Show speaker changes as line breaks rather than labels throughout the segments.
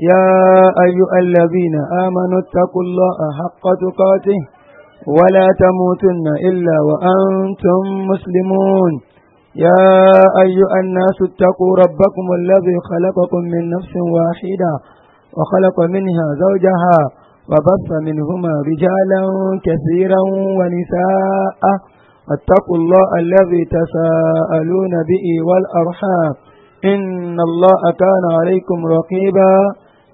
يا أيها الذين آمنوا اتقوا الله حق تقاته ولا تموتن إلا وأنتم مسلمون يا أيها الناس اتقوا ربكم الذي خلقكم من نفس واحدة وخلق منها زوجها وبث منهما رجالا كثيرا ونساء اتقوا الله الذي تساءلون به والأرحام إن الله كان عليكم رقيبا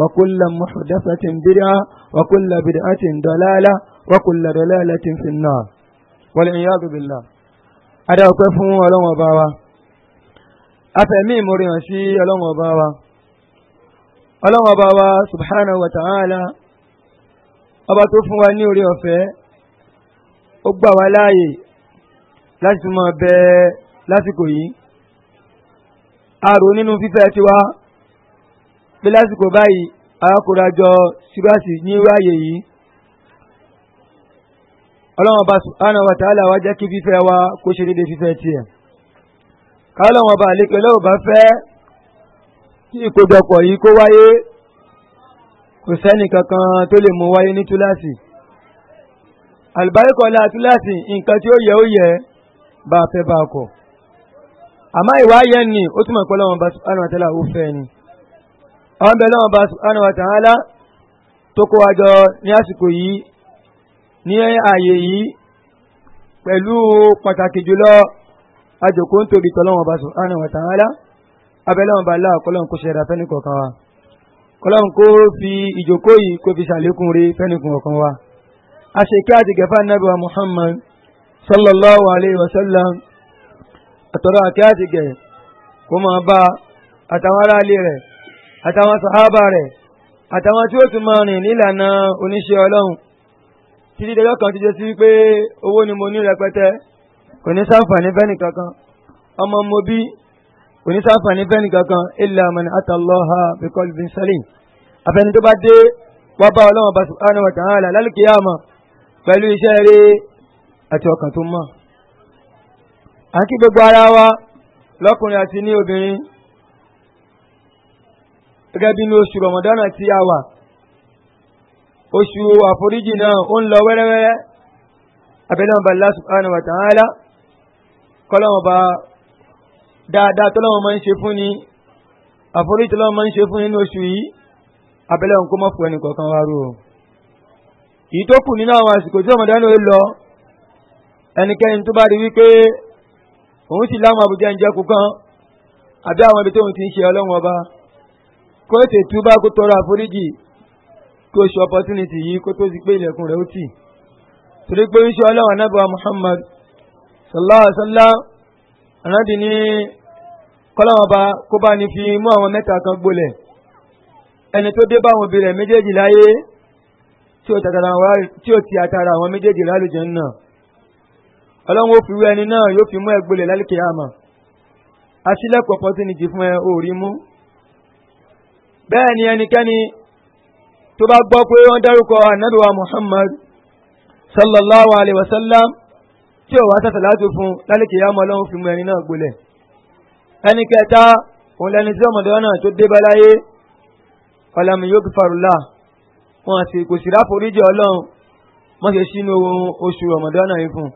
وكل محدثة بدعة وكل بدعة ضلالة وكل ضلالة في النار والعياذ بالله ada ọpẹ́ fún Ọlọ́run ọba wa afẹmí ìmọrìyàn sí Ọlọ́run ọba wa Ọlọ́run ọba wa subhanahu wa ta'ala ọba tó fún wa ní orí ọ̀fẹ́ ó gbà wá láàyè láti máa bẹ lásìkò yìí àrò nínú fífẹ́ tiwa pé lásìkò báyìí arákùnrajọ síbáàsì ní irú àyè yìí ọlọ́wọ́n bá sùpánà wa tààlà wa jẹ́ kí fífẹ́ wa kó ṣe déédéé fífẹ́ tiẹ̀ káwọn bá lè pẹ̀lú òbá fẹ́ kí ìkójọpọ̀ yìí kó wáyé kò sẹ́ni kankan tó lè mú wáyé ní túláàsì àlùbáríkọ̀lá túláàsì nǹkan tí ó yẹ ó yẹ bá a fẹ́ bá a kọ̀ àmọ́ ìwà ni ó túmọ̀ pé ọlọ́wọ́n bá sùpánà wa tààlà ó fẹ́ ni àwọn bẹ̀rẹ̀ lọ́wọ́ bá subhanahu wa ta'ala tó kó wa jọ ní àsìkò yìí ní ààyè yìí pẹ̀lú pàtàkì jùlọ àjòkó ń tóbi tọ́lọ́wọ́n bá subhanahu wa ta'ala abẹ́lẹ́wọ̀n bá láà kọ́lọ́n kó ṣẹ̀dá fẹ́ni kọ̀ọ̀kan wa kọ́lọ́n muhammad sallallahu alayhi wa sallam àtọ̀rọ̀ àti àti gẹ̀ kó máa bá àtàwọn aráalé rẹ̀ àtàwọn sàhábà rẹ̀ àtàwọn tí ó tún máa rìn nílànà oníṣẹ́ ọlọ́run títí dẹjọ́ kan ti jẹ́ sí pé owó ni mo ní rẹpẹtẹ kò ní sáǹfààní fẹ́nì kankan ọmọ mo bí kò ní sáǹfààní fẹ́nì kankan illa man atallaha bi qalbin salim àfẹni tó bá dé wá bá ọlọ́run bá subhanahu wa ta'ala lálùkìyàmọ̀ pẹ̀lú iṣẹ́ rẹ̀ àti ọkàn tó mọ̀ àti gbogbo ara wa lọ́kùnrin àti ní obìnrin gẹ́gẹ́ bí inú oṣù rọ̀mọ̀dánà tí a wà oṣù àforíjì náà ó ń lọ wẹ́rẹ́wẹ́rẹ́ abẹ́lẹ́wọ̀n bá lásùpáàna wàtàhálà kọ́lọ́wọ̀n bá dáadáa tọ́lọ́wọ̀n máa ń ṣe fún ni àforíjì tọ́lọ́wọ̀n máa ń ṣe fún nínú oṣù yìí abẹ́lẹ́wọ̀n kó mọ̀fọ́ ẹnì kọ̀ọ̀kan wá rú o èyí tó kù nínú àwọn àsìkò tí rọ̀mọ̀dánà ó lọ ẹnikẹ́ni tó bá rí wípé òun sì láwọn àbújá ń jẹ́ kú kan àbí àwọn ibi tóun ti ń ṣe ọlọ́wọ́n ọba kó ètè túbá kó tọrọ àforíjì kí o ṣe opportunity yìí kó tó ti pé ilẹ̀kùn rẹ̀ ó tì torí pé ń ṣe ọlọ́wọ́ anábìwá muhammad sallallahu alaihi wa sallam anábì ní kọ́lọ́mọba kó bá ní fi mú àwọn mẹ́ta kan gbolẹ̀ ẹni tó dé báwọn òbí rẹ̀ méjèèjì láyé tí ó ti àtàrà àwọn méjèèjì lálùjẹ́ náà ọlọ́run ó fi wú ẹni náà yóò fi mú ẹ gbolẹ̀ lálùkẹ́ àmọ́ àṣìlẹ̀kọ̀ opportunity fún ẹ òòrí mú bẹ́ẹ̀ ni ẹnikẹ́ni tó bá gbọ́ pé wọ́n dárúkọ ànábìwá muhammad sallallahu alayhi wa sallam tí ò wá sàtàlá tó fún lálẹ́kẹ̀ yá mọ́ ọlọ́run fi mú ẹni náà gbolẹ̀ ẹni kẹta òun lẹni tí ọmọdé náà tó dé báláyé ọlọ́run yóò farula wọn àti kò sí ráforíjì ọlọ́run wọ́n ṣe sínú oṣù ọmọdé náà yìí fún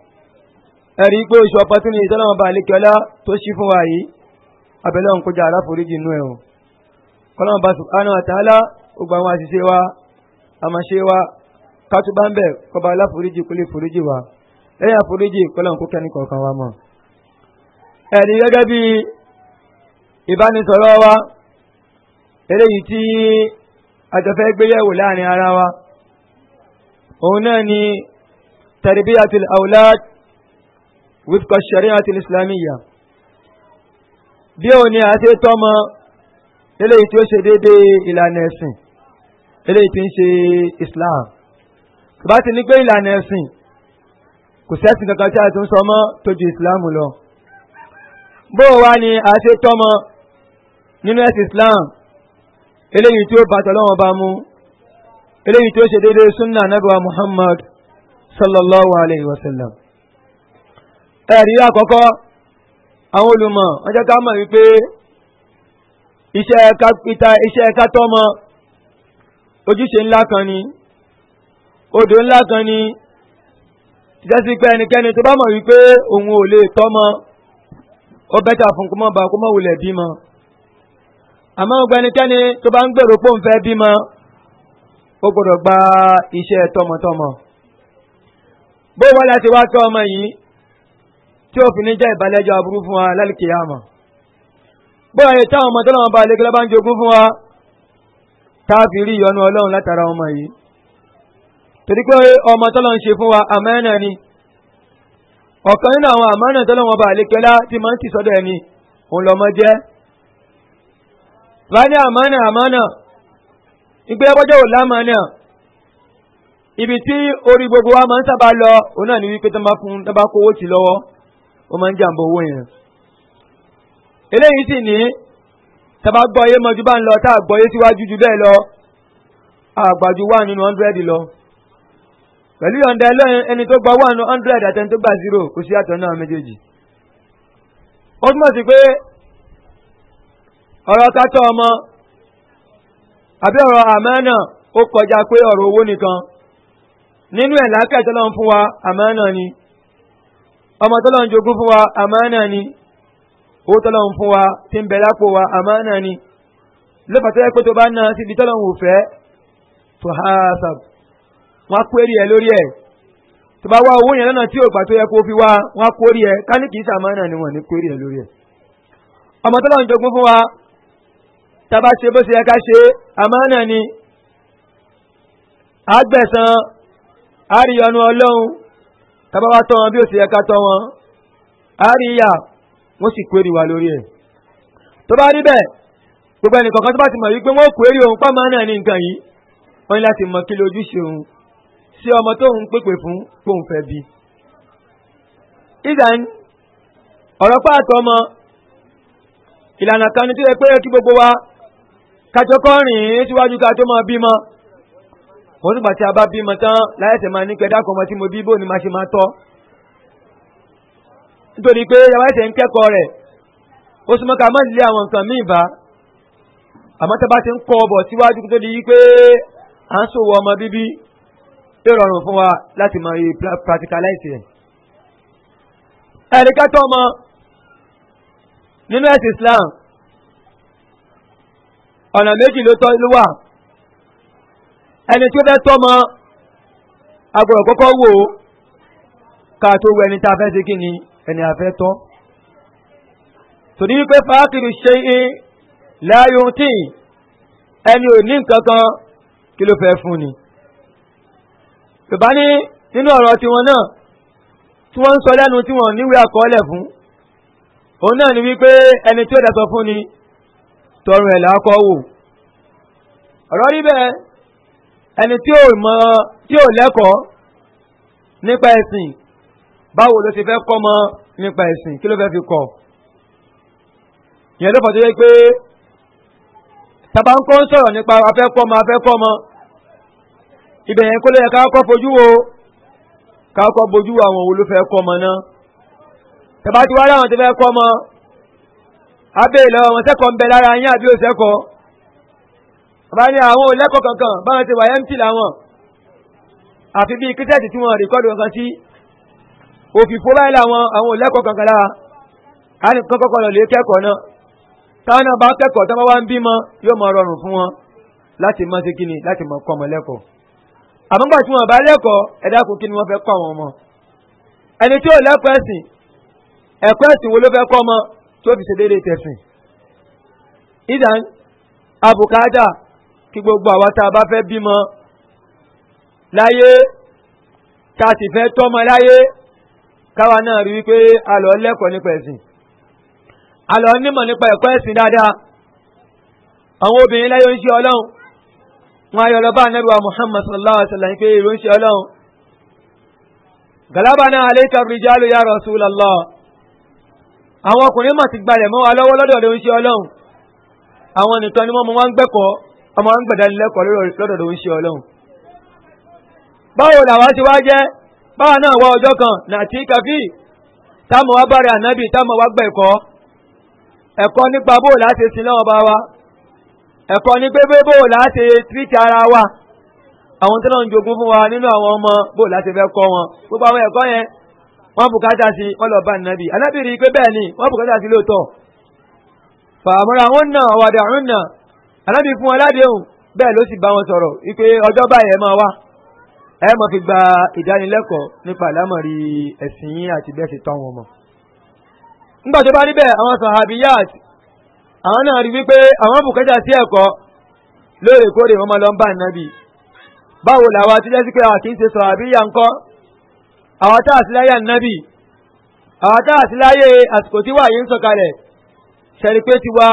ẹ̀rí pé oṣù opportunity tọ́lọ́mọba àlékẹ́ọ́lá tó ṣí fún wa yìí abẹ́lẹ́ òun kọjá ráforíjì inú ẹ̀ kọ́lọ́mù bá subhanahu wa ta'ala gbogbo àwọn àṣìṣe wa àmàṣe wa kátó bá ń bẹ̀ kọba aláforíjì kó lè foríjì wa lẹ́yìn àforíjì kọ́lọ́mù kó kẹ́ni kọ̀ọ̀kan wa mọ̀. ẹ̀rí gẹ́gẹ́ bí ìbánisọ̀rọ̀ wa eléyìí tí àjọfẹ́ gbéyẹ̀wò láàrin ara wa òun náà ni tarbiyatul awlad wifqa shari'atil islamiyya bí òun ni a tọ́mọ eléyìí tí ó ṣe déédéé ìlànà ẹ̀sìn eléyìí tí ń ṣe islam tó bá ti ní pé ìlànà ẹ̀sìn kò sẹ́sìn kankan tí a tún sọ mọ́ tó ju islam lọ bó o wá ni a ṣe tọ́mọ nínú ẹ̀sìn islam eléyìí tí ó bàtọ̀ lọ́wọ́ bá mú eléyìí tí ó ṣe déédéé sunna anabiwa muhammad sallallahu alayhi wa sallam ẹ̀rí àkọ́kọ́ àwọn olùmọ̀ wọ́n ká mọ̀ wípé iṣẹ́ kápítà iṣẹ́ kátọ́mọ ojúṣe ńlá kan ni odò ńlá kan ni iṣẹ́ sí pé ẹnikẹ́ni tó bá mọ̀ wípé òun ò lè tọ́mọ ó bẹ́tà fún kó mọ̀ bá kó mọ̀ wulẹ̀ bímọ àmọ́ gbogbo ẹnikẹ́ni tó bá ń gbèrò pé òun fẹ́ bímọ ó gbọ́dọ̀ gba iṣẹ́ tọmọtọmọ bó wọ́n láti wá tọ́ ọmọ yìí tí òfin ní jẹ́ ìbálẹ́jọ́ aburú fún wa lálùkìyàmọ̀ bóyá yẹ táwọn ọmọ tọ́lọ́wọ́n bá lékelé bá ń jogún fún wa táàfin rí ìyọnu ọlọ́run látara ọmọ yìí torí pé ọmọ tọ́lọ́wọ́n ṣe fún wa àmánà ni ọ̀kan nínú àwọn àmánà tọ́lọ́wọ́n bá lékelé ti máa ń ti sọ́dọ̀ ẹni òun lọ́mọ jẹ́ bá ní àmánà àmánà ìgbé ọjọ́ wò lámánà ibi tí orí gbogbo wa máa ń sábà lọ òun náà ní wípé tó máa fún tó bá kówó sí lọ́wọ́ eléyìí sì ní tàbá gbọ́yé mọ́jú bá ń lọ tá a gbọ́yé síwájú ju bẹ́ẹ̀ lọ àgbàjú wà nínú hundred lọ pẹ̀lú yọ̀ǹda ẹni tó gba one hundred àtẹni tó gba zero kò sí àtọ̀ náà méjèèjì ó túmọ̀ sí pé ọ̀rọ̀ tátọ́ ọmọ àbí ọ̀rọ̀ àmánà ó kọjá pé ọ̀rọ̀ owó nìkan nínú ẹ̀ lákẹ́ tọ́lọ́ fún wa àmánà ni ọmọ tọ́lọ́ jogún fún wa àmánà ni owó tọ́lọ́run fún wa ti ń bẹ lápò wa àmọ́ náà ni lọ́pàá tó yẹ pé tó bá náà síbi tọ́lọ́run ò fẹ́ tó ha sàb wọ́n á kó èrè ẹ̀ lórí ẹ̀ tó bá wá owó yẹn lọ́nà tí òògbà tó yẹ kó fi wá wọ́n kó èrè ẹ̀ káni kìí sàmọ́ náà ni wọ́n ní kó èrè ẹ̀ lórí ẹ̀. ọmọ tọ́lọ́run jogún fún wa tába ṣe bó ṣe yẹ ká ṣe àmọ́ náà ni àgbẹ̀sán àríyànú ọlọ́run tábà wá tọ́ wọn bí ó ṣe yẹ ká tọ́ wọn àríyà wọ́n sì kórè wa lórí ẹ̀. tó bá rí bẹ́ẹ̀ gbogbo ẹnì kọ̀ọ̀kan tó bá ti mọ̀ wípé wọ́n kórè òun pàmò náà ní nǹkan yìí wọ́n ní láti mọ kí lójúṣe òun sí ọmọ tóun pèpè fún kóun fẹ́ bí. ìdán ọ̀rọ̀ pààtọ́ ọmọ ìlànà kan ní tó yẹ pé kí gbogbo wa kájọkọ́ rìn síwájú ká tó máa bímọ òun nígbà tí a bá bímọ tán láyẹ̀tẹ̀ máa ní pẹ́ ni máa nítorí pé yàrá ẹ̀sẹ̀ ń kẹ́kọ̀ọ́ rẹ̀ ó súnmọ́ ká má lé àwọn nǹkan míì bá àmọ́ tá bá ti ń kọ́ ọbọ̀ síwájú tó di pé à ń sòwò ọmọ bíbí yóò rọrùn fún wa láti mọ iye practicalize rẹ̀. ẹ̀ríkà tó ọmọ nínú ẹ̀sìn Islam ọ̀nà méjì ló tọ́ ló wà ẹni tí ó fẹ́ tọ́mọ agbọ̀rọ̀ kọ́kọ́ wò ó ká tó wọ ẹni tá fẹ́ ṣe kí ni ẹni afẹ́ tọ́ tòní wípé fàákìrì ṣe é láàyò tí ẹni ò ní nǹkan kan kí ló fẹ́ fún ni yorùbá ní nínú ọ̀rọ̀ tiwọn náà tí wọ́n ń sọ lẹ́nu tí wọ́n níwèé àkọọ́lẹ̀ fún òun náà ni wípé ẹni tí ó dẹ̀ fún ni tọrùn ẹ̀ làákọ́ wò ọ̀rọ̀ rí bẹ́ẹ̀ ẹni tí ò mọ tí ò lẹ́kọ̀ọ́ nípa ẹ̀sìn báwo ló ti fẹ́ kọ́ mọ nípa ẹ̀sìn kí ló fẹ́ fi kọ́ yẹn ló fà tó yẹ pé tàbá ń kọ́ ń sọ̀rọ̀ nípa afẹ́kọ́ mọ afẹ́kọ́ mọ ibẹ̀ yẹn kó ló yẹ káàkọ́ fojú wo káàkọ́ bojú àwọn olùfẹ́ kọ́ mọ náà tàbá ti wá láwọn ti fẹ́ kọ́ mọ abẹ́ ìlọ́wọ́ wọn sẹ́kọ̀ọ́ ń bẹ lára yín àbí òsẹ́kọ̀ọ́ bá ní àwọn olẹ́kọ̀ọ́ kankan báwọn ti wà mt làwọn àfi bíi kíṣẹ́ẹ̀tì tí wọ́n rìkọ́dù kankan sí òfìfo báyìí làwọn àwọn òlẹ́kọ̀ọ́ kankan lára á ní kankan kọ́ lọ lè kẹ́kọ̀ọ́ náà táwọn náà bá kẹ́kọ̀ọ́ táwọn wá ń bímọ yóò máa rọrùn fún wọn láti máa ṣe kíni láti máa kọ́ ọmọ lẹ́kọ̀ọ́ àmọ́ tí wọn bá lẹ́kọ̀ọ́ ẹ̀dá kò kí ni wọ́n fẹ́ kọ́ àwọn ọmọ ẹni tí ò lẹ́kọ̀ọ́ ẹ̀sìn ẹ̀kọ́ ẹ̀sìn wo ló fẹ́ kọ́ ọmọ tó fi ṣe déédéé tẹ̀sìn ìdán abùkádà kí gbogbo àwa tá a bá fẹ́ bímọ láyé tá sì fẹ́ tọ́mọ láyé káwa náà rí wípé a lọ lẹ́kọ̀ọ́ nípa ẹ̀sìn a lọ nímọ̀ nípa ẹ̀kọ́ ẹ̀sìn dáadáa àwọn obìnrin láyé oúnjẹ ọlọ́run wọn ayọ̀ lọ bá anábì wa muhammad sallallahu alayhi wa pé èrò oúnjẹ ọlọ́run galaba náà aleka rijalu ya rasulallah àwọn ọkùnrin mà ti gbalẹ̀ mọ́ wa lọ́wọ́ lọ́dọ̀ oúnjẹ ọlọ́run àwọn nìkan ni wọ́n mọ wọn gbẹ̀kọ́ ọmọ wọn gbẹ̀dánilẹ́kọ̀ọ́ lọ́dọ̀ báwa náà wá ọjọ́ kan nàti kàfí táàmù wá bá rẹ̀ ànábì táàmù wá gbẹ̀ ẹ̀kọ́ ẹ̀kọ́ nípa bóòlù láti sin lọ́wọ́ bá wa ẹ̀kọ́ ní pé pé bóòlù láti tíríkì ara wa àwọn tó náà ń jogún fún wa nínú àwọn ọmọ bóòlù láti fẹ́ kọ́ wọn gbogbo àwọn ẹ̀kọ́ yẹn wọ́n bùkátà sí wọ́n lọ bá ànábì ànábì rí i pé bẹ́ẹ̀ ni wọ́n bùkátà sí lóòótọ́ fàmúra wọn náà ọ̀wàdà ọ̀hún náà ànábì fún wọn ládéhùn bẹ́ẹ̀ ló sì bá wọn sọ̀rọ̀ wípé ọjọ́ báyẹn máa wá ẹ mọ̀ fi gba ìdánilẹ́kọ̀ọ́ nípa àlámọ̀rí ẹ̀sìn yín àti bẹ́ẹ̀ ti tán wọn mọ̀. nígbà tó bá níbẹ̀ àwọn sahabiyat àwọn náà rí wípé àwọn bùkẹ́tà sí ẹ̀kọ́ lóòrèkóòrè wọn máa lọ ń bá ìnábì báwo làwọn ti jẹ́sí pé àwọn kì í ṣe sahabiya ńkọ́ àwọn tá àsìláyé ìnábì àwọn tá àsìláyé àsìkò tí wàá yìí ń ṣẹ̀rí pé tiwa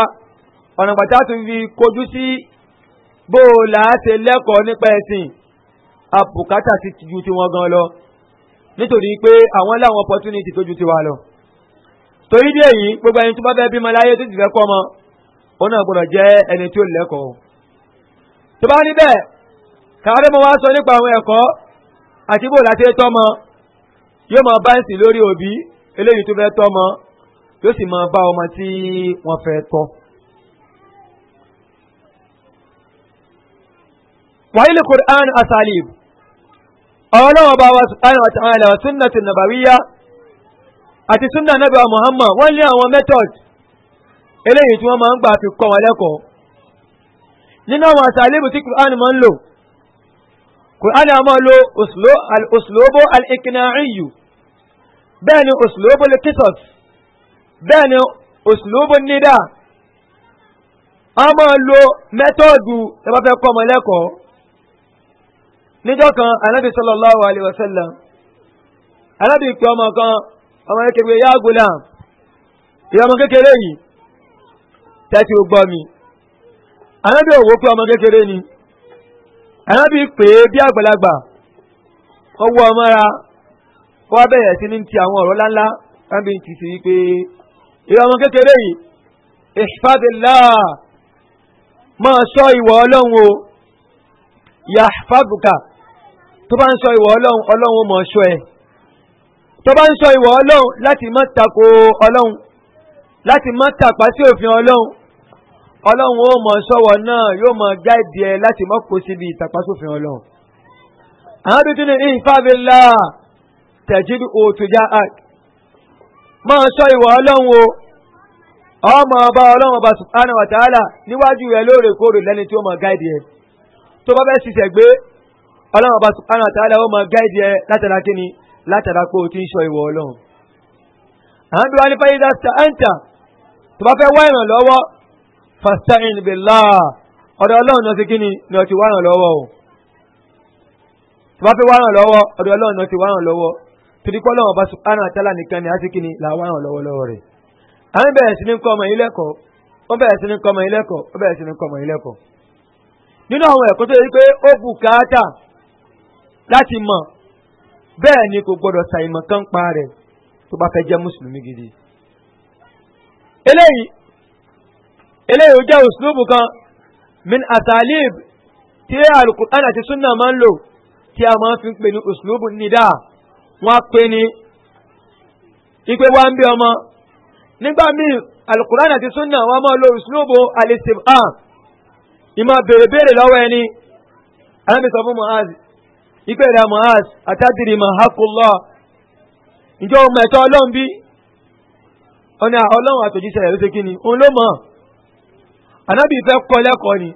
ọ̀nà pàtàkì fi kojú sí bó o là ṣe lẹ́kọ̀ọ́ nípa ẹ̀sìn àbùkátà sí ju ti wọn gan lọ nítorí pé àwọn láwọn opportunity tó ju ti wa lọ torí díẹ̀ yìí gbogbo ẹni tó bá fẹ́ bímọ láyé tó ti fẹ́ kọ́ ọmọ òun náà gbọ́dọ̀ jẹ́ ẹni tí ó lẹ́kọ̀ọ́ tó bá níbẹ̀ káàdé mo wá sọ nípa àwọn ẹ̀kọ́ àti bó láti tọ́mọ yóò máa bá lórí òbí eléyìí tó fẹ́ tọ́mọ yóò sì máa bá ọmọ tí wọ́n fẹ́ tọ́. wàhálì Qur'an asalib ọlọ́wọ́ bá wa subhanahu wa ta'ala wa sunnatu nabawiyya àti sunna nabi wa muhammad wọ́n lé àwọn method eléyìí tí wọ́n máa ń gbà fi kọ́ wọn lẹ́kọ̀ọ́ nínú àwọn àsàlébù tí quran máa ń lò quran a máa lo oslobo al-ikina'iyu bẹ́ẹ̀ ni oslobo lekisos bẹ́ẹ̀ ni oslobo nida a máa lo mẹ́tọ́ọ̀dù tí kọ́ wọn lẹ́kọ̀ọ́ níjọ́ kan anábì sallallahu alayhi wa sallam anábì pé ọmọ kan ọmọ kékeré yá gbólà ìyá ọmọ kékeré yìí tẹ́tí ó gbọ́ mi anábì òwò pé ọmọ kékeré ni anábì pé bí àgbàlagbà ọwọ́ ọmọ ra wọ́n bẹ̀rẹ̀ sí ní ti àwọn ọ̀rọ̀ láńlá ẹ̀mí ti sì wípé ìyá ọmọ kékeré yìí ìfàdìlá máa sọ ìwọ ọlọ́run o yàfàbùkà tó bá ń sọ ìwọ ọlọ́run ọlọ́run ó mọ̀ ọ́ sọ ẹ tó bá ń sọ ìwọ ọlọ́run láti má tako ọlọ́run láti má tàpá sí òfin ọlọ́run ọlọ́run ó mọ̀ sọ́wọ́ náà yóò mọ̀ jáde ẹ láti mọ́ kó síbi ìtàpá sófin ọlọ́run. àwọn tuntun ní ìfábílà tẹ̀jú òtújà ak máa sọ ìwọ ọlọ́run o ọmọ ọba ọlọ́run ọba subhanahu wa ta'ala níwájú rẹ lóòrèkóòrè lẹ́ni tí ó mọ̀ gáìdì ẹ tó bá fẹ́ ṣiṣẹ́ gbé ọlọ́run ọba subhanahu wa ta'ala ó máa gáìdì ẹ látara kíni látara pé o ti ń sọ ìwọ ọlọ́run. àwọn bí wàá ní fẹ́yìí dáṣà ẹ̀ǹtà tó bá fẹ́ wá ìrànlọ́wọ́ fasta'in billah ọ̀dọ̀ ọlọ́run náà ti kíni ni ọ ti wá ìrànlọ́wọ́ o. tó bá fẹ́ wá ìrànlọ́wọ́ ọ̀dọ̀ ọlọ́run náà ti wá ìrànlọ́wọ́ torí pé ọlọ́run ọba subhanahu wa ta'ala nìkan ni a ti kíni là wá ìrànlọ́wọ́ lọ́wọ́ rẹ̀. àwọn bẹ̀rẹ̀ sí ní kọ́ ọmọ ilẹ́kọ̀ọ́ ó bẹ̀rẹ̀ sí ní kọ́ ọmọ ilẹ́kọ̀ọ́ ó bẹ̀rẹ̀ sí ní kọ́ ọmọ ilẹ́kọ̀ọ́ nínú àwọn ẹ̀kọ́ tó yẹ pé ó bùkátà láti mọ̀ bẹ́ẹ̀ ni kò gbọ́dọ̀ sa ìmọ̀ kan pa rẹ̀ tó bá fẹ́ jẹ́ mùsùlùmí gidi. eléyìí eléyìí ó jẹ́ òsínúbù kan min asalib tí alukur'an àti sunna máa ń lò tí a máa fi ń pè ní òsínúbù nìdá wọn á pè ní ipe wa ń bí ọmọ nígbà míì alukur'an àti sunna wọn máa lo òsínúbù alẹ́sìmá ìmọ̀ bèrè bèrè lọ́wọ́ ẹni alábìsọ̀ fún muhazi ìpè rẹ̀ Mu'az àtàdìrì mahakullah ìjọ ọmọ ẹ̀tọ́ ọlọ́run bí ọ̀nà ọlọ́run àtòjíṣẹ́ rẹ̀ ló ṣe kí ni òun ló mọ̀ ànábì fẹ́ kọ́ lẹ́kọ̀ọ́ ni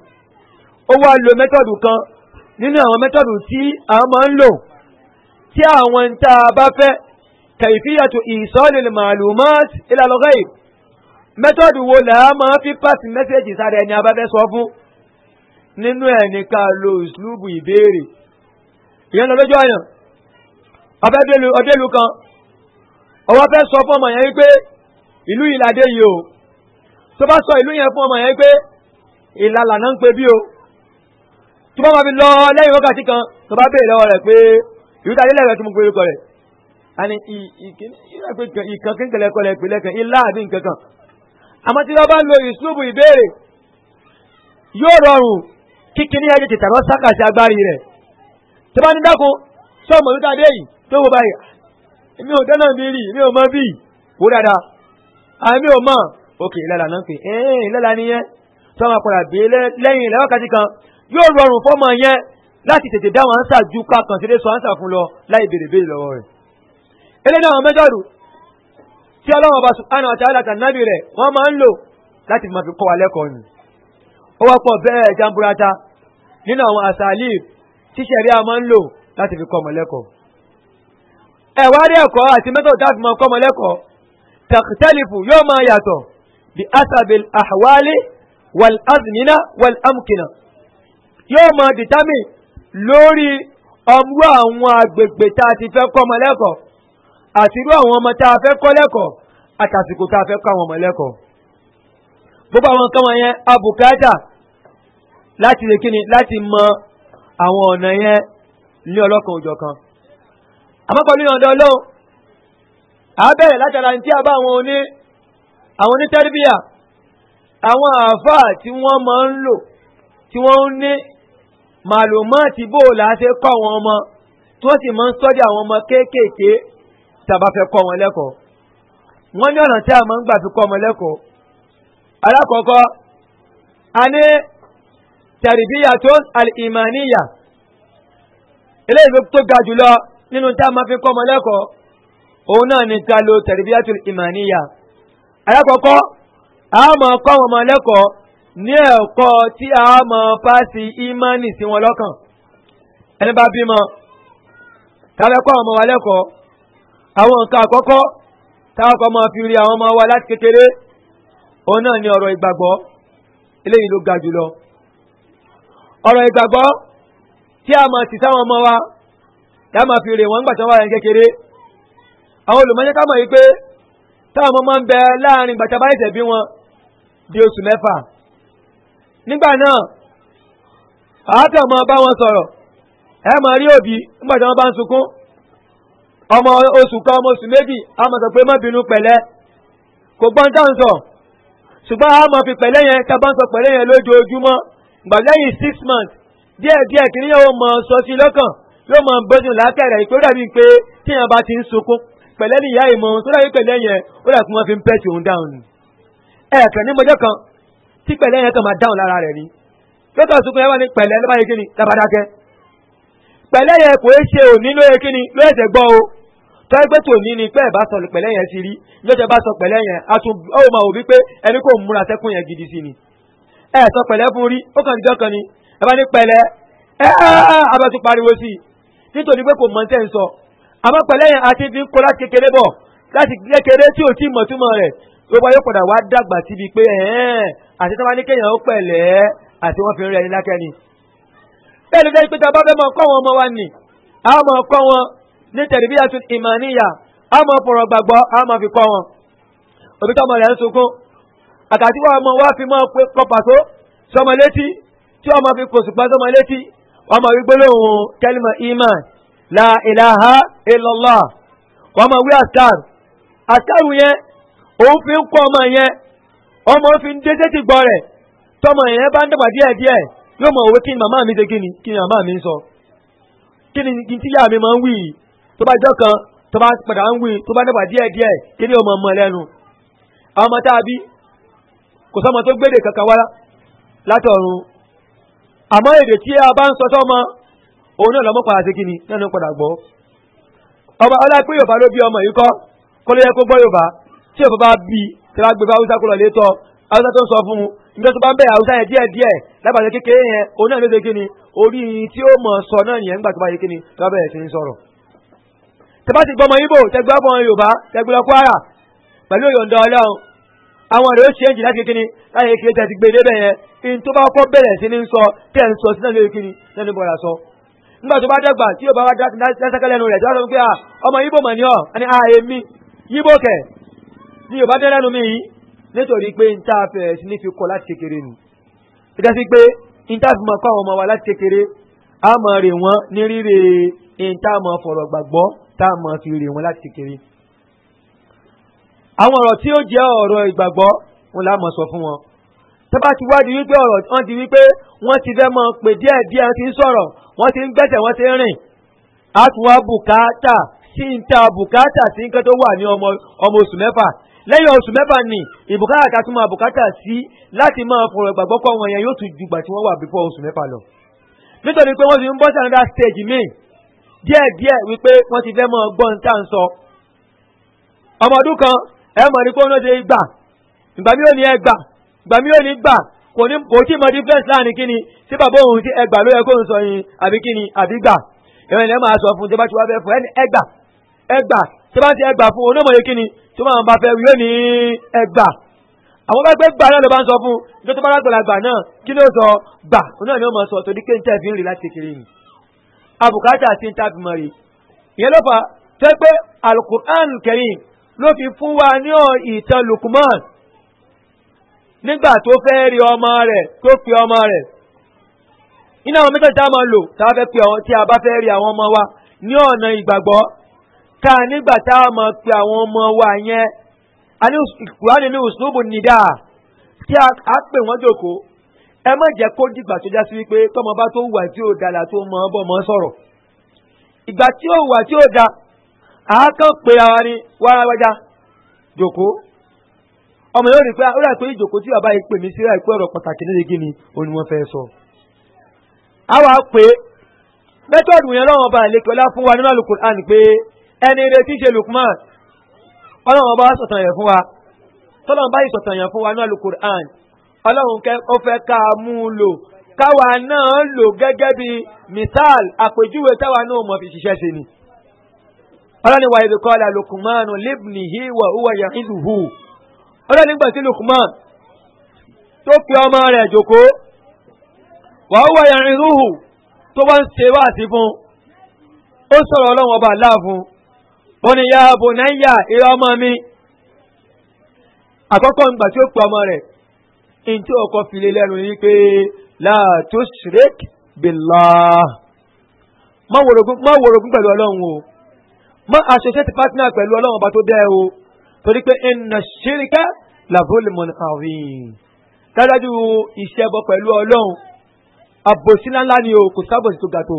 ó wá lo mẹ́tọ̀dù kan nínú àwọn mẹ́tọ̀dù tí a máa ń lò tí àwọn ń tá a bá fẹ́ kayfiyatu isalil ma'lumat ila al-ghayb mẹ́tọ̀dù wo là á máa fi pàṣẹ mẹ́sẹ̀jì sára ẹni abáfẹ́ sọ fún nínú ẹ̀ ní ká lo ìsúlùbù ìbéèrè ìyẹn lọ lójú ọ̀yàn ọ̀fẹ́ ọdẹ́lu kan ọwọ́ fẹ́ sọ fún ọmọ yẹn wípé ìlú ìlàdé yìí o tó bá sọ ìlú yẹn fún ọmọ yẹn wípé ìlàlà náà ń pe bí o tó bá wọn fi lọ lẹ́yìn wákàtí kan tó bá béèrè lọ́wọ́ rẹ̀ pé ìlú tàdé lẹ́rẹ̀ tó mú pé orúkọ rẹ̀ àní ìkan kínkẹlẹ kọlẹ ìpìlẹ̀ kan ilá àbí nǹkan kan àmọ́ tí wọ́n bá lo ìṣubú ìbéèrè yóò rọrùn kíkiní ẹ̀jẹ̀ tìtàbọ̀ sákàtì agbárí rẹ̀ tó bá ní dákun sọ́ọ̀mù yóò dáadé yìí tó wọ báyìí èmi ò dáná mi rí èmi ò mọ bí wò dáadáa àmì ò mọ òkè ìlàlà náà pè é ìlàlà nìyẹn tó máa padà bí lẹ́yìn ilẹ̀ wákàtí kan yóò rọrùn fọ́mọ yẹn láti tètè dáhùn ánsà ju ká kàn sí lẹ́sọ ánsà fún lọ láì béèrè béèrè lọ́wọ́ rẹ̀ eléyìí àwọn mẹ́tọ́ọ̀dù tí ọlọ́wọ́ bá subhanahu wa ta'ala tànábì rẹ̀ wọ́n máa ń lò láti máa fi kọ́ wa lẹ́kọ̀ọ́ nù ó wá bẹ́ẹ̀ jamburata nínú àwọn àṣà alif tíṣẹ̀rí a máa ń lò láti fi kọ́ ọmọlẹ́kọ̀ọ́. ẹ̀wá rí ẹ̀kọ́ àti mẹ́tọ̀ táàfin máa kọ́ ọmọlẹ́kọ̀ọ́ tẹ̀kítẹ́lifù yóò máa yàtọ̀ bí asabil ahwali wal azmina wal amkina yóò máa dìtámì lórí ọmú àwọn agbègbè tá a ti fẹ́ kọ́ ọmọlẹ́kọ̀ọ́ àti irú àwọn ọmọ tá a fẹ́ kọ́ lẹ́kọ̀ọ́ àtàsìkò tá a fẹ́ kọ́ àwọn ọmọ gbogbo àwọn nǹkan wọ̀nyẹn abùkátà láti lè kíni láti mọ àwọn ọ̀nà yẹn ní ọlọ́kan òjọ̀ kan àmọ́kọ̀ ní ọ̀dọ̀ ọlọ́run àbẹ̀rẹ̀ látara tí a bá àwọn oní àwọn onítẹ́rìbíà àwọn àáfàá tí wọ́n máa ń lò tí wọ́n ń ní màlúmáàtì bóòlù àti kọ́ àwọn ọmọ tí wọ́n sì máa ń sọ́jà àwọn ọmọ kéékèèké tí a bá fẹ́ kọ́ wọn lẹ́kọ̀ọ́ wọ́n ní ọ̀nà tí a máa ń gbà fi kọ́ ọmọ lẹ́kọ̀ọ́ alákọ̀ọ́kọ́ a ní tẹ̀rìbíyà tó al-ìmàníyà eléyìí tó ga jùlọ nínú tá a máa fi kọ́ ọmọ lẹ́kọ̀ọ́ òun náà ni ta lo tẹ̀lifíyàtò ìmàníyà alákọ̀ọ́kọ́ a máa kọ́ àwọn ọmọ lẹ́kọ̀ọ́ ní ẹ̀kọ́ tí a máa fásì ìmánì sí wọn lọ́kàn ẹni bá bímọ tàbí kọ́ àwọn ọmọ wa lẹ́kọ̀ọ́ àwọn nǹkan àkọ́kọ́ táwọn kan máa fi rí àwọn ọmọ wa láti kékeré òun náà ni ọ̀rọ̀ ìgbàgbọ́ eléyìí ló ga jùlọ ọ̀rọ̀ ìgbàgbọ́ tí a máa ti sáwọn ọmọ wa tá a máa fi rè wọ́n gbà tí wọ́n wà yẹn kékeré àwọn olùmọ̀jẹ́ ká mọ̀ yìí pé táwọn ọmọ máa ń bẹ láàrin gbàtà bá ìṣẹ̀bí wọn di oṣù mẹ́fà nígbà náà àátọ̀ máa bá wọn sọ̀rọ̀ ẹ máa rí òbí nígbà tí wọ́n bá ń sunkún ọmọ oṣù kan ọmọ oṣù méjì a máa sọ pé má bínú pẹ̀lẹ́ kò gbọ́n tá sọ ṣùgbọ́n a máa fi pẹ̀lẹ́ yẹn tá a bá ń sọ pẹ̀lẹ́ yẹn lójoojúmọ́ gbà six months díẹ̀ díẹ̀ kìíní yóò mọ sọ sí lọ́kàn yóò mọ bọ́dún látẹ̀rẹ̀ ìpè ó dàbí pé tí yẹn bá ti ń sunkún pẹ̀lẹ́ nìyá ìmọ̀ tó dàbí pẹ̀lẹ́ yẹn ó dàbí wọn fi ń pẹ́sì òun dáhùn ni. ẹ̀ẹ̀kan ní mọjọ́ kan tí pẹ̀lẹ́ yẹn kan máa dáhùn lára rẹ̀ ni lọ́kàn sunkún yẹn wà ní pẹ̀lẹ́ ló bá yẹ kí ni dábadákẹ́. pẹ̀lẹ́ yẹn kò é ṣe òní ló yẹ kí ni ló ẹ̀sẹ̀ gbọ́ o tọ́ ẹgbẹ́ tó ní ni pé ẹ̀ bá sọ pẹ̀lẹ́ yẹn ti rí lọ́jọ́ bá sọ pẹ̀lẹ́ yẹn a tún ó máa wò wípé ẹni kò múra sẹ́kùn yẹn gidi sí ni. ẹ̀ sọ pẹ̀lẹ́ fún rí ó kàn dídọ́ kan ni ẹ bá ní pẹ̀lẹ́ ẹ abẹ́ tún pariwo sí i nítorí pé kò mọ tẹ́ ń sọ àmọ́ pẹ̀lẹ́ yẹn àti fi ń kó láti kékeré bọ̀ láti kékeré tí ò tí ì mọ̀ túmọ̀ rẹ̀ gbogbo ayé padà wá dàgbà síbi pé àti tí wọ́n ní kéèyàn ó pẹ̀lẹ́ àti wọ́n fi ń rẹ ẹni lákẹ́ni. bẹ́ẹ̀ ló jẹ́ pé tá a bá fẹ́ mọ kọ́ wọn ọmọ wa nì á mọ kọ́ wọn ní tẹ̀lifíyà tún ìmọ̀ níyà á mọ fọ̀rọ̀ gbàgbọ́ á mọ fi kọ́ wọn. òbí tọmọ rẹ̀ ń sunkún àkàtúwọ̀ ọmọ wa fi mọ́ pé kọ́ pàtó sọmọ tí ọmọ fi kò sùpá sọmọ létí ọmọ wí gbólóhùn kẹlímọ iman la ilaha illallah ọmọ wí àtàrù àtàrù yẹn òun fi ń kọ ọmọ yẹn ọmọ fi ń dédé ti gbọ́ rẹ̀ tọmọ yẹn bá ń dàgbà díẹ̀ díẹ̀ yóò mọ òwe kí ni màmá mi ṣe kí ni kí ni màmá mi sọ kí ni kí n yá mi máa ń tó bá jọ kan tó bá padà ń tó bá dàgbà kí ni ọmọ ọmọ tá a bí kò sọmọ àmọ́ èdè tí a bá ń sọ sọ́mọ òun náà lọ́mọ padà sí kí ni náà ló ń padà gbọ́ ọba ọlápẹ́ yorùbá ló bí ọmọ yìí kọ́ kó ló yẹ kó gbọ́ yorùbá tí yorùbá bá bí tí wọ́n á gbé bá haúsá kó lọ lé tọ́ haúsá tó ń sọ fún un nígbà tó bá ń bẹ̀rẹ̀ haúsá yẹn díẹ̀ díẹ̀ lábàtà kékeré yẹn òun náà ló ṣe kí ni orí tí ó mọ̀ sọ náà nìyẹn nígbà tó bá yẹ kí ni tó bá bẹ̀rẹ̀ sí ń sọ̀rọ̀ tẹ́bá ti gbọ́mọ yíbò tẹ́gbẹ́ ọmọ yorùbá tẹ́gbẹ́ lọ kwara pẹ̀lú òyòǹda ọlọ́run àwọn ọ̀rẹ́ ó ṣe é jì láti kékeré láyé kí ẹja ti gbé débẹ̀ yẹn in tó bá kọ́ bẹ̀rẹ̀ sí ní sọ tẹ̀ ń sọ sí náà lórí kíni lẹ́nu bọ̀dà sọ. nígbà tó bá dàgbà tí yóò bá dáṣẹ́kẹ́ lẹ́nu rẹ̀ tí wọ́n sọ pé ọmọ yíbò mọ̀ ní ọ́ ẹni ààyè mi yíbò kẹ̀ ni yóò bá dẹ́ lẹ́nu mi yìí nítorí pé n táà fẹ̀ sí ní fi kọ́ láti kékeré nù. ìjà sí pé n táà fi mọ̀ kọ́ àwọn ọmọ wa láti kékeré á mọ̀ rè wọ́n ní rírè n táà mọ̀ fọ̀rọ̀ gbàgbọ́ táà mọ̀ fi rè wọ́n láti kékeré. àwọn ọ̀rọ̀ tí ó jẹ́ ọ̀rọ̀ ìgbàgbọ́ wọn là mọ̀ sọ fún wọn tọ́ba ti wá di wípé ọ̀rọ̀ wọ́n ti wípé wọ́n ti fẹ́ mọ pè díẹ̀ díẹ̀ ti ń sọ̀rọ̀ wọ́n ti ń gbẹ̀sẹ̀ wọ́n ti ń rìn á tún wá bùkátà sí ń ta bùkátà sí nǹkan tó wà ní ọmọ oṣù mẹ́fà lẹ́yìn oṣù mẹ́fà ni ìbùkátà ká tún máa bùkátà sí láti máa fọ̀rọ̀ gbàgbọ́ kọ́ wọn yẹn yóò tún jùgbà tí wọ́n wà bí oṣù mẹ́fà lọ nítorí pé wọ́n ti ń bọ́ sí another stage míì díẹ̀díẹ̀ wípé wọ́n ti fẹ́ mọ gbọ́n tá à ń sọ ọmọ ọdún kan ẹ mọ̀ ní pé wọ́n ti gbà ìgbà mí ò ní ẹ gbà gbàmí ò ní gbà kò ní kò tí mọ difference láàrin kíni tí bàbá òun ti ẹgbà ló yẹ kó ń sọ yín àbí kíni àbí gbà ìrìn lẹ́ẹ̀ máa sọ fún tí bá ti wá fẹ́ fún ẹni ẹgbà ẹgbà tí bá ti ẹgbà fún òun náà mọ̀ yẹ kíni tí wọ́n bá fẹ́ wíwé ní ẹgbà àwọn bá gbé gbà náà ló bá ń sọ fún ní tó bá lágbàlagbà náà kí ló sọ gbà òun náà ni ó mọ̀ sọ torí kéńtẹ́ fi ń rí láti kékeré yìí abùkátà sí ń tàbí fi fún wa ní ìtàn lukuman nígbà tó fẹ́ rí ọmọ rẹ̀ tó pe ọmọ rẹ̀ iná àwọn mẹ́tẹ̀ẹ̀ta máa lò tá a fẹ́ pe àwọn tí a bá fẹ́ rí àwọn ọmọ wa ní ọ̀nà ìgbàgbọ́ ká nígbà tá a máa pe àwọn ọmọ wa yẹn a ní ìkùránì ní òṣùlùbù nìdá tí a pè wọ́n jòkó ẹ má jẹ́ kó dìgbà tó já sí wípé tọmọ bá tó wà tí ò dàlà tó mọ ọ bọ̀ mọ́ sọ̀rọ̀ ìgbà tí ó wà tí ó da àákàn pé ara ni wàrà wájà jòkó ọmọ yóò rí pé ó rà pé ìjòkó tí bàbá yìí pè mí sí rà pé ọ̀rọ̀ pàtàkì nílé gí ni òun ni wọ́n fẹ́ sọ. a wà pé mẹ́tọ́ọ̀dù yẹn lọ́wọ́ ọba àlekè ọlá fún wa nínú alukur'an pé ẹni retí ṣe lukman ọlọ́run ọba sọ̀tàn yẹn fún wa tọ́lọ́run bá yìí sọ̀tàn yẹn fún wa nínú alukur'an ọlọ́run ó fẹ́ ká a mú un lò káwa náà lò gẹ́gẹ́ bí misal àpèjúwe táwa náà mọ̀ fi ṣiṣẹ́ ṣe ni. ọlọ́run wà ìdíkọ́ ọlọ́run nígbà tí Luqman tó pe ọmọ rẹ̀ jòkó wà ó wáyà irúhù tó wá ń ṣe wá sí fún ó sọ̀rọ̀ ọlọ́run ọba láàfún ó ní ya bunayya ìrẹ́ ọmọ mi àkọ́kọ́ nígbà tí ó pe ọmọ rẹ̀ ní tí ọkọ̀ file lẹ́nu ni pé la tushrik billah má wòrògùn pẹ̀lú ọlọ́run o má associate partner pẹ̀lú ọlọ́run ọba tó dẹ́ o torí pé ẹnà ṣíríkà làbólè mọ̀nàkàwìn dájú iṣẹ́ bọ pẹ̀lú ọlọ́run àbòsí ńláńlá ni o kò sábòsí tó ga tó.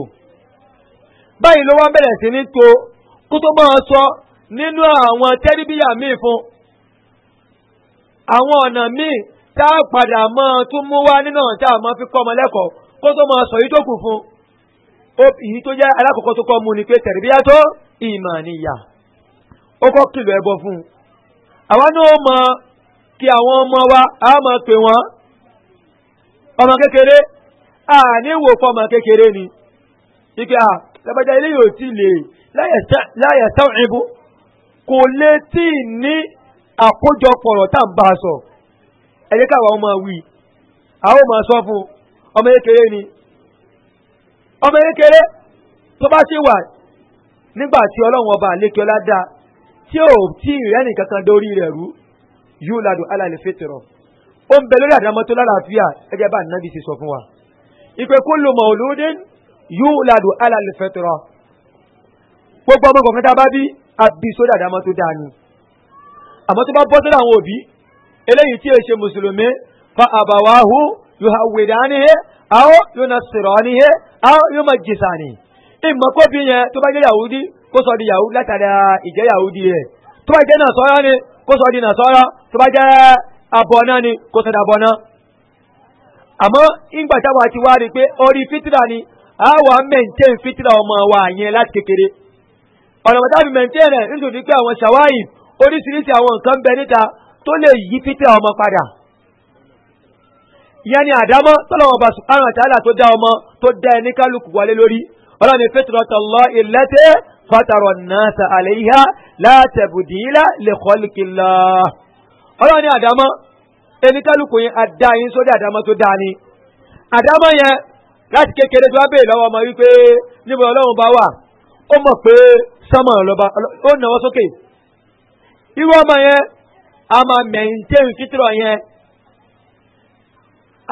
báyìí ló wá bẹ̀rẹ̀ sí ní to kó tó máa sọ nínú àwọn tẹ́ríbíyà míì fún àwọn ọ̀nà míì tá a padà máa tún mú wá nínú ọ̀nà tá a máa fi kọ́ ọmọ lẹ́kọ̀ọ́ kó tó máa sọ yìí tó kù fún èyí tó jẹ́ alákọ̀ọ́kọ́ tó kọ́ mu ni pé tẹ̀ríbíyà tó ìmọ̀ níyà ó kọ́ kìlọ̀ ẹbọ fún un àwa náà mọ kí àwọn ọmọ wa á mọ pè wọ́n ọmọ kékeré àní wò fọmọ kékeré ni ike à lọ́bàjá ilé yóò ti lè láyẹ̀ tán ìbú kò lè tí ì ní àkójọpọ̀ ọ̀rọ̀ tá à bá a sọ ẹ jẹ́ ọmọ wí àwọn ọmọ sọ fún ọmọ kékeré ni ọmọ kékeré tó bá ṣe wà nígbà tí ọlọ́run ọba àlékiọlá dáa tí ò tí ìrẹ́nì kankan dórí rẹ̀ rú yóò ladò alàlẹ́ fẹ́tẹ̀rọ̀ ó ń bẹ lórí àdámọ́ tó lálàáfíà gẹ́gẹ́ bá nàbì ṣe sọ fún wa ìpè kó lo mọ̀ọ́lódé yóò ladò alàlẹ́ fẹ́tẹ̀rọ̀ gbogbo ọmọ kọ̀ọ̀kan tá a bá bí àbí sódà àdámọ́ tó dáa ni àmọ́ tó bá bọ́ sódà àwọn òbí eléyìí tí èṣe mùsùlùmí fa àbàwáhu yóò hàwèdánihé àwọn yóò na sèrànihé àwọn yóò ma jìsànihé ìmọ̀ kọ yẹn tó bá yahudi kó sọ di yahudi látara ìjẹ́ yahudi rẹ̀ tó bá jẹ́ nàṣọ́rọ́ ni kó sọ di nàṣọ́rọ́ tó bá jẹ́ abọ́ná ni kó sọ di abọ́ná. àmọ́ ìgbà ti wá rí pé orí fitira ni fitira ọmọ wa yẹn láti kékeré ọ̀nà bàtà rẹ̀ nítorí pé àwọn oríṣiríṣi àwọn nǹkan bẹ níta tó lè yí ọmọ padà ni àdámọ́ ọmọ tó dá ẹni kálukú ọlọ́ni fitrata Allah illati fatara an-nasa 'alayha la tabdila li khalqillah ọlọ́ni àdámọ́ ẹni kálukú yẹn àdá yín sódì àdámọ́ tó dáa ni àdámọ́ yẹn láti kékeré tó wá bèèrè lọ́wọ́ ọmọ wípé níbo ọlọ́run bá wà ó mọ̀ pé sọ́mọ̀ ọlọ́ba ó nàwọ́ sókè irú ọmọ yẹn a máa mẹ̀yìn tẹ́yìn yẹn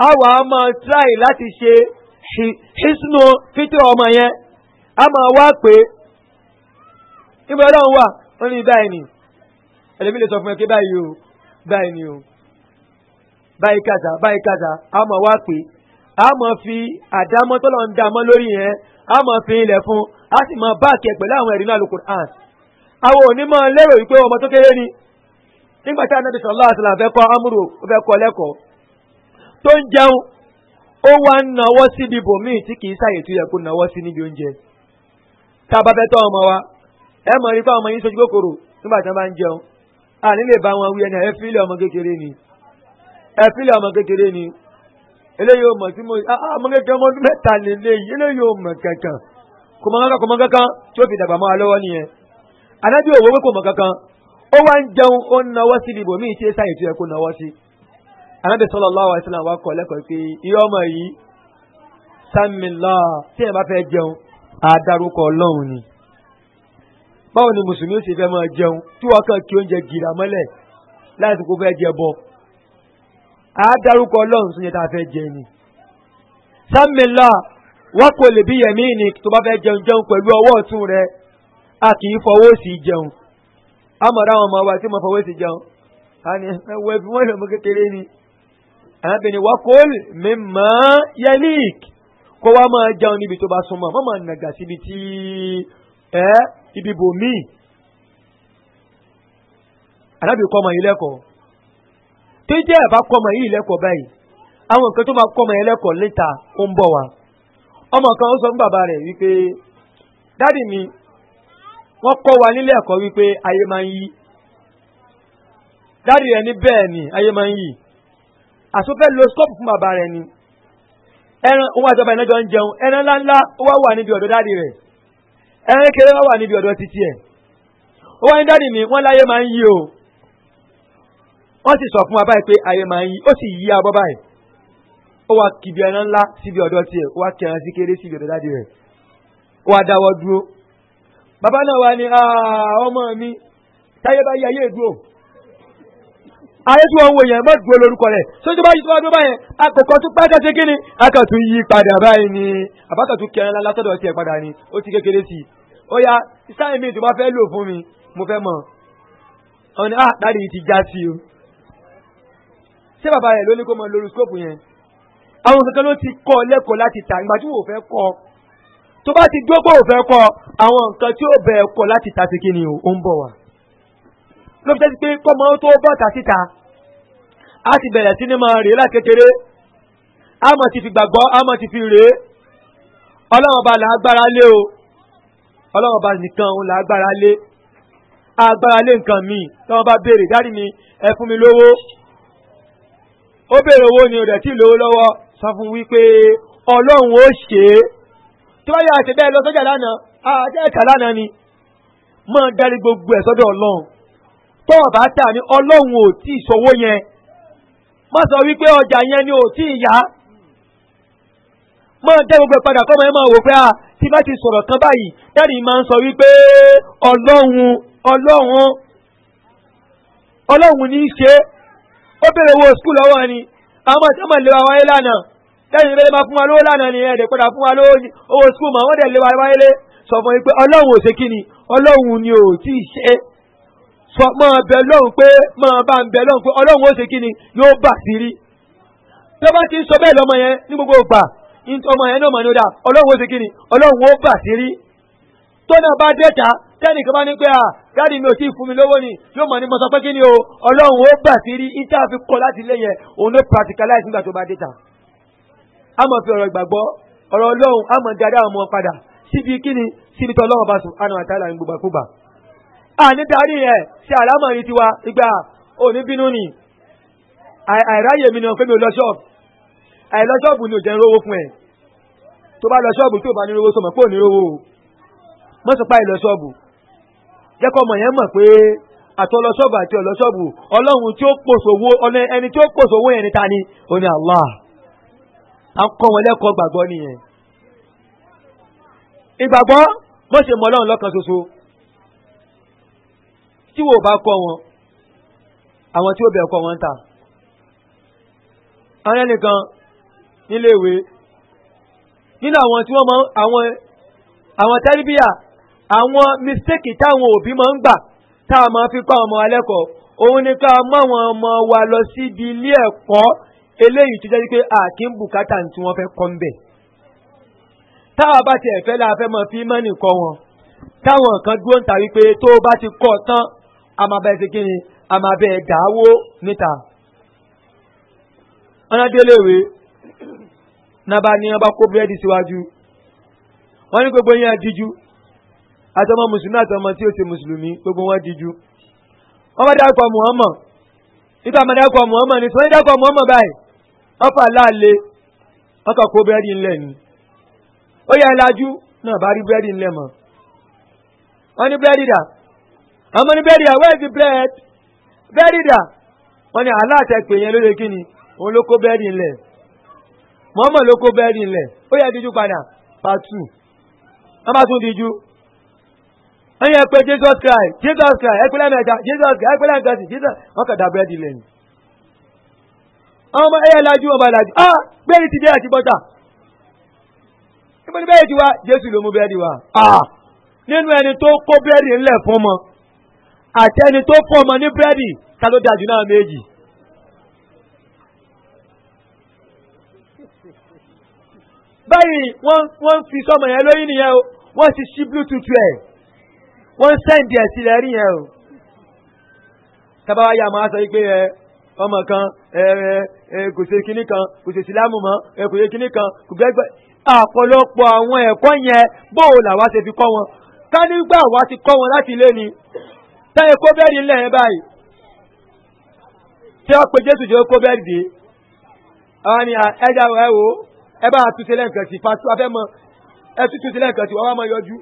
a wà máa tíráì láti ṣe hisnu fitiri ọmọ yẹn a máa wá pé níbo ọlọ́run wà wọ́n ní báyìí ni ẹlẹ́bí lè sọ fún ẹ pé báyìí o báyìí ni o báyìí kàtà báyìí kàtà a máa wá pé a máa fi àdámọ́ tọ́lọ̀ ń dámọ́ lórí yẹn a máa fi ilẹ̀ fún a sì máa bá àkẹ́ pẹ̀lú àwọn ẹ̀rí náà lóko àn àwọn òní máa lérò wípé ọmọ tó kéré ni nígbà tí anabi sọlá àti làǹfẹ́ kọ́ amúrò ó fẹ́ kọ́ lẹ́kọ̀ọ́ tó ń jẹun ó wá ń nawọ́ síbi bòmíì tí kì í ṣàyè tó yẹ kó nawọ́ sí níbi oúnjẹ tá fẹ́ tọ́ ọmọ wa ẹ mọ̀ rí ọmọ yín sojú kòkòrò nígbà tí wọ́n bá ń jẹun a lè bá wọn wí ẹni ẹ fílẹ̀ ọmọ ni ẹ fílẹ̀ ọmọ kékeré ni eléyìí mọ̀ sí mo ah, ah, ọmọ kékeré ọmọ kankan kò kankan kò kankan tí ó fi dàgbà mọ́ wa lọ́wọ́ nìyẹn àdájọ́ òwò pé kò mọ̀ kankan ó wá anábì sọlọ lọ́wọ́ àti wa àwọn akọ lẹ́kọ̀ọ́ pé iye ọmọ yìí sàmìlá tí ẹ̀ bá fẹ́ jẹun àdárúkọ ọlọ́run ni báwo ni mùsùlùmí ó sì fẹ́ máa jẹun tí wọ́n kàn kí oúnjẹ gìrà mọ́lẹ̀ láti kó fẹ́ jẹ bọ́ àdárúkọ ọlọ́run tó yẹ tá a fẹ́ jẹ ni sàmìlá wọ́n kò lè bí yẹ̀mí ni tó bá fẹ́ jẹun jẹun pẹ̀lú ọwọ́ ọ̀tún rẹ a kì í fọwọ́ sí jẹun amọ̀dá àwọn ọmọ wa tí mo fọwọ́ sí jẹun àní ẹwọ́ ẹbí wọ́n lè mú kékeré ni arábìnrin wa kò mí mọ́ yẹlík kó wá máa jẹun níbi tó bá súnmọ́ mọ́ máa nàgà síbi tí ẹ ibi bò mí. arábìnrin kọ́ ọmọ yìí lẹ́kọ̀ọ́ tó jẹ́ ẹ̀bá kọ́ ọmọ yìí lẹ́kọ̀ọ́ báyìí àwọn nǹkan tó máa kọ́ ọmọ yẹn lẹ́kọ̀ọ́ léta ó ń bọ̀ wá. ọmọ kan sọ fún bàbá rẹ̀ wípé dádì mi wọ́n kọ́ wa nílé ẹ̀kọ́ wípé ayé máa ń yí dádì rẹ̀ ní bẹ́ẹ̀ ni ayé máa ń yí àsopẹ́ lo scope fún bàbá rẹ̀ ni ẹran òun àti bàbá yẹn lọ́jọ́ ń jẹun ẹran ńláńlá wá wà níbi ọ̀dọ̀ dáàdi rẹ̀ ẹran kékeré wá wà níbi ọ̀dọ̀ títí ẹ̀ ó wá ní dáàdi mi wọ́n láyé máa ń yí o wọ́n sì sọ fún wa báyìí pé ayé máa ń yí ó sì yí abọ́ báyìí ó wá kìbi ẹran ńlá síbi ọ̀dọ̀ tiẹ̀ ó wá kẹran sí kéré síbi ọ̀dọ̀ dáàdi rẹ̀ ó wá dáwọ́ dúró bàbá náà wá ní ọmọ mi táyé bá yí ayé dúró ayé tí wọ́n ń wo yẹn mọ́ dúró lórúkọ rẹ̀ tó tó bá yí tó bá dúró báyẹn akọ̀kọ̀ tó pátá ṣe kíni akọ̀tún yí padà báyìí ni àbákọ̀ tó kẹrin lálá tọ́dọ̀ tiẹ̀ padà ni ó ti kékeré sí i ó yá sáyẹn mi tó bá fẹ́ lò fún mi mo fẹ́ mọ̀ ọ́n ni ah dáàdi yìí ti já sí o ṣé bàbá rẹ̀ ló ní kó mọ lórúkọ́pù yẹn àwọn kankan ló ti kọ́ lẹ́kọ̀ọ́ láti ta ìgbà tí wò fẹ́ kọ́ tó bá ti gbọ́ pé ò fẹ́ kọ́ àwọn nǹkan tí ò bẹ̀ kọ́ láti ta ti kíni o ó ń bọ̀ wá ló fi jẹ́ pé kọ́mọ tó bọ́ta síta a ti bẹ̀rẹ̀ sí ní máa rè é lákékeré a mọ̀ ti fi gbàgbọ́ a mọ̀ ti fi rè é ọlọ́run ọba là á gbára lé o ọlọ́run ọba nìkan òun là á gbára lé agbára lé nǹkan mi tọ́wọ́n bá béèrè dárí mi ẹ fún mi lówó ó béèrè owó ni rẹ̀ tí lówó lọ́wọ́ sọ fún wípé ọlọ́run ó ṣe é tí wọ́n yà àti bẹ́ẹ̀ lọ sọ́jà lánàá àti ah, ẹ̀ka lánàá ni máa darí gbogbo ẹ̀ sọ́dọ̀ ọlọ́run tó ọ̀bá tà ní ọlọ́run ò tí ì ṣòwò yẹn má sọ wípé ọjà yẹn ni ò tí ì yá máa dẹ́ gbogbo ìpadà kọ́mọ ẹ máa wò pé a tí bá ti sọ̀rọ̀ kan báyìí dẹ́rì máa ń sọ wípé ọlọ́run ọlọ́run ọlọ́run ní í ṣe ó bèrè owó skul lọ́wọ́ ni àwọn tí wọ́n máa wáyé lánàá dẹ́rì ìbẹ̀rẹ̀ máa fún wa lówó lánàá ni ẹ̀ẹ́dẹ̀ padà fún wa owó skul mọ̀ wọ́n dẹ̀ lera wáyé lé sọ sọ mọ bẹ lọ́hùn pé mọ bá ń bẹ lọ́hùn pé ọlọ́run ó ṣe kí ni yóò bà sí rí tó bá ti ń sọ bẹ́ẹ̀ lọ́mọ yẹn ní gbogbo ògbà ọmọ yẹn náà mọ̀ ní ó dáa ọlọ́run ó ṣe kí ni ọlọ́run ó bà sí rí tó náà bá dẹ́ta tẹ́nìkan bá ní pé à dáàdì mi ò tí ì fún mi lówó ni yóò mọ̀ ní mo sọ pé kí ni o ọlọ́run ó bà sí rí ìta fi kọ́ láti lé yẹn òun ló practicalize nígbà tó bá dẹ́ta a mọ̀ fi ọ̀rọ̀ ìgbàgbọ́ A darí rẹ̀ ṣe si ní tiwa ìgbà òní bínú ni àìráyè mi ni wọn pé mi ò lọ ṣọ́ọ̀bù ni ò jẹ́ rówó fún ẹ̀ tó bá lọ ṣọ́ọ̀bù tó bá ní rówó sọmọ pé ò ní rówó o mọ́sọ̀pá ìlọ ṣọ́ọ̀bù jẹ́ kọ́ ọmọ yẹn mọ̀ pé o ṣọ́ọ̀bù àti ọ̀lọ ọlọ́run tí ó pòṣòwò ọ̀nà ẹni tí ó ni ta ni Allah tí wò bá kọ́ wọn àwọn tí ó bẹ̀ kọ́ wọn ń ta àwọn ẹnìkan níléèwé nínú àwọn tí wọ́n mọ àwọn àwọn tẹ́lifíà àwọn mistake táwọn òbí máa ń gbà tá a máa fi pa ọmọ alẹ́kọ̀ọ́ òun ni ká mọ àwọn ọmọ wa lọ síbi ilé ẹ̀kọ́ eléyìí tó jẹ́ pé àkí ń bùkátà tí wọ́n fẹ́ kọ́ ń bẹ̀ táwa bá ti ẹ̀fẹ́ la fẹ́ mọ fí mọ́nì kọ́ wọn táwọn kan dúró ń ta wípé tó o bá ti kọ́ tán a máa bẹ ṣe kíni a máa bẹ dàáwó níta. ọ̀nàdéléwé náà bá ní ọba kó búrẹ́dì síwájú wọ́n ní gbogbo yẹn díjú àtọmọ mùsùlùmí àtọmọ tí ó ṣe mùsùlùmí gbogbo wọn díjú. wọ́n bá dákọ̀ muhammad nígbà máa dákọ̀ muhammad ní sọ́yìn dákọ̀ muhammad báyìí wọ́n fà láàlẹ́ wọ́n kà kó búrẹ́dì ńlẹ̀ ni. ó yẹ ẹ lajú náà bá rí búrẹ́dì ńlẹ̀ mọ́. wọ́n ní búrẹ́dì dà ọmọ ní bẹ́ẹ̀dì àwọn ẹ̀dì bread bẹ́ẹ̀dì dà wọ́n ní aláàtẹ̀pẹ̀ yẹn ló lè kí ni òun ló kó bẹ́ẹ̀dì ńlẹ̀ mọ́mọ́ ló kó bẹ́ẹ̀dì ńlẹ̀ ó yẹ díjú padà part two wọ́n bá tún díjú wọ́n yẹ pé jesus christ jesus christ ẹ̀pẹ́ lẹ́mẹ̀ta jesus christ ẹ̀pẹ́ lẹ́mẹ̀ta sí jesus wọ́n kàdá bẹ́ẹ̀dì lẹ́nu. ọmọ ẹ̀yẹ lajú ọba lajú ah bẹ́ẹ̀dì ti dé àti bọ́tà níbo ni bẹ́ẹ̀dì wa jésù ló mú bẹ́ẹ̀dì wa ah nínú ẹni tó kó bẹ́ẹ̀dì ńlẹ̀ fún ọmọ àti ẹni tó fún ọmọ ní búrẹ́dì ta ló dájú náà méjì. báyìí wọ́n ń fi sọmọ yẹn lóyún nìyẹn o wọ́n ti ṣí bluetooth ẹ̀ wọ́n ń sẹ́ǹdì ẹ̀ sílẹ̀ rí yẹn o. tábàwá yà máa sọ pé ẹ ọmọ kan ẹ ẹ kò ṣe kinní kan kò ṣe sílámù mọ́ ẹ kò ṣe kinní kan kò gbẹ́gbẹ́ àpọ̀lọpọ̀ àwọn ẹ̀kọ́ yẹn bóò làwa ṣe fi kọ́ wọn ká nígbà wa ti kọ́ wọn láti ilé ni táyé kó bẹ́ẹ̀rì ńlẹ̀ yẹn báyìí tí wọ́n pe jésù jẹ́ kó bẹ́ẹ̀rì dé àwọn ni ẹja ẹ wo ẹ bá túnṣe lẹ́ǹkan sí mọ yọjú.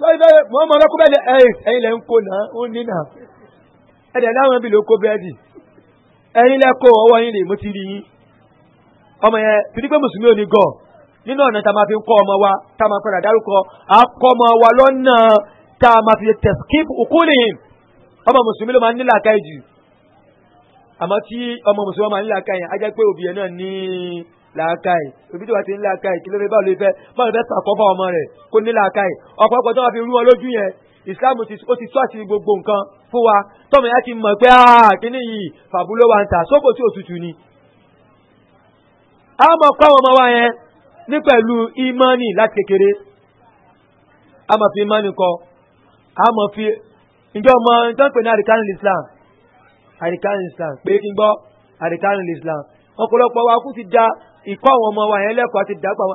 bẹ́ẹ̀ ọmọ ọlọ́kọ́ bẹ́ẹ̀ lẹ́ ń kó náà ó ní náà ẹ̀dẹ̀ láwọn ibi ló kó lẹ́ kó ọwọ́ yín lè mú ti rí yín ọmọ yẹn mùsùlùmí ò ní gọ̀ nínú ọ̀nà tá a máa fi ń kọ́ ọmọ a máa tá a máa fi tẹ̀síkìp òkúlìhìn ọmọ mùsùlùmí ló máa ń nílà ká jù àmọ́ tí ọmọ mùsùlùmí máa ń nílà ká yẹn á jẹ́ pé òbí yẹn náà ní làákàyè òbí tó bá ti ń làákàyè kí ló fẹ́ báwo ló fẹ́ báwo ló fẹ́ sàkọ́ fún ọmọ rẹ̀ kó ní làákàyè ọ̀pọ̀lọpọ̀ tó wà fi rú wọn lójú yẹn islam ó ti sọ àti gbogbo nǹkan fún wa tọ́mọ yẹn ti mọ̀ pé kíní yìí fàbúlò wa ń tà sóbò tí òtútù ni. a mọ̀ kọ́ àwọn ọmọ wa yẹn ní pẹ̀lú ìmánì láti kékeré a mọ̀ fi ìmánì kọ́ a mọ̀ fi njọ́ mọ nítorí pé ní àríkánì islam àríkánì islam pé kí n gbọ́ àríkánì islam ọ̀pọ̀lọpọ̀ wa kú ti da ìkọ́ àwọn ọmọ wa yẹn lẹ́kọ̀ọ́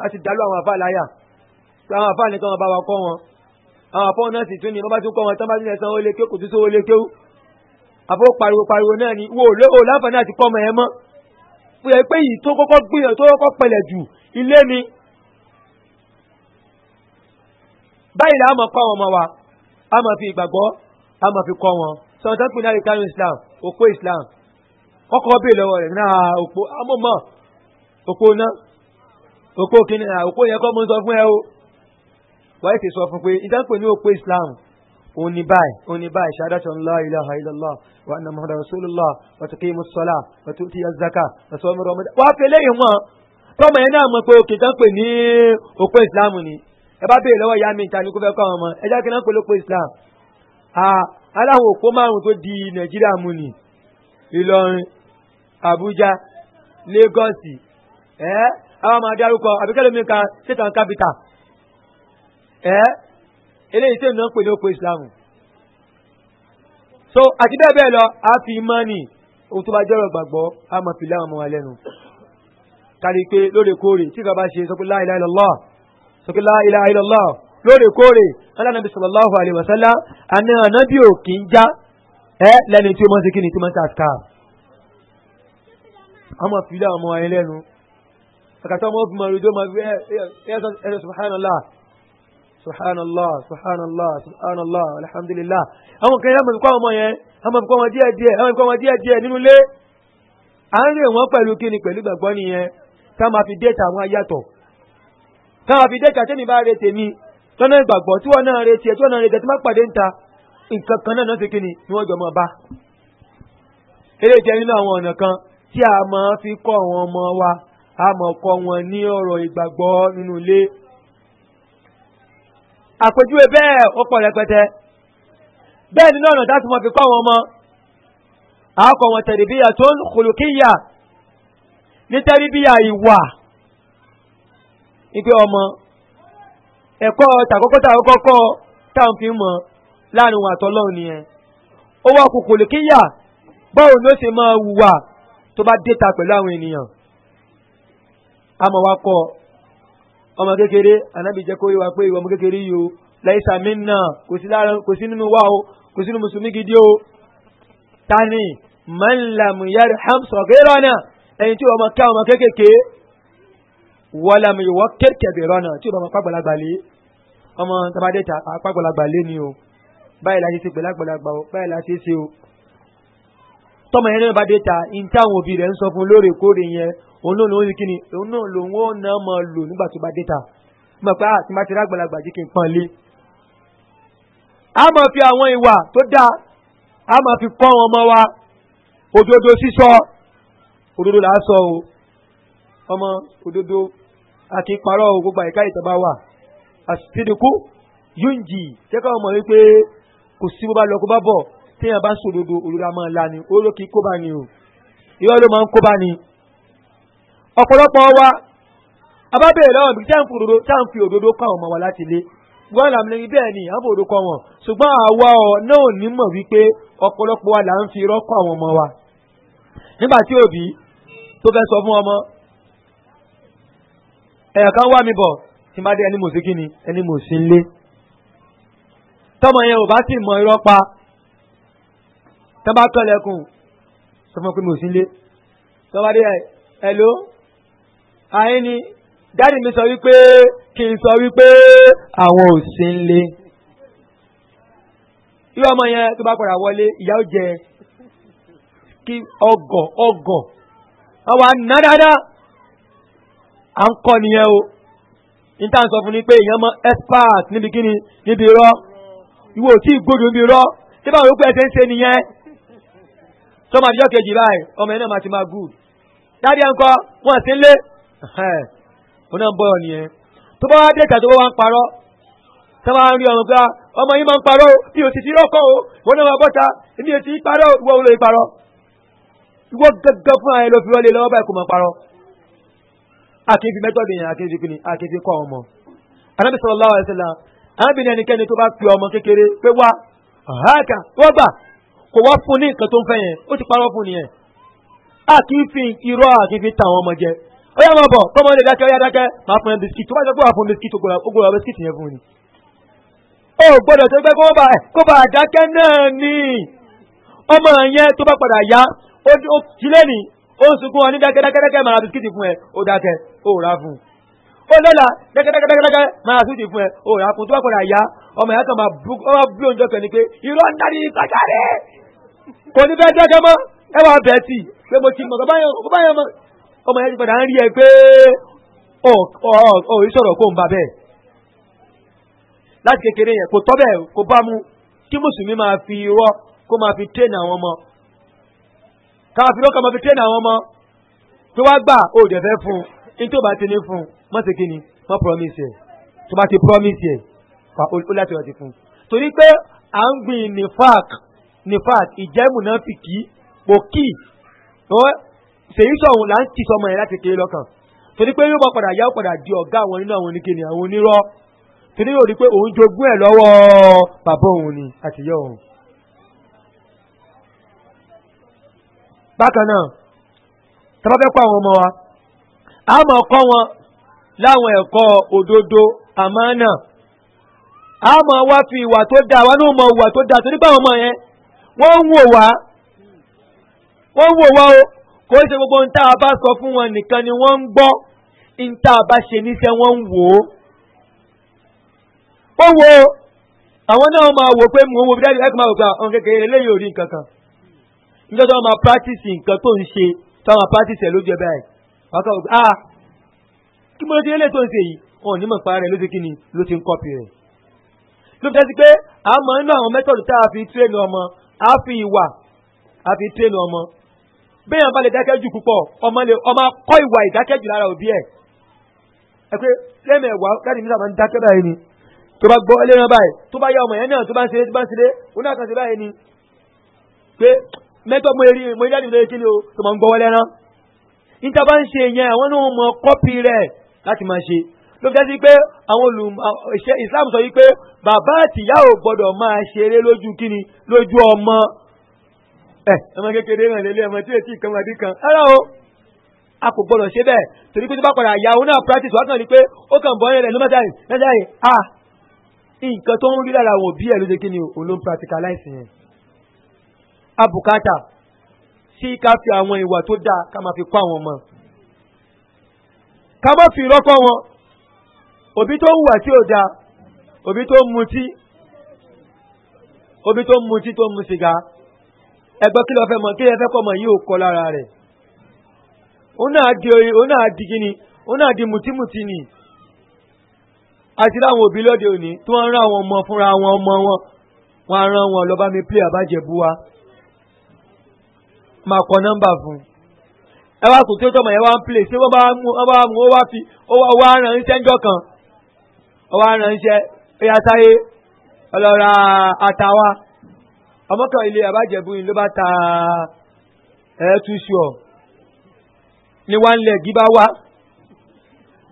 àti dàlú àwọn àfa láyà àwọn àfa nìkan wọn bá wa kọ́ wọn àwọn àfọ náà sì tún ní bábá tún kọ́ wọn tán bá tún lẹ̀ san ó lé kéwù kò tún sówó lé kéwù àfọ pariwo pariwo náà ni wo lówó láǹfààní àti kọ́ ọmọ yẹn mọ́ ó yẹ pé yìí tó kọ́kọ́ gbìyànjú tó kọ́kọ́ pẹlẹ̀ jù ilé ni báyìí làá mọ̀ kọ́ àwọn ọmọ wa a máa fi ìgbàgbọ́ a máa fi kọ́ wọn sọ̀rọ̀ tó ń pè ní àríkà islam òpó islam kọ́kọ́ bè lọ́wọ́ rẹ̀ náà òpó amómọ́ òpó náà òpó kìíní náà òpó yẹn kọ́ mo ń sọ fún ẹ o wáyé ti sọ fún pé ìdánpè ní òpó islam òní báyìí òní báyìí ṣáádáṣọ ńlá ilaha illallah wa anna muhammadu rasulillah wa tukí musola wa tukí azaka wa sọ ọmọ rọmọdé wàá fi eléyìí wọn tọmọ yẹn náà mọ pé òkè ìdánpè ní òpó islam ni ẹ bá béèrè lọ́wọ́ ìyá mi ìta ni kó fẹ́ kọ́ àwọn ọmọ ẹ jẹ́ kí náà polówó islam aláwọ̀ òpó márùn tó di nàìjíríà mú ni ìlọrin abuja lagos ẹ àwọn máa dárúkọ àbíkẹ́lẹ́ mi kan ṣètàn kápítà ẹ eléyìí tẹ̀ náà pèlè òpó islam so àti bẹ́ẹ̀ bẹ́ẹ̀ lọ a fi mọ́nì ohun tó bá jẹ́rọ̀ gbàgbọ́ a máa fi láwọn ọmọ wa lẹ́nu kárí pé lóòrèkóòrè tí kò bá ṣe sọ pé láìláìlọ́lọ́ọ̀ sókè láìlà àìlọ́lá lóòrèkóòrè alánàbí sọlọ́láhu àlèwọ̀sálá àná ànábì ò kì í já ẹ lẹ́ni tí ó mọ̀ sí kí ni tí mọ̀ sí àtìká. àmọ́ fìlà ọmọ ayé lẹ́nu kàkàtà ọmọ obìnrin rẹ̀ tó máa fi ẹ̀ẹ́dọ̀ subhanallah subhanallah subhanallah subhanallah alhamdulillah àwọn kan táwọn fi dẹ́ka tẹ́mi bá retè mi tọ́nà ìgbàgbọ́ tí wọ́n náà retí ẹ̀ tí wọ́n náà retí ẹ̀ tí wọ́n pàdé ń ta nǹkan kan náà náà kíni ni wọ́n jọ mọ́ bá. eré jẹ́ nínú àwọn ọ̀nà kan tí a máa fi kọ́ àwọn ọmọ wa a máa kọ́ wọn ní ọ̀rọ̀ ìgbàgbọ́ nínú ilé. àpèjúwe bẹ́ẹ̀ ó pọ̀ rẹpẹtẹ bẹ́ẹ̀ nínú ọ̀nà tá a ti mọ̀ fi kọ́ àwọn ọmọ àákọ̀ wọn tẹ̀rìbíyà tó ń wípé ọmọ ẹ̀kọ́ tàkọ́kọ́ tàkọ́kọ́ táwọn fi ń mọ̀ láàrin òun àtọ́lọ́run nìyẹn ó wá kòkò lè kíyà báwo ni ó ṣe máa wùwà tó bá déta pẹ̀lú àwọn ènìyàn àmọ́ wa kọ́ ọmọ kékeré ànábì jẹ́ kó yé pé ìwọ ọmọ kékeré yìí o láìsà mí nà kò sí nínú wa o kò sí nínú mùsùlùmí gidi o tani mọ́ńlá mùyárì hàm sọ̀gẹ́rọ̀ náà ẹ̀yin tí ọmọ ká ọmọ kékeré wọ́lá mi wọ́ kékeré rọ́nà tí o bá mọ pàgbọ́lagbà lé ọmọ tabadé ta pàgbọ́lagbà lé ni o báyìí la ṣe ṣe pẹ̀lágbọ́lagbà o báyìí la ṣe ṣe o. tọmọ yẹn náà bá dé ta ní táwọn òbí rẹ̀ ń sọ fún lóòrèkóòrè yẹn òun náà lòun kí ni òun náà lòun ó náà mọ lò nígbà tó bá dé ta mọ̀ pé àti ah, má ti rágbọ́lagbà jí kí n pọ́n lé. a máa fi àwọn ìwà tó dáa a máa fi kọ́ wọn wa òdodo sísọ òdodo là á sọ o ọmọ òdodo àti parọ́ gbogbo àyíká ìtọ́ba wà àsìdìkú yunji jẹ́ káwọn mọ̀ wípé kò sí bó bá lọ kó bá bọ̀ téèyàn bá ń sòdodo òrùra máa la ni ó ló kí kó bá ni o irọ́ ló máa ń kó bá ni. ọ̀pọ̀lọpọ̀ wa abábẹ̀rẹ̀ lọ́wọ́ bí tá ń fi òdodo tá ń fi òdodo kọ́ àwọn ọmọ wa láti lé wọ́n làm lẹ́yìn bẹ́ẹ̀ ni àwọn òdodo kọ́ wọn ṣùgbọ́n àwa ọ̀ náà ò ní mọ̀ wípé ọ̀pọ̀lọpọ̀ wa là ń fi irọ́ àwọn ọmọ wa. nígbà tí òbí tó fẹ́ sọ fún ọmọ ẹ̀yà kan wá mi bọ̀ tí bá dé ẹni mò sí kí ni ẹni mò sí nlé tọmọ yẹn ò bá sì mọ irọ́ pa tọ́ bá kọ́lẹ̀kùn sọ fún pé mò sí nlé tọ́ bá dé hello àyín ni dáàdì mi sọ wípé kì í sọ wípé àwọn ò sí nlé irú ọmọ yẹn tó bá padà wọlé ìyá ó jẹ kí ọgọ ọgọ àwọn àná dáadáa à ń kọ́ nìyẹn o ní tá à ń sọ fún ni pé èèyàn mọ expert níbi kíni níbi irọ́ ìwọ ò tí ì gbódò níbi irọ́ tí báwo ló pẹ́ ẹsẹ̀ ń ṣe nìyẹn tó máa dijọ́ kejì báyìí ọmọ yẹn náà máa ti máa gùn dáadé ẹ̀ ń kọ́ wọ́n sí lé òun náà ń bọ̀rọ̀ nìyẹn tó bá wá dé ìtàjọ́ wọn wá ń parọ́ tó bá ń rí ọ̀run pé ah, ọmọ yìí máa ń parọ́ bí o sì ti rọ́kọ̀ o wọn náà máa bọ́ta èmi ò parọ́ ìwọ òun ló parọ́ ìwọ gẹ́gẹ́ fún àyẹ̀lò fi wọlé lọ́wọ́ báyìí kò máa parọ́ àti fi mẹ́tọ́dì yẹn àti fi kìnnì àti fi kọ́ ọmọ. anábì sallallahu alaihi wasallam arábìnrin ẹnikẹ́ni tó bá pe ọmọ kékeré pé wá hàkà rọ́bà kò wá fún ní nǹkan tó ń fẹ́ yẹn ó ti parọ́ fún nìyẹn. àti fi irọ́ àti fi tàwọn ọmọ jẹ ó yà máa bọ̀ tọ́mọ lè dákẹ́ ó yà dákẹ́ máa fún yẹn bisikíìtì tó bá fún bisikíìtì ó gbọ́dọ̀ bisikíìtì yẹn fún ni. ó gbọ́dọ̀ tó gbẹ́ kó bá àdákẹ́ náà ni ọmọ yẹn tó bá padà yá ó sílẹ̀ ni ó ń sunkún ọ ní dákẹ́dákẹ́dákẹ́ màrà bisikíìtì fún ẹ ó dákẹ́ ó rà fún un ó lọ́la dákẹ́dákẹ́dákẹ́ màrà bisikíìtì fún ẹ ó rà fún un tó bá padà yá ọmọ ìyá kan máa bú oúnjẹ kan pé irọ́ ń darí kọjá kò ní fẹ́ dákẹ́ mọ́ ẹ pé mo ti mọ̀ kọ́ báyọ̀ mọ́ ọmọ ìyá ti padà ń rí ẹ pé ìṣòro ń fi irọ́ kó máa fi àwọn ọmọ káfíńtì ọkọ̀ ọmọ fi tẹ́lẹ̀ àwọn ọmọ tó wá gbà ó dẹ̀ fẹ́ fún un ní tó bá ti ní fún un mọ́ ṣe kí ni mọ́ promise ẹ̀ tó bá ti promise ẹ̀ fa ó láti wá ti fún un. torí pé à ń gbìn nifak nifak ìjẹ́mù náà fi kí pòkì ṣèyí sọ̀hún là ń ti sọmọ yẹn láti kéré lọ́kàn torí pé yóò bọ̀ padà yá padà di ọ̀gá àwọn nínú àwọn oníkèéni àwọn onírọ́ torí yóò rí pé òun jogún ẹ̀ lọ́wọ́ bàbá òun ni àtìyá òun. bákan náà tọ́ba fẹ́ kọ́ àwọn ọmọ wa a máa kọ́ wọn láwọn ẹ̀kọ́ òdodo àmánà a máa wá fi ìwà tó dáa wa náà mọ ìwà tó dáa torí báwọn ọmọ yẹn wọ́n ń wò wá wọ́n ń wò wá o kò ṣe gbogbo ohun tá a bá sọ fún wọn nìkan ni wọ́n ń gbọ́ ohun tá a bá ṣe níṣẹ́ wọ́n ń wò ó. wọ́n wo àwọn náà máa wò pé mò ń wo bí dájú ẹ̀ka máa wò pé àwọn kékeré eléyìí ò rí nǹkan kan níjọ́ tó máa practice nǹkan tó ń ṣe tó máa practice ẹ̀ lójú ẹ báyìí wọ́n kọ́ ọ́ ah kí mo ti lélẹ̀ tó ń ṣe yìí wọn ò ní mọ̀ pa rẹ̀ ló ti kí ni ló ti ń kọ́pì rẹ̀ ló fi tẹ́sí pé a mọ̀ nínú àwọn mẹ́tọ̀dù tá a fi tírẹ́nì ọmọ a fi ìwà a fi tírẹ́nì ọmọ bẹ́ẹ̀ bá lè dákẹ́jù púpọ̀ ọmọ lè ọmọ kọ́ ìwà ìdákẹ́jù lára òbí ẹ̀ ẹ pé lẹ́mẹ̀ ẹ̀wà láti nígbà máa ń dákẹ́ báyìí ni tó bá gbọ́ ẹlẹ́ran báyìí tó bá yá ọmọ yẹn náà tó bá ń ṣeré tó bá ń ṣeré ó náà kàn sí báyìí ni pé mẹ́tọ́ mo rí mo jáde nítorí kí ni o tó máa ń gbọ́wọ́ lẹ́rán níta bá ń ṣe yẹn àwọn náà mọ kọ́pì rẹ̀ láti máa ṣe ló fi jásí pé àwọn olù Islam sọ yìí pé bàbá àtìyá ò gbọ́dọ̀ máa ṣeré lójú kí ni lójú ọmọ ẹ ọmọ kékeré náà lélẹ̀ ọmọ tí èsì kan wà bí kan rárá o a kò gbọ́dọ̀ ṣe bẹ́ẹ̀ torí pé tó bá padà yà òun náà practice wákàn ni pé ó kàn bọ́ ẹ̀rẹ̀ ló mẹ́ta yìí mẹ́ta yìí a ah! nǹkan tó ń rí lára òbí ẹ̀ ló ṣe kí ni òun ló ń practicalize yẹn Abukata, sí ká fi àwọn ìwà tó dáa ká máa fi kọ́ àwọn ọmọ. ká má fi rọ́kọ́ wọn òbí tó ń wà tí ò dáa òbí tó ń mutí òbí tó ń mutí tó ń mu sìgá ẹgbẹ́ kí ló fẹ́ mọ kí ló fẹ́ kọ́ mọ yìí ò kọ́ lára rẹ̀ òun náà di òun náà di kíni òun náà di mùtímùtí ni àti láwọn òbí lóde òní tí wọ́n ń rán àwọn ọmọ fúnra wọn ọmọ wọn wọ́n á rán wọn lọ mi pé àbájẹ bú wa máa kọ nọ́mbà fún un. ẹ wá sùn tí ó tọmọ yẹn wá ń play ṣé wọ́n bá mú wọ́n bá mú ó wá fi ó wá ràn iṣẹ́ ńjọ́ kan ó wá ràn iṣẹ́ ó sáyé ọlọ́ra àtàwà ọmọkàn ilé àbájẹ̀bú yìí ló bá ta ẹ̀ẹ́túṣùọ̀ ní one leg bá wá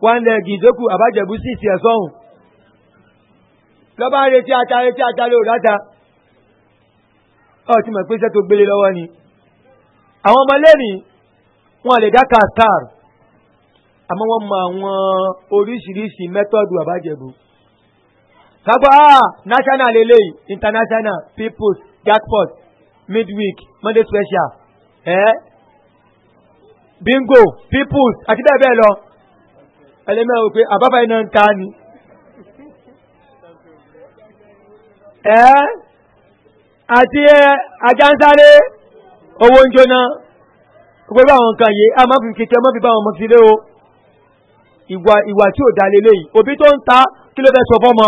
one leg ìdókù àbájẹ̀bú sì ti ẹ̀sọ́ ọ̀hún lọ́ba retí ata retí ata lóòrátà ọ̀ ti mọ̀ pé iṣẹ́ tó gbélé lọ́wọ́ ni àwọn ọmọ lẹ́rìn wọn lè dáka star àmọ́ wọ́n mọ àwọn oríṣiríṣi mẹ́tọ́dù àbájẹ̀bù kagbọ́ ah national eléyìí international peoples jackpot midweek monday special eh? bingo peoples àti bẹ́ẹ̀ bẹ́ẹ̀ lọ ẹlẹ́mẹ́ wò pé àbábá iná ń ta ni. Eh? àti eh, ajánsáré owó ń jóná gbogbo àwọn nǹkan yìí a máa fi kékeré máa fi bá àwọn ọmọ sí o ìwà ìwà tí ò dá lélẹ́yìí òbí tó ń ta kí ló fẹ́ sọ fọ́mọ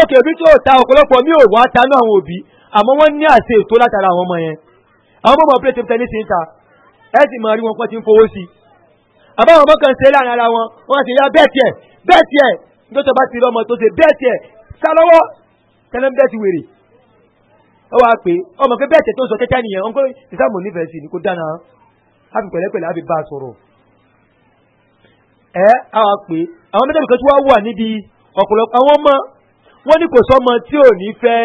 òkè òbí tí ò ta ọ̀pọ̀lọpọ̀ mi ò wá ta ní àwọn òbí àmọ́ wọ́n ní àṣẹ ètò látara àwọn ọmọ yẹn àwọn ọmọ plate tennis ń ta ẹ sì máa rí wọn pọ́n ti ń fowó sí i àbáwọn ọmọ kan ṣe láàrin ara wọn wọn sì yá bẹ́ẹ̀ tiẹ̀ bẹ́ẹ̀ tiẹ̀ ọ wá pé ọmọ pé bẹ́ẹ̀ tètè sọ tẹ́tẹ́ nìyẹn ọ̀nkọ́ ìsàmù nífẹ̀ẹ́ sí ni kò dáná á fi pẹ̀lẹ́pẹ̀lẹ́ á fi bá a sọ̀rọ̀ ẹ á wá pé àwọn mẹ́tẹ́lì kan tí wọ́n wà níbi ọ̀pọ̀lọpọ̀ àwọn ọmọ wọn ní kò sọmọ tí ò ní fẹ́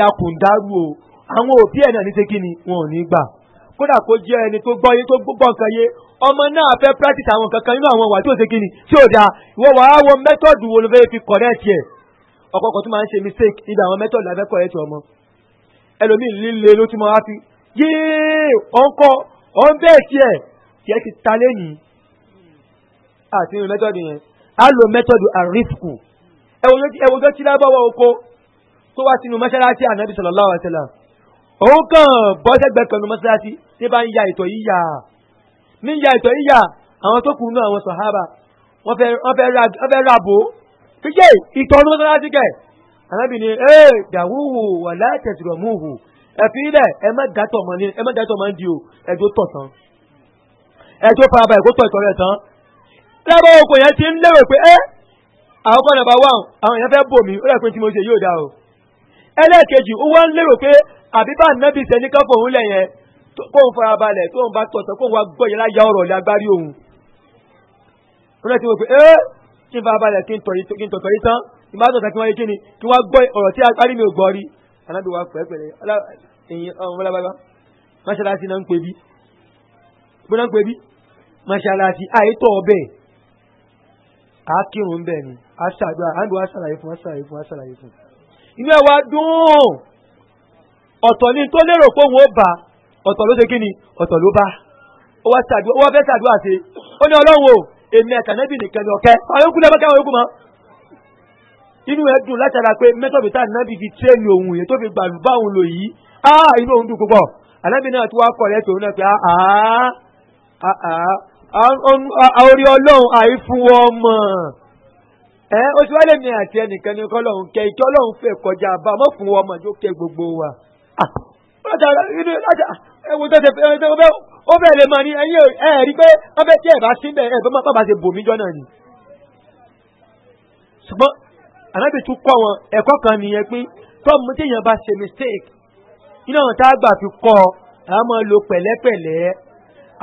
yakùndarú o àwọn òbí ẹ̀ náà ní ṣe ni wọn ò ní gbà kódà kó jẹ́ ẹni tó gbọ́ yé tó gbọ́ nǹkan yé ọmọ náà fẹ́ practice àwọn kankan nínú àwọn ìwà tí ò ṣe kí ni tí ò dáa ìwọ wàá wọ mẹ́tọ̀dù wo ló fẹ́ fi correct yẹ ọ̀kọ̀ọ̀kan tó máa ń ṣe mistake níbi àwọn mẹ́tọ̀dù la fẹ́ correct ọmọ ẹlòmíì líle ló tún máa fi yéé ọ̀nkọ́ ọ̀nbẹ́ tiẹ̀ tiẹ̀ ti ta lẹ́yìn àti irun mẹ́tọ́dù yẹn á lo mẹ́tọ́dù àrífkù ẹ̀wọ̀jọ́ tí lábọ́wọ́ oko tó wá sínú mọ́ṣáláṣí ànábì sallallahu alaihi wasallam òun kàn bọ́sẹ̀gbẹ́ kanú mọ́ṣáláṣí tí bá ń ya ìtọ̀ yíyà ní ya ìtọ̀ yíyà àwọn tó kù nú àwọn sọ̀hábà wọ́n fẹ́ rà bò kíkẹ́ ìtọ̀ ọdún mọ́ṣáláṣí kẹ́ alábì ni ee dàwúhù wà látẹ̀sìrọ̀mùhù ẹ̀fí ilẹ̀ ẹ má dátọ̀ mọ́ ni ẹ má dátọ̀ mọ́ di o ẹjọ́ tọ̀ tán ẹjọ́ faraba ẹ̀kọ́ tọ̀ ìtọ̀ rẹ̀ tán lábọ̀ oko yẹn ti ń lérò pé ẹ́ àwọn kan nàbà wà àwọn èèyàn fẹ́ bò mí ó rẹ̀ pé tí mo ṣe yóò dá o ẹlẹ́ẹ̀kejì ó wá ń lérò pé àbíbá nẹ́bí sẹ́ni ká fòun lẹ̀ yẹn kóun farabalẹ̀ tóun bá tọ̀ tán kóun wá gbọ́ yẹn láyà ọ̀rọ̀ lágbárí òun ó rẹ̀ ti wò pé ẹ́ kí n farabalẹ̀ kí n tọ̀ yìí tán ìbá sọ̀tà kí wọ́n kí ni kí wọ́n gbọ́ ọ̀rọ̀ tí agbárí mi ò gbọ́ rí anábì wa pẹ̀lẹ́pẹ̀lẹ́ ẹ̀yìn ọmọ lábábá mọ́ṣáláṣí náà ń pè bí bó ń pè bí mọ́ṣáláṣí àìtọ́ ọbẹ̀ á kírun bẹ́ẹ̀ ni á ṣàdúrà á ń lo aṣàlàyé fún aṣàlàyé fún aṣàlàyé fún. inú ẹ̀ wá dùn ọ̀tọ̀ ni tó lérò pé òun ó bá ọ̀tọ̀ ló ṣe kí ni ọ̀tọ̀ ló bá ó wá fẹ́ ṣàdúrà ṣe ó ní ọlọ́run o èmi ẹ̀ka nẹ́bì nìkan ni ọ̀kẹ́ àwọn yòókù lẹ́bẹ̀kẹ́ àwọn yòókù mọ́ inú ẹ dùn látara pé mẹ́tọ̀bì tá ànábì fi tírẹ́nì òun yẹn tó fi gbàlù bá òun lò yìí áá ah, inú òun dùn púpọ̀ ànábì náà tó wá kọ̀ lẹ́tọ̀ òun náà pé àá ah, ah, um, orí ọlọ́run àìfún wọn mọ̀ ẹ ó ti wáyé mi àti ẹnìkan ní kọ́ lọ́run kẹ ìkẹ́ ọlọ́run fẹ́ kọjá bá ọmọ fún wọn mọ̀ tó kẹ gbogbo wa. ẹwù tó ṣe fẹ́ ó fẹ́ lè mọ ni pé wọ́n tí ẹ̀ bá sí bẹ́ẹ̀ ẹ̀ bá bá ṣe bòmíjọ́ náà ni anábì tún kọ́ wọn ẹ̀kọ́ kan nìyẹn pé tọ́mù téèyàn bá ṣe mistake iná wọn tá a gbà fi kọ́ ọ àwọn máa lo pẹ̀lẹ́pẹ̀lẹ́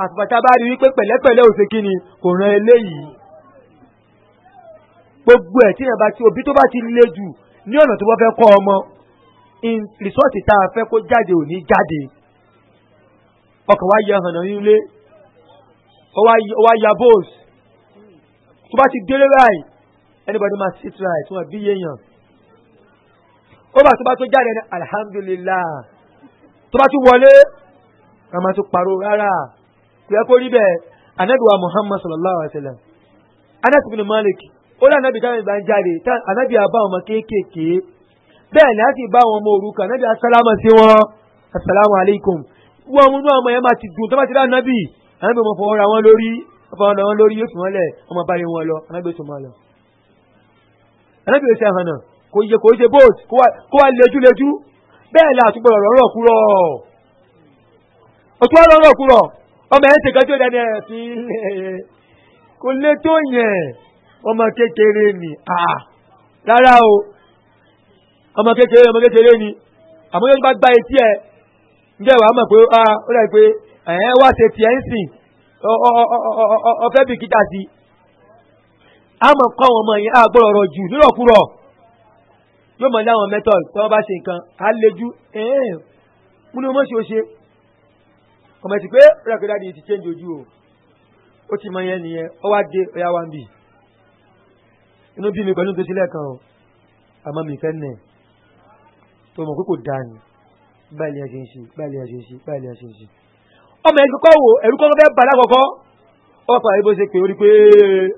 àtùpàtà bá rí wípé pẹ̀lẹ́pẹ̀lẹ́ ò ṣe kíni kò ran eléyìí gbogbo ẹ̀ téèyàn bá ti òbí tó bá ti le jù ní ọ̀nà tó bá fẹ́ kọ́ ọmọ rìsọ́ọ̀tì tá a fẹ́ kó jáde ò ní jáde ọkàn wa yẹ hànà nílé ó wá ya bóòsì tó bá ti délé báyìí anybody ma sit right wọn bí yéèyàn ó bá tó bá tó jáde ní alhamdulillah tó bá tó wọlé wọn máa tó pariwo rárá kò yẹ kó rí bẹ́ẹ̀ anabiwa muhammad sallallahu alaihi wa sallam anas bin malik ó lé anabi táwọn ìbá ń jáde anabi àbá ọmọ kéékèèké bẹ́ẹ̀ ni a sì bá wọn ọmọ òrukàn anabi asalaamu sí wọn asalaamu aleykum wọ́n mú inú àwọn ọmọ yẹn máa ti dùn tó bá ti rí anabi anabi ọmọ fọwọ́ra wọn lórí ọmọ fọwọ́ra wọn lórí yóò fi wọn lẹ̀ ọmọ bá wọn lọ anabi ó tún máa lọ. ẹlẹ́bí oṣù ẹ̀hàn náà kò yẹ kò ṣe kó wá lejú bẹ́ẹ̀ àtúgbò ọ̀rọ̀ ọ̀rọ̀ kúrọ̀ ọ̀rọ̀ ọ̀rọ̀ kúrọ̀ ọmọ ẹ̀ ń tí ó kò lé tó yẹn ọmọ kékeré ni rárá o ọmọ kékeré ọmọ kékeré ni gba etí ẹ̀ ǹjẹ́ a mọ̀ kọ́ wọn mọ̀ yẹn a gbọ́dọ̀ rọ̀ jù nírọ̀kúrọ̀ yóò mọ̀ láwọn method tí wọ́n bá ṣe nǹkan á le ju ẹ̀ẹ́n ni wọ́n ṣe ó ṣe ọmọ ẹ̀sìn pé rẹ́kọ̀dáàdì ti change ojú o ó ti mọ yẹn nìyẹn ó wá dé ọ̀yá wa ń bì inú bí mi pẹ̀lú tó sílẹ̀ kan o àmọ́ mi fẹ́ nẹ̀ tó mọ̀ pé kò dáa ni báyìí ẹ̀ ṣe ń ṣe báyìí ẹ̀ ṣe ń ṣe báyìí ẹ̀ ṣe ń ṣe ọmọ ẹ̀sìn kọ́ wo ẹ̀rú kọ́ fẹ́ bàdá kọ̀ọ̀kọ́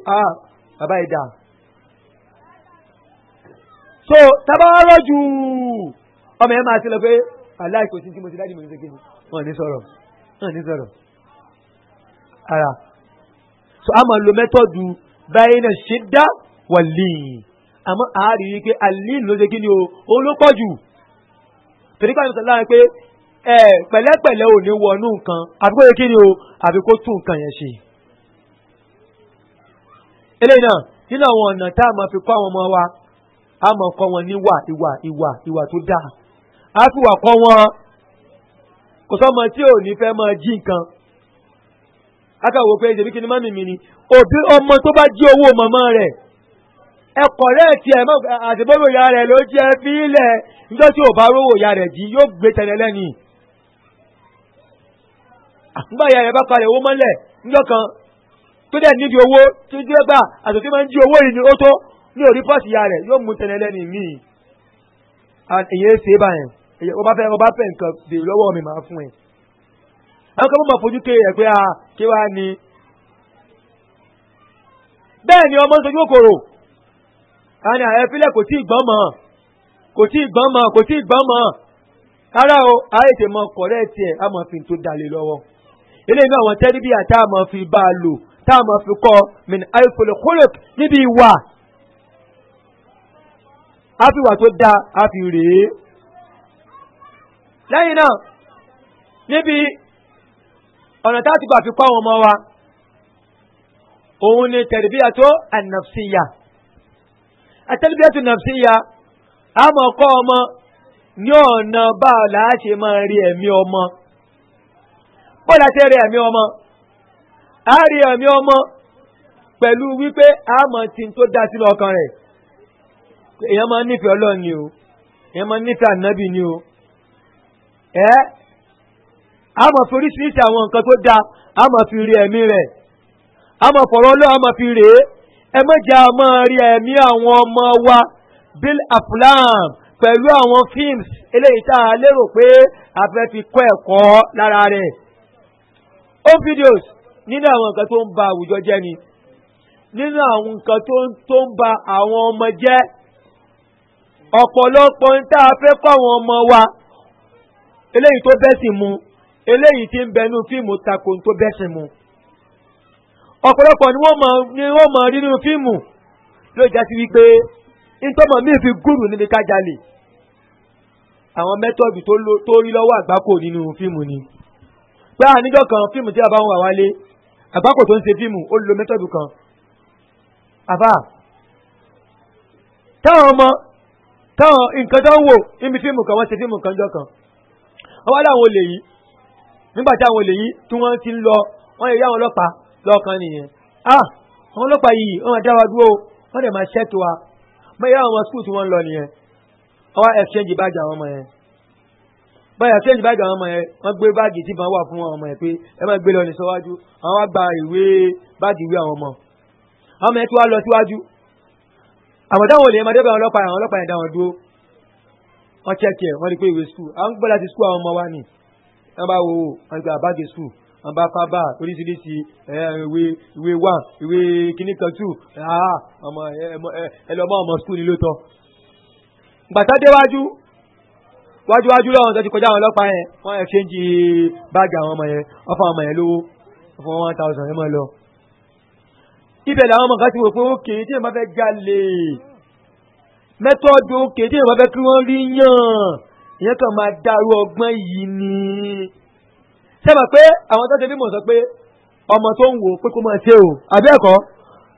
ọ bàbá ìdá. so tábà wá rọ́jú ọmọ ẹ̀ máa ti lọ pé aláì kò sí tí mo ti dájú mo ti ṣe kíni wọn ní sọ̀rọ̀ wọn ní sọ̀rọ̀ ara so a máa lo mẹ́tọ́dù báyìí náà ṣe dá wà lẹ́yìn àmọ́ àárín yìí pé àlín ló ṣe kíni o òun ló pọ̀ jù tẹ̀ríkà ìmọ̀tàn láàrin pé pẹ̀lẹ́pẹ̀lẹ́ ò ní wọnú nǹkan àbí ṣe kíni o àbí kó tún nǹkan yẹn ṣe. eléyìí náà nínú àwọn ọ̀nà tá a máa fi kọ́ àwọn ọmọ wa a máa kọ́ wọn níwà ìwà ìwà ìwà tó fi wà kọ́ wọn kò sọ́mọ tí ò ní fẹ́ máa jí nǹkan akàwò pé kí ni má ni òbí ọmọ tó bá jí owó màmá rẹ̀ ẹ kọ̀rẹ́ ẹ̀ ìyá rẹ̀ ló jẹ́ fílẹ̀ tí ò bá rówó ìyá rẹ̀ kan tó dẹ̀ nídìí owó tó jẹ́ gbà àtòkè máa ń jí owó yìí ni ó tó ní orí pọ́ọ̀sì ya rẹ̀ yóò mú tẹ̀lé lẹ́nu míì èyí ṣe é báyẹn èyí ọba fẹ́ ọba fẹ́ nǹkan dèrò lọ́wọ́ mi máa fún ẹ. àwọn kan mọ̀ máa fojú kéré ẹ̀ pé a ah, ké wá ni. bẹ́ẹ̀ ni ọmọ ń sojú kòkòrò àní ààrẹ fílẹ̀ kò tí ì gbọ́n mọ̀ kò tí ì gbọ́n mọ̀ kò tí ì gbọ́n mọ̀ rárá o ààrẹ tè mọ kọ̀rẹ́ tiẹ̀ a máa fi tó dalè lọ́wọ́ eléyìí náà àwọn tẹ́lifíà tá a máa fi bá a lò táwọn máa fi kọ́ min ayifole kólòk níbi ìwà á fi wà tó dáa á fi rèé. lẹ́yìn náà níbi ọ̀nà tá a ti gbà fi kọ́ àwọn wa òun ni tẹ̀lifíà tó ànàfsíyà àtẹ̀lifíà tó ànàfsíyà á máa ọmọ ní ọ̀nà báwo ṣe máa rí ẹ̀mí ọmọ bọ́ọ̀lù àti ẹ̀rí ẹ̀mí ọmọ. a rí ẹ̀mí ọmọ pẹ̀lú wípé a mọ̀ tí n tó dá ọkàn rẹ̀ èèyàn máa nífẹ̀ẹ́ ọlọ́run o èèyàn máa nífẹ̀ẹ́ ànábì ni o ẹ́ a mọ̀ fi àwọn nǹkan tó a mọ̀ fi rí ẹ̀mí rẹ̀ a mọ̀ fọ̀rọ̀ ọlọ́run a mọ̀ fi rèé ẹ mọ̀jà a mọ̀ rí ẹ̀mí àwọn ọmọ wa bill aflam pẹ̀lú àwọn films eléyìí tá a lérò fi kọ́ ẹ̀kọ́ lára rẹ̀ videos nínú àwọn nǹkan tó ń ba àwùjọ jẹ́ ni nínú àwọn nǹkan tó ń ba àwọn ọmọ jẹ́ ọ̀pọ̀lọpọ̀ ń tá a fẹ́ kọ́ àwọn ọmọ wa eléyìí tó bẹ́sìn mu eléyìí ti ń bẹnu fíìmù tako tó bẹ́sìn mu ọ̀pọ̀lọpọ̀ ni wọ́n mọ̀ rí nínú fíìmù ló jẹ́ sí wípé ntọ́mọ̀ mi fi gúrù níbi kájalè àwọn mẹ́tọ́ọ̀dù tó rí lọ́wọ́ àgbákò nínú fíìmù ni pé àníjọ́ kan fíìmù tí a bá ń wà wálé àgbákò tó ń ṣe fíìmù ó lo mẹ́tọ́dù kan àbá táwọn ọmọ táwọn nǹkan tó ń wò níbi fíìmù kan wọ́n ṣe fíìmù kan jọ kan ọwọ́ láwọn olè yìí nígbà tí àwọn olè yìí tí wọ́n ti ń lọ wọ́n lè rí àwọn ọlọ́pàá lọ́ọ̀kan nìyẹn ah àwọn ọlọ́pàá yìí wọ́n máa dá wa dúró wọ́n dẹ̀ máa ṣẹ́tù wa mọ́ ìyá àwọn ọmọ skul tí wọ́n ń lọ nìyẹn ọwọ́ exchange bá jà àwọn ọmọ yẹn báyà sẹ́yìn báyìí àwọn ọmọ yẹn wọ́n gbé báàgì tí wọ́n wà fún àwọn ọmọ yẹn pé ẹ máa gbé lọ ní sọ́wájú àwọn wá gba ìwé báàgì ìwé àwọn ọmọ àwọn ọmọ yẹn tí wọ́n lọ síwájú àwọn táwọn olè ọmọdé bá wọn lọ́pàá àwọn ọlọ́pàá yẹn dá wọn dúró wọ́n chẹ́kẹ̀ wọ́n rí pé ìwé skul àwọn gbọ́dọ̀ láti skul àwọn ọmọ wa ni wọ́n bá wo wọ́n gba báàgì skul wọ́n bá fábà oríṣiríṣi ìwé ìwé wà ìwé kíní kan tù ẹ lọ mọ ọmọ skul ni ló tọ gbàtà déwájú wájúwájú lọ́wọ́ tó ti kọjá àwọn ọlọ́pàá yẹn wọ́n ẹ̀ ṣe ń jí báàgì àwọn ọmọ yẹn wọ́n ọmọ yẹn lówó wọ́n one thousand yẹn mọ́ lọ. ibẹ̀ làwọn ọmọ kan ti wò pé òkè tí èèyàn bá fẹ́ jalè mẹ́tọ́ọ̀dù òkè tí èèyàn bá fẹ́ kí wọ́n rí yàn ìyẹn kan máa dàrú ọgbọ́n yìí ni. sẹ́mà pé àwọn tó ṣe bí mọ̀ sọ pé ọmọ tó ń wò pé kó máa ṣe o àbí ẹ̀kọ́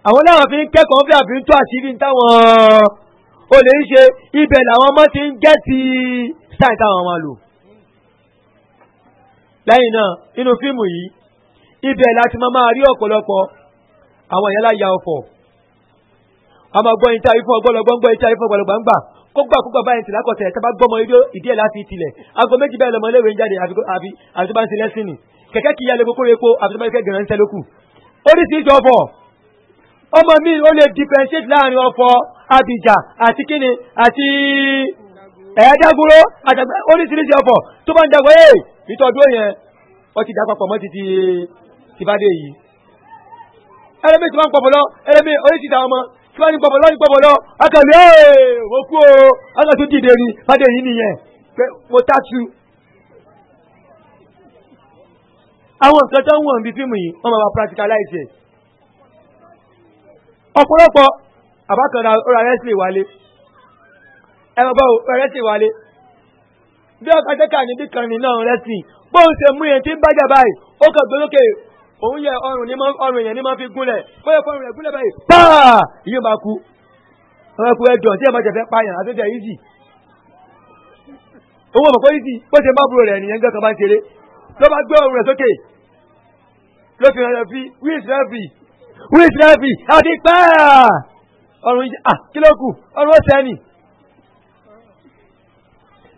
àwọn láwọn fi ń kẹ́kọ̀ọ́ fi àfi ń tó àṣírí táwọn olè ń ṣe ibẹ̀ làwọn ọmọ ti ń gẹ́tì táì táwọn máa lò. lẹ́yìn náà nínú fíìmù yìí ibẹ̀ láti máa máa rí ọ̀pọ̀lọpọ̀ àwọn ìyá láyà ọ̀fọ̀ àmọ́ gbọ́ ìta ifọ̀ ọgbọ́lọgbọ́ ń gbọ́ ìta ifọ̀ ọgbọ́lọgbà ń gbà kó gbà kó gbà báyìí ti lákọ̀tẹ̀ tá bá gbọ́mọ ìdí ẹ̀ láti tilẹ̀ aago méjì bẹ́ẹ̀ lọmọ iléèwé ń jáde àfi tó bá ń sin lẹ́sìn nì kẹ̀kẹ́ kì í yálé epo àfi tó bá fẹ́ gẹ̀rẹ́ ń sẹ́ oríṣiríṣi ọ̀fọ̀ ọmọ mi ò lè differentiate láàrin ọ̀fọ̀ abìjà àti kíni àti ẹ̀yà dágúró àtàgbẹ́ oríṣiríṣi ọ̀fọ̀ tó bá ń dàgbọ́ yé ìtọ́jú yẹn wọ́n ti dàpapọ̀ mọ́ ti ti bá dé yìí. ẹlẹ́mi tí wọ́n ń pọ̀pọ̀ lọ ẹlẹ́mi oríṣiríṣi àwọn ọmọ tí wọ́n ń pọ̀pọ̀ lọ ń pọ̀pọ̀ lọ akẹ́lẹ́ ẹ̀ òkú o akẹ́tù dìde ni bá dé yìí nìyẹn pé mo tàtú. àwọn nǹkan tó ń wọ̀n bí fíìmù yìí wọ́n máa wá practicalize ẹ̀ ọ̀pọ̀lọpọ̀ àbákanra ọ̀rọ̀ rẹ̀ sì wálé ẹ̀rọ bá wò rẹ́sì wálé bí ọ̀ka tẹ́ka níbi kan ní náà rẹ́sì bó ń ṣe mú yẹn tí ń bá jà báyìí ó kàn gbólókè òun yẹ ọrùn ní ọrùn yẹn ní máa fi gúnlẹ̀ ó yẹ fọrùn rẹ̀ gúnlẹ̀ báyìí pàà yóò máa ku ọmọ ẹkú ẹjọ tí ẹ máa jẹfẹ pààyàn àtẹjẹ easy òun ò mọ̀ pé easy bó ṣe máa búrò rẹ̀ nìyẹn gẹ́gẹ́ bá ń ṣeré ló bá gbé ọrùn rẹ̀ sókè ló fi rẹ̀ fi wíìs rẹ̀ fi wíìs rẹ̀ fi àti pàà ọrùn yìí à kílókù ọrùn ó sẹ́ni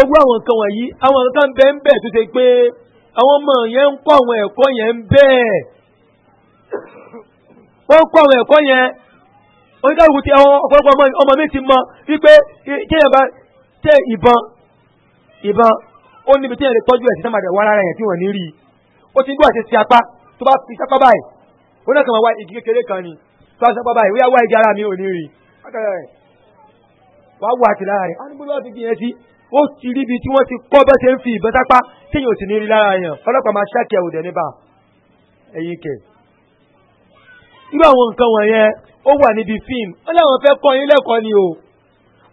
ogbó àwọn nǹkan wọ̀nyí àwọn nǹkan bẹ́ẹ̀ ń bẹ̀ tó ṣe pé àwọn ọmọ yẹn ń kọ́ àwọn ẹ̀kọ́ yẹn ń bẹ́ẹ̀ wọ́n ń kọ́ àwọn ẹ̀kọ́ yẹn oníkàlùkù ti àwọn ọ̀pọ̀lọpọ̀ ọmọ mi ti mọ wípé kéèyàn bá tẹ ìbọn ìbọn ó níbi tí yẹn lè tọ́jú ẹ̀ sí sẹ́màdà wà lára yẹn tí wọ́n ní rí i ó ti ń gbọ́ àti ti tó bá fi sápá báyìí ó náà kàn wá igi ó ti rí tí wọ́n ti kọ́ bẹ́ẹ̀ ṣe ń fi ìbọn sápá téèyàn ò sì ní rí lára yàn ọlọ́pàá máa ṣáàkì ẹ̀wò dẹ̀ níbà ẹ̀yìn kẹ̀. irú àwọn nǹkan wọ̀nyẹn ó wà níbi fíìmù wọ́n láwọn fẹ́ kọ́ yín lẹ́kọ̀ọ́ ni o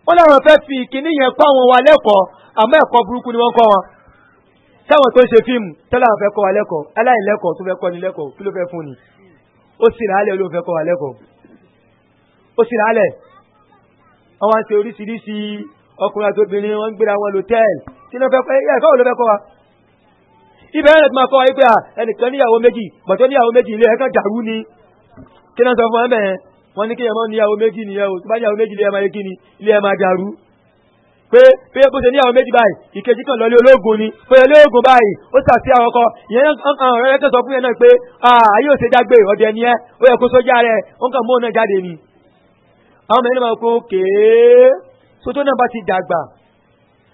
wọ́n láwọn fẹ́ fi ìkíní yẹn kọ́ àwọn wa lẹ́kọ̀ọ́ àmọ́ ẹ̀kọ́ burúkú ni wọ́n kọ́ wọn táwọn tó ń ṣe fíìmù tọ́lá ni lẹ́kọ̀ọ́ kí ló fẹ́ fún ni ó sì ràálẹ̀ ló fẹ́ kọ́ wa lẹ́kọ̀ọ́ ó sì ọkùnrin àti obìnrin wọn ń gbéra wọn lòtẹ́ẹ̀lì tí wọ́n fẹ́ kọ́ ẹ̀yà ìkọ́ òun ló fẹ́ kọ́ wa. ibẹ̀ ẹ̀rẹ̀ tó máa kọ́ ẹgbẹ́ ẹnìkan níyàwó méjì pàtó níyàwó méjì ilé ẹ̀kan dàrú ni kí wọ́n sọ fún wọn bẹ́ẹ̀ wọ́n ní kéèyàn máa níyàwó méjì nìyẹn o tó bá níyàwó méjì ilé ẹ̀ máa yé kí ni ilé ẹ̀ máa dàrú pé pé bó ṣe ní àwọn méjì báyìí ìkejì kan lọlé ológun ni pé ológun báyìí ó sàtí àwọn ọkọ ìyẹn àwọn ọ̀rẹ́ kan sọ fún yẹn náà pé ayé ò ṣe dágbé ni ẹ ó yẹ kó sójà rẹ ó ń kàn mú òun náà jáde ni. àwọn mẹ́rin máa kó kéé so tó náà bá ti dàgbà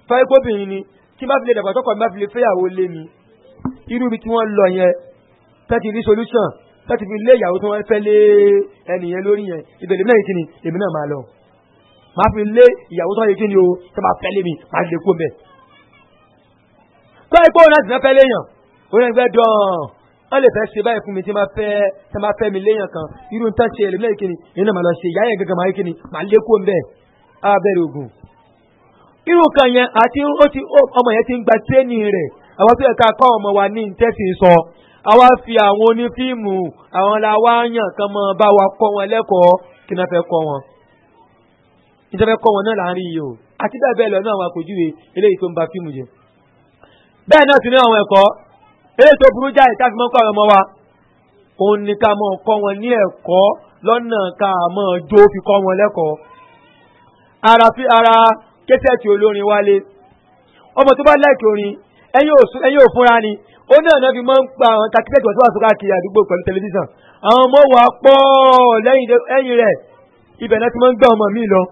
fẹ́ kóbìnrin ni tí má fi lè dàgbà tọkọ má fi lè fẹ́yàwó lé ni irú ibi tí wọ́n lọ yẹn fẹ́ ni èmi náà máa lọ máa fi ìyàwó ni o tó lé mi máa lè kó mbẹ́. tọ́yìn pé òun láti fẹ́ léèyàn òun náà fẹ́ dán wọ́n lè fẹ́ ṣe báyìí fún mi tí máa fẹ́ mi léèyàn kan irú nǹkan ṣe lèmi náà ni èmi náà máa lọ ṣe ìyá yẹn gẹ́gẹ́ máa yìí kí ni máa lé abẹ́rẹ́ ogun irú kan yẹn àti ó ti ọmọ yẹn ti ń gba tírénì rẹ̀ àwọn tó yẹ ká kọ́ ọmọ wa ní ìtẹ́sí sọ àwa fi àwọn onífíìmù àwọn la wá yàn kan mọ́ bá wa kọ́ wọn lẹ́kọ̀ọ́ kí náà fẹ́ kọ́ wọn nítorí kọ́ wọn náà láàrin yìí o àti bẹ́ẹ̀ bẹ́ẹ̀ lọ ní àwọn àpèjúwe eléyìí tó ń ba fíìmù jẹ bẹ́ẹ̀ náà sì ní àwọn ẹ̀kọ́ eléyìí tó burú jáde tá a fi mọ́ kọ́ ọmọ wa òun ni ká mọ̀ kọ́ wọn ní ẹ̀kọ́ lọ́nà ká mọ̀ jó fi kọ́ wọn lẹ́kọ̀ọ́ ara fi ara kẹsẹ̀tì olórin wálé ọmọ tó bá láìkì orin ẹ̀yìn ò fúnra ni ó náà náà fi máa ń pa àwọn takíkẹ́tì wọ́n tó wà sókè àkiri àdúgbò pẹ̀lú tẹlifíṣàn àwọn ọmọ wa pọ̀ lẹ́yìn rẹ̀ ibẹ̀ náà ti máa ń gbá ọmọ mi lọ.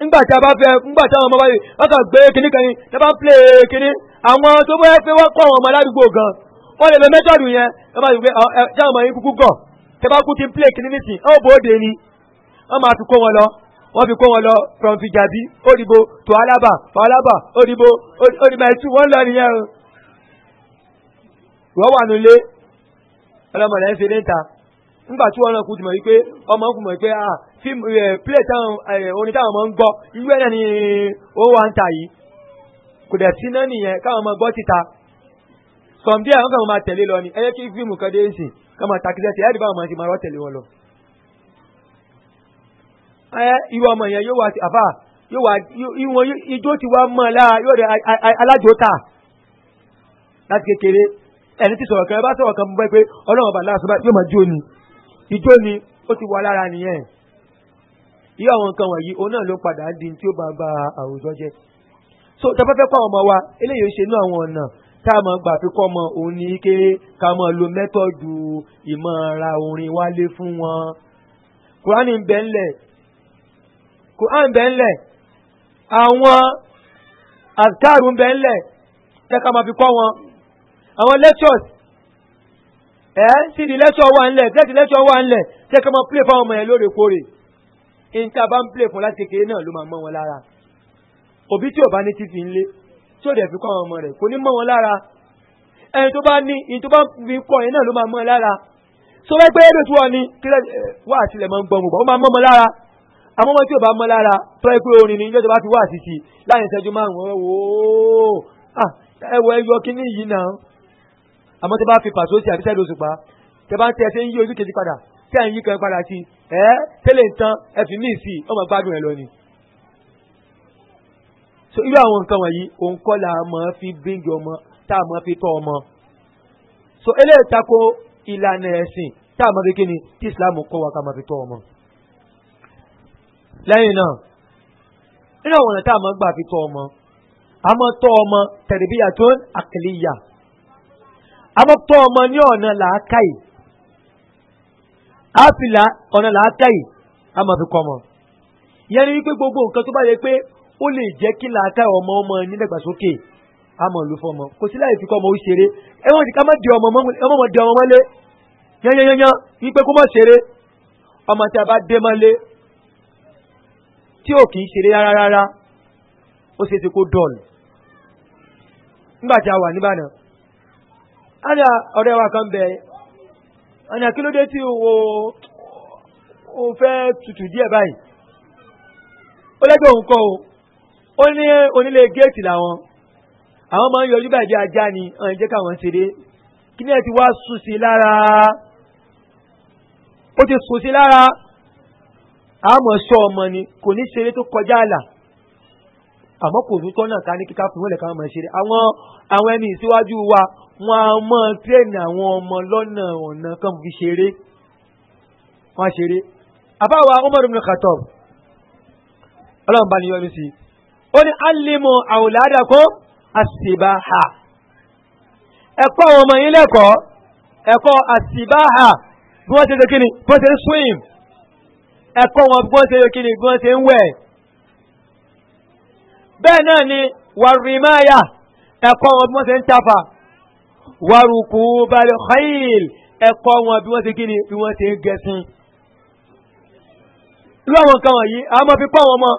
nígbà tí a bá fẹ́ nígbà tí àwọn ọmọ báyìí wọ́n kàn gbé kinní kan ní tí a bá ń plé kinní àwọn tó bá fẹ́ wọ́n kọ́ àwọn ọmọ aládùúgbò gan wọ́n lè lo mẹ́tọ̀dù yẹn tí àwọn ọmọ yìí kúkú gàn tí a bá kú ti ń plé kinní nísìnyí ó bòóde ni wọ́n máa fi kó wọn lọ wọ́n fi kó wọn lọ from fijabi òdìbò tó alábà tó alábà òdìbò òdìbò ẹ̀tú wọ́n lọ nìyẹn o. wọ́n wà nílé ọlọ́mọ rẹ̀ ń ṣe níta nígbà tí wọ́n náà kú ti mọ̀ wípé ọmọ kù mọ̀ pé fíìmù ẹ̀ play táwọn orin táwọn ọmọ ń gbọ́ irú ẹ̀ náà ni ó wà ń ta yìí kò dẹ̀ sí náà nìyẹn káwọn ọmọ gbọ́ títa sọ̀mdíà wọn kàn máa tẹ̀lé lọ ni ẹ yẹ kí fíìmù kan dé ń sìn kàn máa takisẹ́sì ẹ̀ẹ́dì báwọn máa ti máa rọ́ tẹ̀lé wọn lọ ẹ irú ọmọ yẹn yóò wá sí àfà yóò wá ìwọ̀n ijó ti wá mọ́ lára yóò rẹ alájòóta láti kékeré ẹni tí sọ̀rọ̀ kan ẹ bá sọ̀rọ̀ kan bọ́ pé ọlọ́run bàbá aláṣọ yóò máa jó ni ijó ni ó ti wá lára nìyẹn irú àwọn nǹkan wọ̀nyí òun náà ló padà di tí ó bá ba àwùjọ jẹ so tọ́pẹ́pẹ́ pa ọmọ wa eléyìí ṣe inú àwọn ọ̀nà tá a máa gbà fi kọ́ ọmọ òun ní kéré ká máa lo mẹ́tọ́ọ̀dù ìmọ̀ràn orin wálé fún wọn. kùránì ń quran bẹ́ẹ̀ ńlẹ̀ àwọn azkaru ń bẹ́ẹ̀ ńlẹ̀ ẹ̀ka máa fi kọ́ wọn àwọn lectures ẹ̀ sì di lecture wà ńlẹ̀ tẹ́tì lecture wà ńlẹ̀ tẹ́ka máa play fáwọn ọmọ yẹn lóòrèkóòrè nǹkan bá ń play fún láti kékeré náà ló máa mọ́ wọn lára òbí tí ò bá ní títì ńlé tí ò dẹ̀ fi kọ́ àwọn ọmọ rẹ̀ kò ní mọ́ wọn lára àmọ́ wọn tí ò bá mọ́ lára tọ́ ẹ pé orin ni ìjọba ti wá àṣìṣe láyé ìṣẹ́jú márùn-ún wò ó ẹwọ ah, ẹyọ kínní yìí náà àmọ́ tó bá fi pàṣẹ sí àbí sẹ́dọ̀ òṣùpá tẹ bá ń tẹ ṣe ń yí ojú kejì padà tẹ ń yí kan padà sí ẹ tẹ́lẹ̀ ń tan ẹ míì sí ọmọ gbádùn ẹ lọ ni. so irú àwọn nǹkan wọ̀nyí òun kọ́ la máa fi bíngì ọmọ tá a máa fi tọ́ ọmọ. so eléyìí tako ìlànà ẹ̀sìn tá a máa fi kíni tí ìsìlámù kọ́ wa ká máa fi tọ́ ọmọ. lẹ́yìn náà nínú àwọn ọ̀nà tá a máa gbà fi tọ́ ọmọ a máa tọ́ ọmọ tẹ̀lébíyà tó ń àkìlíyà a máa tọ́ ọmọ ní ọ̀nà làákàyè a fi là ọ̀nà làákàyè a máa fi kọ́ ọmọ ìyẹn ni wípé gbogbo nǹkan tó bá yẹ pé ó lè jẹ́ kí làákàyè ọmọ ọmọ a máa lò kò sí láì fi kọ́ ọmọ ó ṣeré ẹ wọ́n ti ká má di ọmọ mọ́lé yányányányá wípé kó má ṣeré ọmọ tí a bá dé mọ́lé tí ò kì í ṣeré rárá rárá ó ṣe é ṣe kó dọ̀lù nígbà tí a wà níbàdàn á ọ̀rẹ́ wa kan bẹ̀ ọ̀nà kí ló dé tí o o fẹ́ tutù díẹ̀ báyìí ó lẹ́jọ́ òun kọ́ o ó ní onílé géètì làwọn àwọn máa ń yọjú báyìí bí ajá ni ọ̀n jẹ́ káwọn ṣeré kí ni ẹ ti wá sùn sí lára ó ti sùn sí lára àmọ́ sọ ọmọ ni kò ní ṣeré tó kọjá àlà àmọ́ kò tún tọ́nà ká ní kíkà fún ìwọ̀lẹ̀ káwọn máa ṣeré àwọn àwọn ẹni ìsíwájú wa wọn a máa tẹ́ẹ̀nì àwọn ọmọ lọ́nà ọ̀nà kan fi ṣeré wọn ṣeré àbáwa Umar ibn Khattab ọlọ́run bá ní yọrí sí i ó ní alimu awladakum asibaha ẹ̀kọ́ àwọn ọmọ yín lẹ́kọ̀ọ́ ẹ̀kọ́ asibaha bí wọ́n ti ṣe kí ni bí wọ́n ti ṣe swim ẹ̀kọ́ wọn bí wọ́n ṣe kí ni bí wọ́n ṣe ń wẹ̀. bẹ́ẹ̀ náà ni wàrúmáyà ẹ̀kọ́ wọn bí wọ́n ṣe ń tafà wàrúkú balẹ̀ khayil ẹ̀kọ́ wọn bí wọ́n ṣe kí ni bí wọ́n ṣe ń gẹ̀sìn. lọ́wọ́n kan wọ̀nyí àwọn ọmọ fi pọ́ wọn mọ́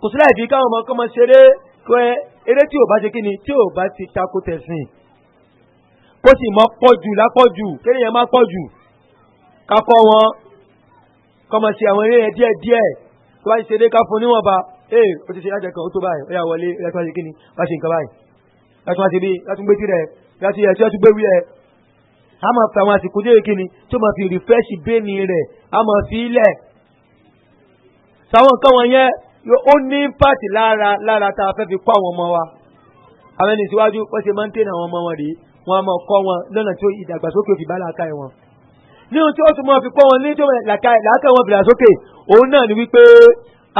kò sí láì fi káwọn ọmọ kọ́ mọ́ ṣeré kọ́ ẹ eré tí ò bá ṣe kí ni tí ò bá ti takò tẹ̀sìn kó sì mọ́ pọ̀jù lápọ̀jù kéèyàn má pọ̀jù kakọ́ wọn kọ́mọ sí àwọn eré yẹn díẹ̀ díẹ̀ tó bá ti ṣe eré ká fún níwọ̀nba ee eh, o ti ṣe láti ẹ̀kan o tó báyìí ó yà wọlé láti wá ṣe kíni wá ṣe nǹkan báyìí láti wá ṣe bí láti gbé tirẹ̀ láti ẹ̀ tí wọ́n ti gbé wí ẹ̀ a máa fi àwọn àsìkò díẹ̀ kíni tó máa fi rìfẹ́ṣì bẹ́ẹ̀ni rẹ̀ a máa fi ilẹ̀ sáwọn nǹkan wọ̀nyẹn ó ní pàtì lára lára tá a fẹ́ fi kọ́ àwọn ọmọ wa àwọn ẹni síwájú wọ́n ṣe máa ń tẹ̀lé àwọn ọmọ wọn rèé wọ́n á máa kọ́ wọn lọ́nà tó ìdàgbàsókè òfin bá làákàyè wọn nínú tí ó tún mọ́ fi kọ́ wọn ní tó làákà wọn bìlà sókè òun náà ni wípé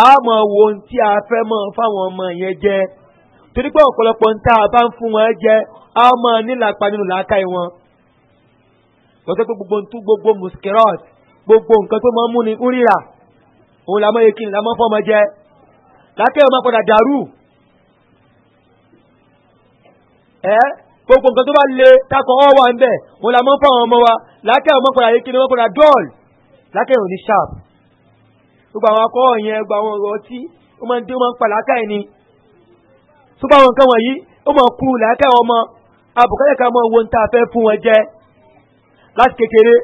a mọ̀ wo ohun tí a fẹ́ mọ̀ fáwọn ọmọ yẹn jẹ́ torí pé ọ̀pọ̀lọpọ̀ ń tá a bá ń fún wọn jẹ́ a mọ̀ nílàpá nínú làákà wọn. wọ́n sọ pé gbogbo ntú gbogbo muskirot gbogbo nǹkan tó mọ́ mú ni ń ríra òun làmọ́ yẹ kí n làmọ́ fọ́mọ jẹ́ làákà wọn máa padà dàrú. ẹ́ gbogbo nǹkan tó bá le takọ̀ ọ́ wà ń bẹ̀ wọn là mọ́ fáwọn ọmọ wa lákẹ́ ọmọ padà yìí ni wọ́n padà dọ́ọ̀lù lákẹ́ òní sharp gbogbo àwọn akọ́ yẹn gbogbo àwọn ọ̀rọ̀ tí ó máa ń dé ó máa ń pa làákà ẹni tó bá wọn nǹkan wọ̀nyí ó máa kú làákà ọmọ abùkátà ká máa wo ń tá fẹ́ fún wọn jẹ láti kékeré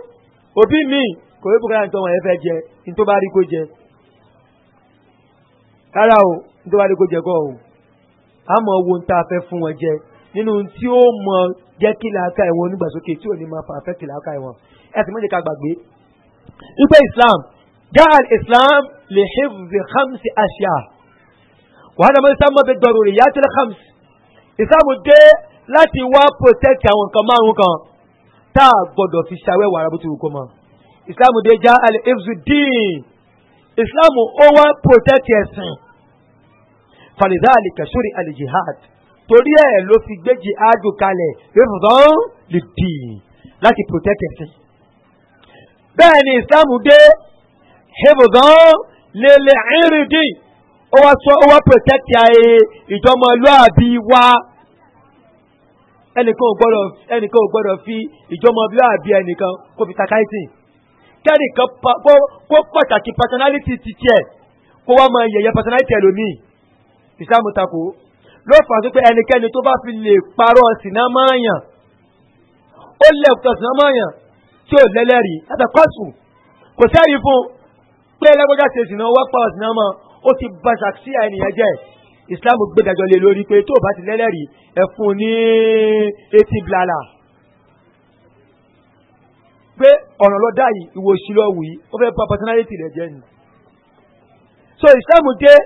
òbí mi kò rí bùkátà nítorí wọn fẹ́ jẹ ní bá rí kó jẹ nínú tí ó mọ jẹ́ kí làákà ìwọ̀n onígbàsókè tí ò ní máa fàáfẹ́ kí làákà ìwọ̀n ẹ̀sìn méjì ká gbàgbé. wípé islam jaal islam lè hifzi khamsi aṣa wàhálà mọ́ islam mọ́tò gbọ̀rọ̀ rẹ̀ yàtọ̀ khams islam dé láti wá protect àwọn nǹkan márùn kan tá a gbọ́dọ̀ fi ṣàwẹ́wà ara bó ti wù mọ́ islam dé jaal hifzi dín islam ó wá protect ẹ̀sìn fàlìdá àlìkàṣórí àlìjihad torí ẹ̀ ló fi gbéjì ájò kalẹ̀ fífùdán lè dì láti protect ẹ̀sìn. bẹ́ẹ̀ ni islam dé fífùdán lè lè rìn dín ó wá sọ ó wá protect ayé ìjọmọlúàbí wa ẹnìkan ò gbọdọ̀ ẹnìkan ò gbọdọ̀ fi ìjọmọlúàbí ẹnìkan kó fi takáìsìn kẹ́nìkan kó pàtàkì personality ti tiẹ̀ kó wá máa yẹ̀yẹ́ personality ẹlòmíì islam takò ló fà á sí pé ẹnikẹ́ni tó bá fi lè parọ́ sìnámọ́ọ̀yàn ó lẹ́kùtọ̀ sìnámọ́ọ̀yàn tí ò lẹ́lẹ́rìí láti kọ́sù kò sẹ́rí fún pé ẹlẹ́gbẹ́jà ṣe sìnà wá pàwọ̀ sìnámọ́ ó ti ba ṣàkíyà ènìyàn jẹ́ ìsìlámù gbẹdàjọ lé lórí pé tó bá ti lẹ́lẹ́rìí ẹ̀fún ní etí blala pé ọ̀nà lọ́dá yìí ìwòsí lọ́wù yìí ó fẹ́ pa personality rẹ̀ jẹ́ ni so ìsìlámù jẹ́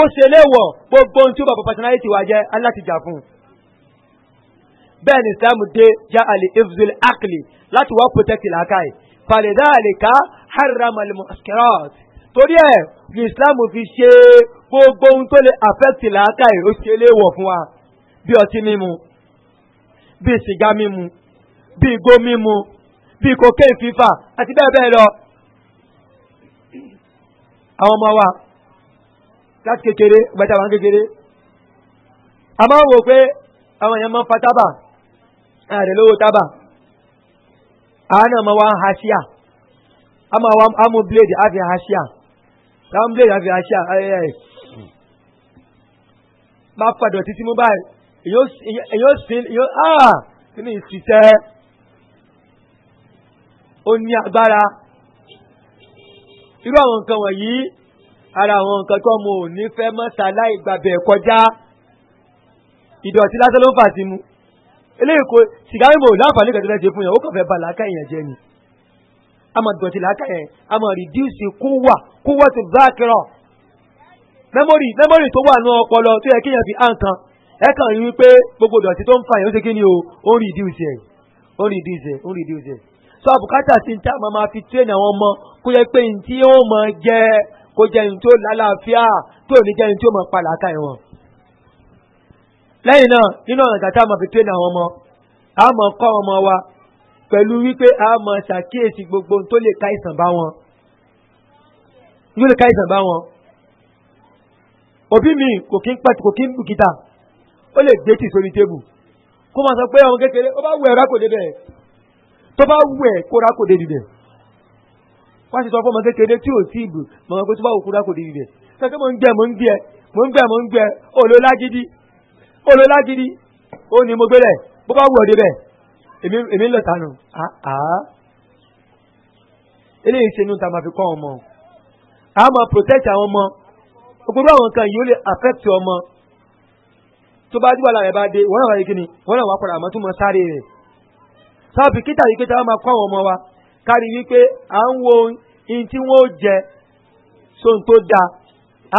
ó ṣe léwọ̀ gbogbo ohun tí ó bá bọ̀ personality wa jẹ́ aláti jà fún un. bẹ́ẹ̀ ni dé já àlè ifzul akli láti wá protect làákàyè fàlẹ́dá àlèká haram al-muskirat torí ẹ̀ ni islam fi ṣe gbogbo ohun tó lè affect làákàyè ó ṣe léwọ̀ fún wa bí ọtí mímu bí sìgá mímu bí igbó mímu bí cocaine fífà àti bẹ́ẹ̀ bẹ́ẹ̀ lọ. àwọn ọmọ wa láti kékeré gbẹta wọn kékeré a máa ń wò pé àwọn èèyàn máa ń fa tábà àrè lówó tábà àwọn náà máa wá ń haṣíà a máa wá amú blade àfi haṣíà táwọn blade àfi haṣíà ayẹyẹ bá fàdọ̀ títí mú báyìí èyí ó sì èyí ó ah! kí ni ìsìtẹ́ ó ní agbára irú àwọn nǹkan wọ̀nyí ara àwọn nǹkan tó mo ò ní fẹ́ mọ́ta láì gbàbẹ̀ kọjá ìdọ̀tí lásán ló ń fà sí mu eléyìí kò sìgá mímu ò láǹfààní kan tó fẹ́ ṣe fún yẹn ó kàn fẹ́ ba làákà yẹn jẹ ni a máa dọ̀tí làákà yẹn a máa rìdíùsì kúwà kúwà tó bá kírọ̀ mẹ́mórì mẹ́mórì tó wà ní ọpọlọ tó yẹ kéèyàn fi hàn kan ẹ kàn rí wípé gbogbo ìdọ̀tí tó ń fà yẹn ó ṣe kí ni o ó rìdíùsì ẹ̀ ó rìdíùsì ẹ̀ ó rìdíùsì ẹ̀ sọ àbùkátà sí ní tí a máa fi tírẹ̀nì kó jẹ́ ní tí ó lálàáfíà tó ní jẹ́ ní tí ó mọ̀ padà ká ẹ̀wọ̀n. lẹ́yìn náà nínú ọ̀nà ìgbà tá a mọ̀ fi tẹ́lẹ̀ àwọn ọmọ a mọ̀ kọ́ ọmọ wa pẹ̀lú wípé a mọ̀ ṣàkíyèsí gbogbo tó lè ká ìsàn bá wọn. yóò lè ká ìsàn bá wọn. òbí mi kò kí ń pàtì kò kí ń bùkítà ó lè gbé tì sórí tébù kó máa sọ pé ọmọ kékeré ó bá wù ẹ̀ rákò débẹ̀ tó bá wù ẹ̀ kó rákò débẹ̀ wá sí tọ́fọ́ ọmọ kékeré tí ò tí ì bù mọ̀ pé tó bá òkú dákò dé ibẹ̀ kẹ́kẹ́ mò ń gbẹ mò ń gbẹ mò ń gbẹ mò ń gbẹ olólágídí olólágídí ó ní mo gbélẹ̀ bó bá wù ọ́ débẹ̀ èmi ń lọ tánu àá ah, ah. eléyìí ṣe inú ta máa fi kọ́ ọmọ a máa protect àwọn ọmọ gbogbo àwọn nǹkan yìí ó lè affect ọmọ tó bá dúwà lára ẹ bá dé wọn náà wáyé kíni wọn náà wá padà àmọ́ tó mọ sáré rẹ̀ sábà kítà yìí pé tá a máa kọ́ àwọn ọmọ wa kárí wípé à ń wo in tí wọ́n ó jẹ sóhun tó dáa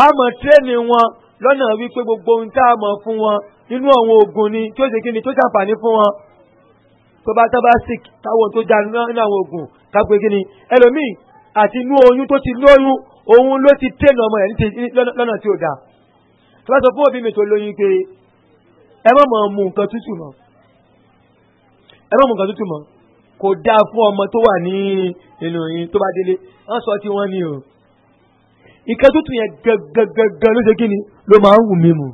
àmọ́ tírẹ́nì wọn lọ́nà wípé gbogbo ohun tá a mọ̀ fún wọn nínú àwọn oògùn ni tí ó ṣe kí ni tó ṣàǹfààní fún wọn tó bá tá bá sick táwọn tó já nínú àwọn oògùn kápẹ́ kí ni ẹlòmíì àti inú oyún tó ti lóyún òun ló ti tẹ̀lé ọmọ rẹ̀ lọ́nà tí ó dáa tó bá sọ fún òbí mi tó lóyún pé ẹ má mọ̀ mu nǹkan tútù mọ́ ẹ má mu nǹkan tútù mọ́ kò dáa fún ọmọ tó wà ní inú yín tó bá délé wọ́n sọ tí wọ́n ní o. nǹkan tuntun yẹn gangan ló ṣe kí ni ló máa ń wù mí mu.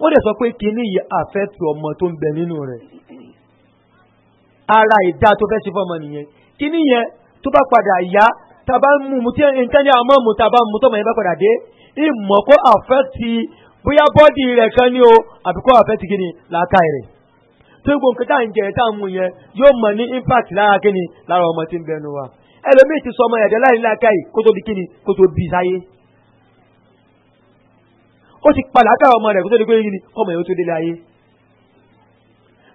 wọ́n dẹ̀ sọ pé kínní yìí àfẹ́tù ọmọ tó ń bẹ nínú rẹ̀. ara ìdá tó fẹ́ ṣe fọmọ nìyẹn kínní yẹn tó bá padà yá tàbá mú mu tí nǹkan ní àmọ́ mu tàbá mu tọ́mọ yẹn bá padà dé ìmọ̀ kó àfẹ́tì bóyá bọ́dì rẹ̀ kan ní o àbíkó àfẹ́tì kí ni làákàyè rẹ̀ tó gbogbo nǹkan tá à ń jẹ tá à ń mu yẹn yóò mọ̀ ní impact lára kíni lára ọmọ tí ń bẹnu wa ẹlòmíì ti sọ ọmọ ẹ̀dẹ́ láì láàká yìí kó tó di kíni kó tó bí sáyé ó ti padà ká ọmọ rẹ̀ kó di kíni ọmọ yẹn ó tó délé ayé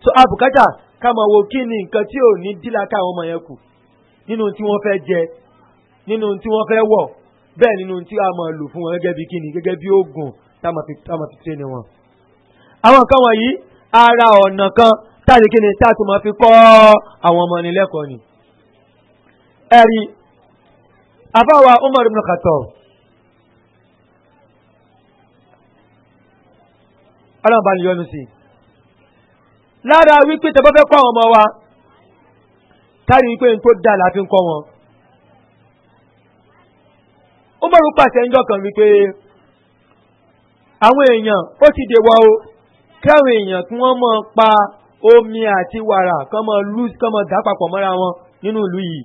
so abùkátà ká máa wo kíni nǹkan tí ò ní dílàkà àwọn ọmọ yẹn kù nínú tí wọ́n fẹ́ jẹ nínú tí wọ́n fẹ́ wọ̀ bẹ́ẹ̀ nínú tí a máa lò fún wọn gẹ́gẹ́ bí kíni gẹ́gẹ́ bí oògùn táwọn fi tẹ́ wọn. àwọn kan wọ̀nyí ara ọ̀nà kan táàdì kí ni táàtù máa fi kọ́ àwọn ọmọ nílẹ́kọ̀ọ́ ni. ẹ̀rí àfáwà Umar ibn Khattab ọlọ́run bá ní yọnu sí i. lára wípé tẹ́ fẹ́ kọ́ ọmọ wa táàdì wípé n tó dà láti ń kọ́ wọn. Umar pàṣẹ ńjọ́ kan wípé àwọn èèyàn ó ti dè o káwọn èèyàn kí wọ́n máa pa omi àti wàrà kán máa lose kán máa dà papọ̀ mọ́ra wọn nínú ìlú yìí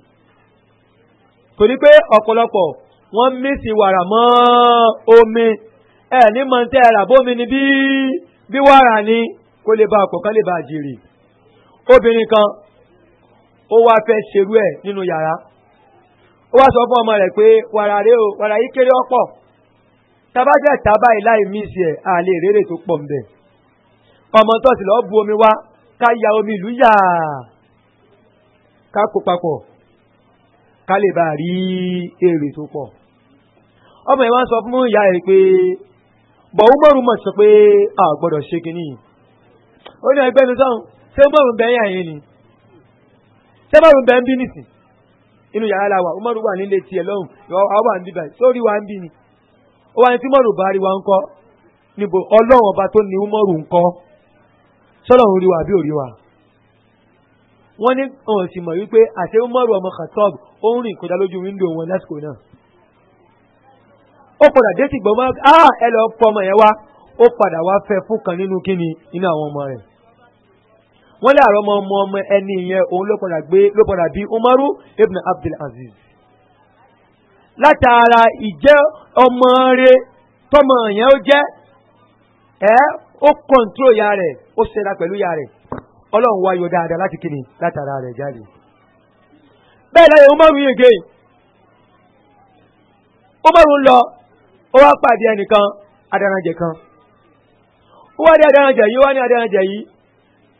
torí pé ọ̀pọ̀lọpọ̀ wọ́n mísì wàrà mọ́ omi ẹ̀ ní mọ̀ntẹ́ ẹ̀rà bómi ni bí bí wàrà ni kó lè ba ọ̀pọ̀ kán lè ba jèrè obìnrin kan ó wá fẹ́ ṣerú ẹ̀ nínú yàrá ó wá sọ fún ọmọ rẹ̀ pé wàrà rẹ o wàrà yìí kéré ọ̀pọ̀ tabajẹ́ tábà ìláì mísì ẹ̀ àlè rere tó pọ̀ ń ọmọ tó bu omi wá ká ya omi ìlú yà ká kó papọ̀ ká lè bá rí èrè tó ọmọ sọ fún ìyá rẹ̀ pé mọ̀rún mọ̀ sọ pé a gbọ́dọ̀ ṣe kínní ó ní ẹgbẹ́ mi ṣé mọ̀rún bẹ́ẹ̀ yà yín ni ṣé mọ̀rún bẹ́ẹ̀ ń bí nìsín inú yàrá la wà wà nílé tiẹ̀ lọ́hùn àwọn wà sórí ni ó wà ń kọ́ níbo sọ́lọ̀ ń rí wa àbí òrí wa. wọ́n ní ọ̀hún sì mọ̀ wípé àti umaru ọmọ katob ó ń rìn kọjá lójú wíńdò wọn lásìkò náà. ó padà dé tìgbọ́n mọ́ á ẹ lọ pọ ọmọ yẹn wá ó padà wá fẹ́ fún kan nínú kíni nínú àwọn ọmọ rẹ̀. wọ́n lé àrọ́ ọmọ ọmọ ẹni yẹn òun ló padà gbé ló padà bí umaru ibn abdul aziz. látara ìjẹ́ ọmọ rẹ̀ tọmọ yẹn ó jẹ́ ẹ́ ó kọ̀ǹtró ìyá rẹ̀ ó ṣẹlá pẹ̀lú ìyá rẹ̀ ọlọ́run wáyọ dáadáa láti kíni látara rẹ̀ jáde. bẹ́ẹ̀ láyé umaru yìí gé umaru ń lọ ó wá pàdé ẹnìkan adaranjẹ kan ó wá dé adaranjẹ yìí ó wá ní adaranjẹ yìí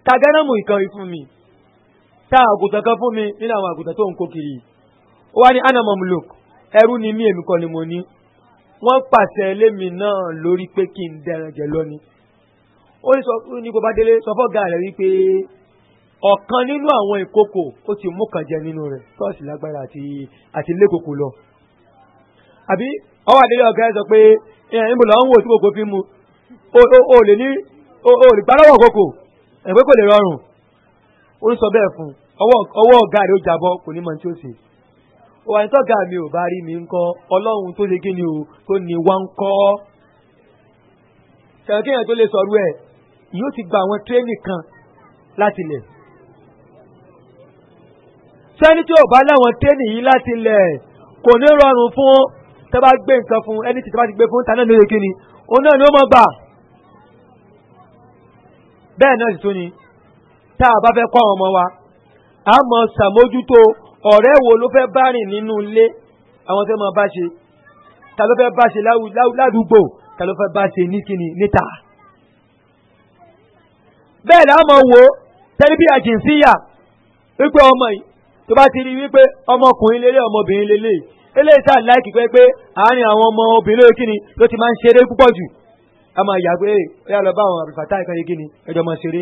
ta gánàmù ìkan yìí fún mi ta àgùntàn kan fún mi nínú àwọn àgùntàn tó ń kó kiri ó wá ní ni mí èmi ni mo ní wọ́n pàṣẹ lémi náà lórí pé kí n dẹranjẹ ó ní sọ ní kó bá délé sọ fọ́gà rẹ̀ wípé ọ̀kan nínú ti mú kan jẹ nínú rẹ̀ tọ́ọ̀sì lágbára àti àti lékòkò lọ. àbí ọwọ́ àdéhùn ọ̀gá ẹ̀ sọ pé ẹ̀ ń ń fi mu o lè ní o lè gbá lọ́wọ́ kòkó ẹ̀gbẹ́ kò lè rọrùn ó ń sọ bẹ́ẹ̀ fún ọwọ́ ọ̀gá rẹ̀ ó kò ní mọ tí ó òwà mi ò bá rí mi ọlọ́run tó ṣe kí ni o tó wá tó lè yóò ti gba àwọn tírénì kan láti lẹ̀. sẹ́ni tí ò bá láwọn tírénì yìí láti lẹ̀ kò ní rọrùn fún tẹ́ bá gbé nǹkan fún ẹni tí tẹ́ bá ti gbé fún ta náà lóye kíni òun náà ni ó mọ̀ gbà. bẹ́ẹ̀ náà sì tún ni tá a bá fẹ́ kọ́ àwọn ọmọ wa a mọ̀ ṣàmójútó ọ̀rẹ́ wo ló fẹ́ bá rìn nínú ilé àwọn tẹ́ mọ̀ bá ṣe ta ló fẹ́ bá ṣe ládùúgbò ta ló fẹ́ bá ṣe ní kíni níta bẹ́ẹ̀ náà mọ̀ wò ó tẹ́lifíà jìnsíyà wípé ọmọ yìí tó bá ti rí wípé ọmọkùnrin lélẹ̀ ọmọbìnrin lélẹ̀ eléyìí sáà láìkì pé pé àárín àwọn ọmọ obìnrin lóye kíni ló ti máa ń ṣeré púpọ̀ jù a máa yàgbé ó yà lọ bá àwọn àbífàtà ìkànnì kíni ẹjọ́ máa ṣeré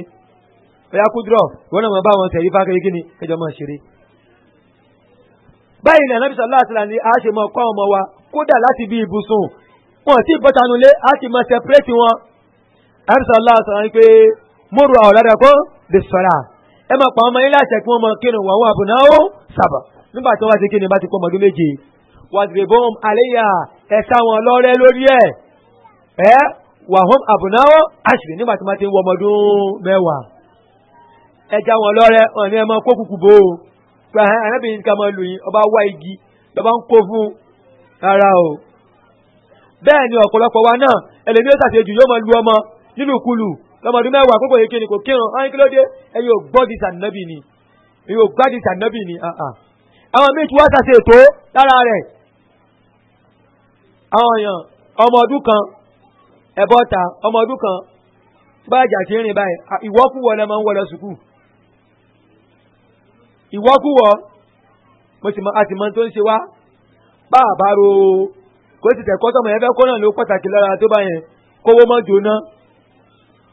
ó yà kúdúrọ̀ wọn náà máa bá àwọn tẹ̀lifá kẹ́yìn kíni ẹjọ́ máa ṣeré. báyìí ní anábìsọ aláàtìlá ni a ṣe máa kọ́ ọmọ wa kódà láti bí ibùsùn wọn ò tí ì bọ́tanulé a sì máa ṣẹpẹ́rẹ́tì wọn anábìsọ aláàtìlá ni pé mo rọ àwọn ọ̀dàdà kó lè sọ̀rà ẹ máa pa ọmọ yín láṣẹ kí wọ́n mọ kí ni wọ́n wà bùnà ó sàbà nígbà tí wọ́n bá ti kí ni bá ti kó ọmọdún méje wàdìrè bó ń àléyà ẹ̀sà wọn lọ́rẹ́ lórí ẹ̀ ẹ́ wà hóm àbùnà ó àṣìrì nígbà tí wọ́n ti wọ ọmọdún mẹ́wàá ẹja wọn lọ́rẹ́ wọn ni ẹ máa kó kùkù bò ó pé arábìnrin ká máa lù yín ọba wá igi lọ́ba ń kó fún rárá o bẹ́ẹ̀ ni ọ̀pọ̀lọpọ̀ wa náà ẹlẹ́ni ó sàṣejù yóò lọ́mọdún mẹ́wàá kókò yìí kíni kò kírun ọ̀hún kí ló dé ẹ yóò gbọ́ di sànẹ́bì ni yóò gbá di sànẹ́bì ni ah, ah. àwọn míì tí wọ́n ṣàṣe ètò lára rẹ̀ àwọn èèyàn ọmọ ọdún kan ẹ̀bọ́ ta ọmọ ọdún kan bá jà sí rìn báyìí ah, ìwọ́kùwọ́ lẹ́ máa ń wọlé sùkúù ìwọ́kùwọ́ mo sì mọ àti mọ tó ń ṣe wá bá àbárò kó sì tẹ̀ kọ́sọ́mọ̀ yẹn fẹ́ kó náà ló pàtàkì lára tó bá yẹn kówó mọ́ jóná.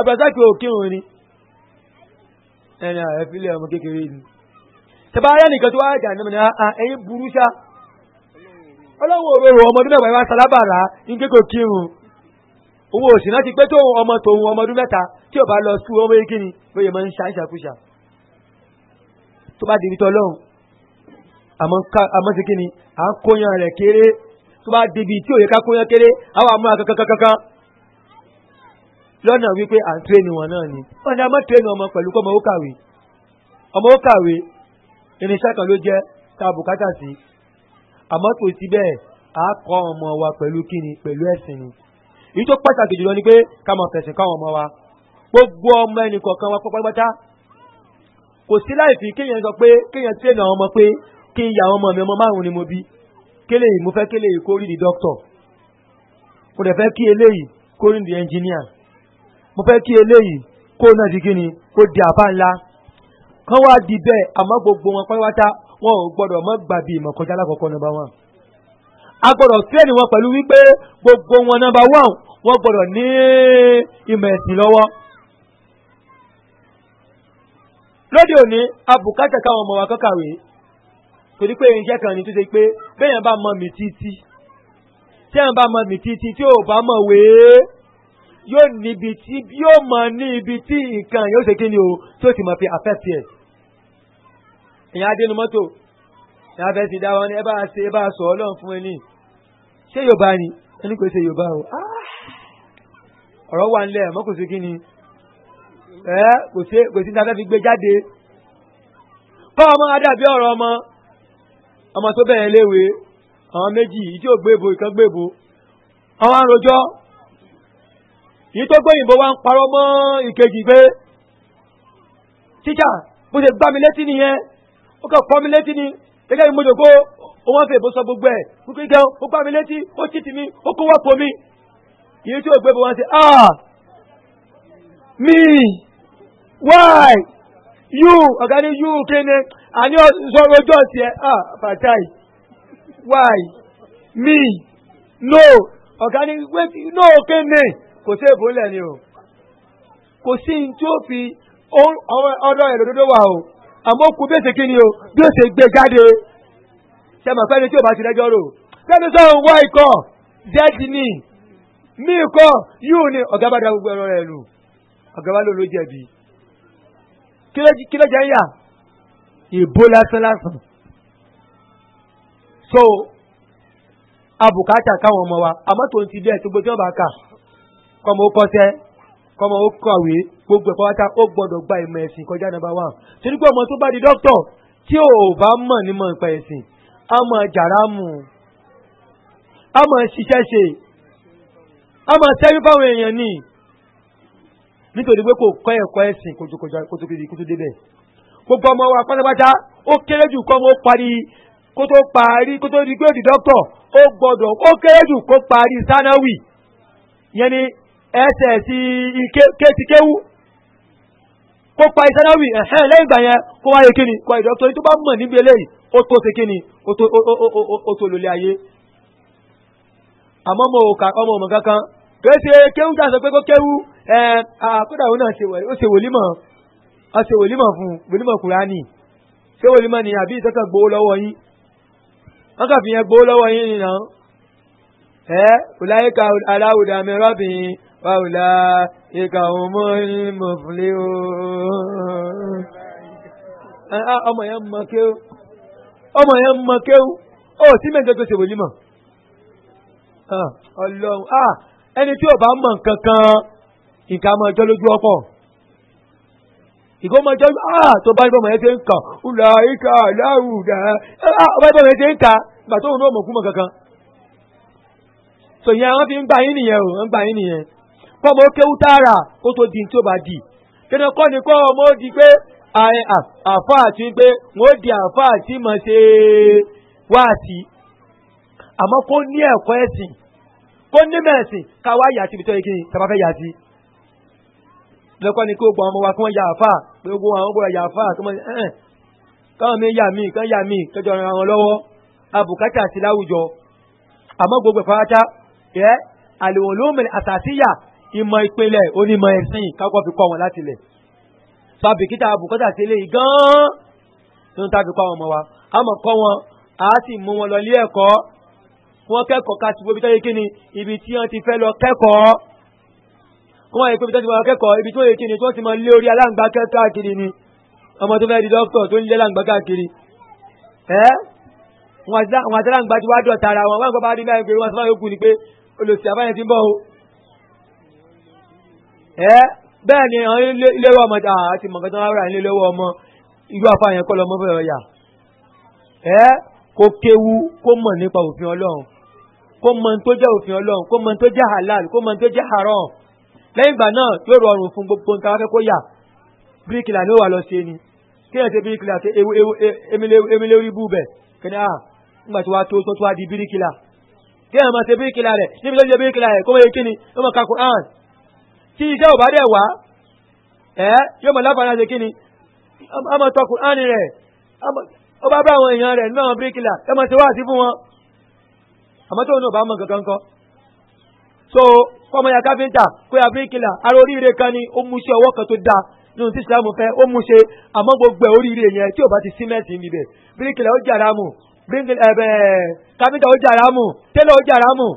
abẹ́sákì òkè òun ni ẹni ààrẹ fílẹ̀ ọmọ kékeré ni tẹbàárẹ́ nìkan tó wáyé jàǹdà a ah, ah, ẹ̀yìn burú ṣá ọlọ́wọ́ òróró ọmọ ọdún mẹ́wàá ìwà sálábàrá ní kékò kírun owó òsì náà ti pẹ́ tó ọmọ tòun ọmọ ọdún mẹ́ta tí ò bá lọ sí owó yìí kíni lóye máa ń ṣá ìṣàkúṣà tó bá dìbí tọ́lọ́hún àmọ́ sí kíni à ń kóyan rẹ̀ kéré tó bá dìbí tí òye ká kóyan kéré àwọn àmúra kankan kankan lọ́nà wípé à ń tírénì wọn náà ni wọn ni a máa tírénì ọmọ pẹ̀lú kọ́ ọmọ ó kàwé ọmọ ó kàwé irinṣẹ́ kan ló jẹ́ ta bùkátà sí àmọ́ tó ti bẹ́ẹ̀ a kọ́ ọmọ wa pẹ̀lú kíni pẹ̀lú ẹ̀sìn ni èyí tó pàtàkì jùlọ ni pé ká mọ̀ fẹ̀sìn káwọn ọmọ wa gbogbo ọmọ ẹnì kọ̀ọ̀kan wa pátápátá kò sí láìfi kéèyàn sọ pé kéèyàn tírénì àwọn ọmọ pé kí n yà àwọn ọmọ mi ọmọ márùn ni mo bí kéléyìí mo fẹ́ kéléyìí kó rí di dókítọ̀ mo dẹ̀ fẹ́ kí eléyìí kó rí di ẹnjìníà mo fẹ́ kí eléyìí kó náà di kíni kó di àbá ńlá kán wá di bẹ́ẹ̀ àmọ́ gbogbo wọn pátápátá wọn ò gbọ́dọ̀ mọ́ gbàbí ìmọ̀ kọjá lákọ̀ọ́kọ́ nọmba wọn. a gbọ́dọ̀ tírẹ̀nì wọn pẹ̀lú wípé gbogbo wọn nọmba wọn wọn gbọ́dọ̀ ní ìmọ̀ ẹ̀sìn lọ́wọ́. lóde òní abùkátà káwọn ọmọ wa kọ́kàwé torí pé irinṣẹ́ kan ní tó pé bẹ́ẹ̀ yẹn bá mọ mi títí tí yẹn bá mọ mi títí tí ò bá mọ̀ wéé yóò níbi tí yóò mọ ní ibi tí nǹkan yóò ṣe kí ni o tó ti mọ̀ fi affect ẹ̀. ìyá adé nu mọ́tò ìyá fẹ́ ti dá wọn ní ẹ bá ṣe ẹ bá sọ ọlọ́run fún ẹni ṣé yorùbá ni ẹni kò ṣe yorùbá o ah! ọ̀rọ̀ wà ńlẹ̀ mọ́ kò sí kí ni ẹ kò sí kò sí ní afẹ́ fi gbé jáde kọ́ ọmọ adàbí ọ̀rọ̀ ọmọ ọmọ tó bẹ̀rẹ̀ léwe àwọn méjì ìjì ò gbébo ìkan gbébo àwọn arojọ́ yìí tó gbóyìnbó wa ń parọ́ mọ́ ìkejì pé tíjà bó ṣe gbá mi létí nìyẹn ó kàn fọ́ mi létí ni gẹ́gẹ́ bí mo jòkó òun fẹ́ ìbò sọ gbogbo ẹ̀ kúkú ìjẹ́ ó gbá mi létí ó títì mi ó kó wọ́pọ̀ mi yìí tí ó gbé bó wá ṣe ah me why you ọ̀gá ní you kéne àní ọ̀sọ̀rọ̀ ojú ọ̀sì ẹ̀ ah fatai why me no ọ̀gá ní wait no kéne. Okay, kò sí èbó ńlẹ̀ ni o kò sí ní tí ó fi ọ̀dọ̀ ẹ̀rọ dodo wà o àmọ́ kú bí èsì kí ni o bí ó ṣe gbé jáde ṣe mọ̀ fẹ́ni tí o bá ti rẹ́jọ́ rò fẹ́ni sọ̀rọ̀ wá ikọ̀ zẹ́ẹ̀dì ni mí ikọ̀ yóò ní ọ̀gá bá da gbogbo ẹ̀rọ rẹ̀ lù ọ̀gá bá lò jẹ̀bi kí ló jẹ́ ń yà ìbò lásán lásán so abùkátà káwọn ọmọ wa àmọ́ tó ń ti bẹ́ẹ̀ tó gbé tí wọ́n bá kà kọ́mọ ó kọ́sẹ́ kọ́mọ ó kọ̀wé gbogbo ẹ̀kọ́ wáta ó gbọ́dọ̀ gba ìmọ̀ ẹ̀sìn kọjá nàbà wà. torí pé ọmọ tó bá di dókítọ̀ tí ò bá mọ̀ ní mọ̀ nípa ẹ̀sìn á mọ̀ jàrá mu á mọ̀ ṣiṣẹ́ ṣe á mọ̀ tẹ́rí fáwọn èèyàn ni nítorí pé kò kọ́ ẹ̀kọ́ ẹ̀sìn kótó débẹ̀ gbogbo ọmọ wa pátápátá ó kéré jù kọ́mọ ó parí kó tó parí kó tó di gbé òdì dókítọ̀ ó gbọ́dọ̀ ó kéré jù kó parí sánáwì yẹn ni ẹsẹ̀ ti ike ti kéwú kó pa ìsánáwì ẹ̀hẹ́ lẹ́yìn ìgbà yẹn kó wáyé kíni kó wáyé dọ́kítọ̀ tó bá mọ̀ níbi eléyìí ó tó ṣe kíni ó tó lòlẹ̀ ayé àmọ́ mo kà ọmọ ọmọ kankan kìí ṣe kéwú tá a sọ pé kó kéwú ẹ àkódà òun náà ó ṣe wòlímọ̀ ó ṣe wòlímọ̀ fún wòlímọ̀ kùránì ṣé wòlímọ̀ ni àbí ìtọ́kàn gbowó lọ́wọ́ yín wọ́n kà fi yẹn gbowó lọ́wọ́ yín nìyàn ẹ ọ̀làyíká aláwùdàmẹ́rọ́bìnrin fáwùlà ìkà òmò ìmọ̀fúnlé o. ọmọ yẹn mọ kéwù ọmọ yẹn mọ kéwù ó sì mẹ́jọ tó ṣe wòlímọ̀. ọlọ́run ẹni tí ò mọ̀ nǹkan nǹkan máa jọ lójú ọ̀pọ̀ ìgbọ́mọjọ́ ah tó bá ibọ̀mọ̀ yẹn ti ń kà ńlá ìka láwùdá ah ọba ibọ̀mọ̀ yẹn ti ń kà gbà tó ń lọ́mọ̀kúmọ̀ kankan. sòyìn àwọn fi ń gbà yín nìyẹn o ń gbà yín nìyẹn kọ́mọ kéwú tààrà kó tó di tí ó bá di kéde kọ́ ni kọ́ ọmọ ó di pé àfa àti pé wọ́n di àfa àti mọ̀ ṣe wáàsí àmọ́ kó ní ẹ̀kọ́ ẹ̀sìn kó ní mẹ̀sìn káwá yà síbi tó yẹ kí ni tàbá fẹ́ yà sí. lọ́kọ́ ni kó gba ọmọ wa kí wọ́n ya àfa pé gbogbo àwọn gbọ́dọ̀ ya àfa kí wọ́n ẹ̀ẹ́n káwọn mi yà mí kán yà mí kẹjọ ran wọn lọ́wọ́ abùkátà sí láwùjọ àmọ́ gbogbo ìfarata ẹ̀ àlèwọ̀n àtàtìyà ìmọ̀ ìpínlẹ̀ onímọ̀ ẹ̀sìn kákọ́ fi kọ́ wọn láti lẹ̀ sàbí kíta àbùkọ́tà sí eléyìí gan-an nínú tá a fi kọ́ àwọn ọmọ wa a mọ̀ kọ́ wọn a sì mú wọn lọ ilé ẹ̀kọ́ wọn kẹ́kọ̀ọ́ ká síbi tó yẹ kí ni ibi tí wọ́n ti fẹ́ lọ kẹ́kọ̀ọ́ kó wọ́n yẹ pé ibi tó ti fẹ́ lọ kẹ́kọ̀ọ́ ibi tó yẹ kí ni tó ti mọ lé orí aláǹgbá káàkiri ni ọmọ tó fẹ́ di dókítà tó ń lé aláǹgbá káàkiri ẹ́ wọn àti aláǹgbá ti wá dọ̀ tara wọn wọn àgbà bá dín náà pé wọn sọ fún àwọn ni pé olùsí àbáyẹn ti ń bọ̀ o ẹ bẹ́ẹ̀ ni àwọn ilé lọ́wọ́ ọmọ àti mọ̀kàn tó ń rà ilé lọ́wọ́ ọmọ irú afáyẹn kọ́ lọ́mọ fẹ́ ọ̀yà ẹ kó kéwu kó mọ̀ nípa òfin ọlọ́run kó mọ tó jẹ́ òfin ọlọ́run kó mọ tó jẹ́ halal kó mọ tó jẹ́ haram lẹ́yìn ìgbà náà yóò rọrùn fún gbogbo nǹkan wákẹ́ kó yà bíríkìlà ni ó wà lọ sí ni kéèyàn ṣe bíríkìlà ṣe e, emile orí bú bẹ̀ kẹ́ni à ńgbà tí wàá tó tó tó wá di bíríkìlà kéèyàn máa ṣe bíríkìlà rẹ̀ níbi tó ṣe bíríkìlà rẹ̀ kó mọ̀ yẹ kíni ó mọ̀ ka quran tí iṣẹ́ ò bá dẹ̀ wá ẹ́ yóò mọ̀ láfààní àti kíni ọmọ tọkù áni rẹ̀ ó bá bá àwọn èèyàn rẹ̀ náà bíríkìlà ẹ mọ̀ sí wáàsí fún wọn àmọ́ tóun náà bá mọ̀ kankan kọ́ so fọmọ ya káfíńtà pé abíríkìlà ara oríire kan ni ó mú iṣẹ́ ọwọ́ kan tó dáa nínú tí islam fẹ́ ó mú ṣe àmọ́ gbogbo ẹ̀ oríire yẹn tí ò bá ti símẹ́ǹtì níbẹ̀ bíríkìlà ó jàrá mu káfíńtà ó jàrá mu tẹ́lọ̀ ó jàrá mu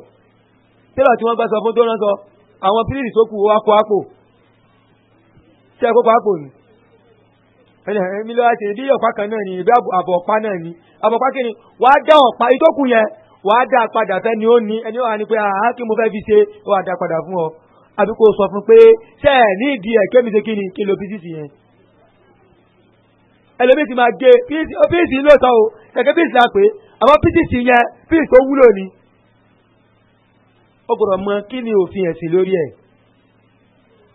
tẹ́lọ̀ tí wọ́n gbà sọ fún tó rán sọ àwọn pírìtì tó kù wá kó àpò tí ẹ kó kó àpò ni ẹni ẹ̀mí lọ́wọ́ ṣe bí ọ̀pá kan náà ni ìbí àbọ̀ ọ̀pá náà ni àbọ̀ ọ̀pá kìíní wàá dá ọ̀pá ìtókù yẹn wàá dá padà fẹ́ni ó ní ẹni wà ní pé àá kí mo fẹ́ fi ṣe ó wàá dá padà fún ọ àbí kò sọ fún pé ṣe ẹ̀ ní ìdí ẹ̀ kémi ṣe kíni kí ló fi sísì yẹn. ẹlẹ́mí ti máa gé píìsì lóòótọ́ o kẹ̀kẹ́ píìsì la pé àmọ́ píìsì ó gbọ́dọ̀ mọ kí ni òfin ẹ̀sìn lórí ẹ̀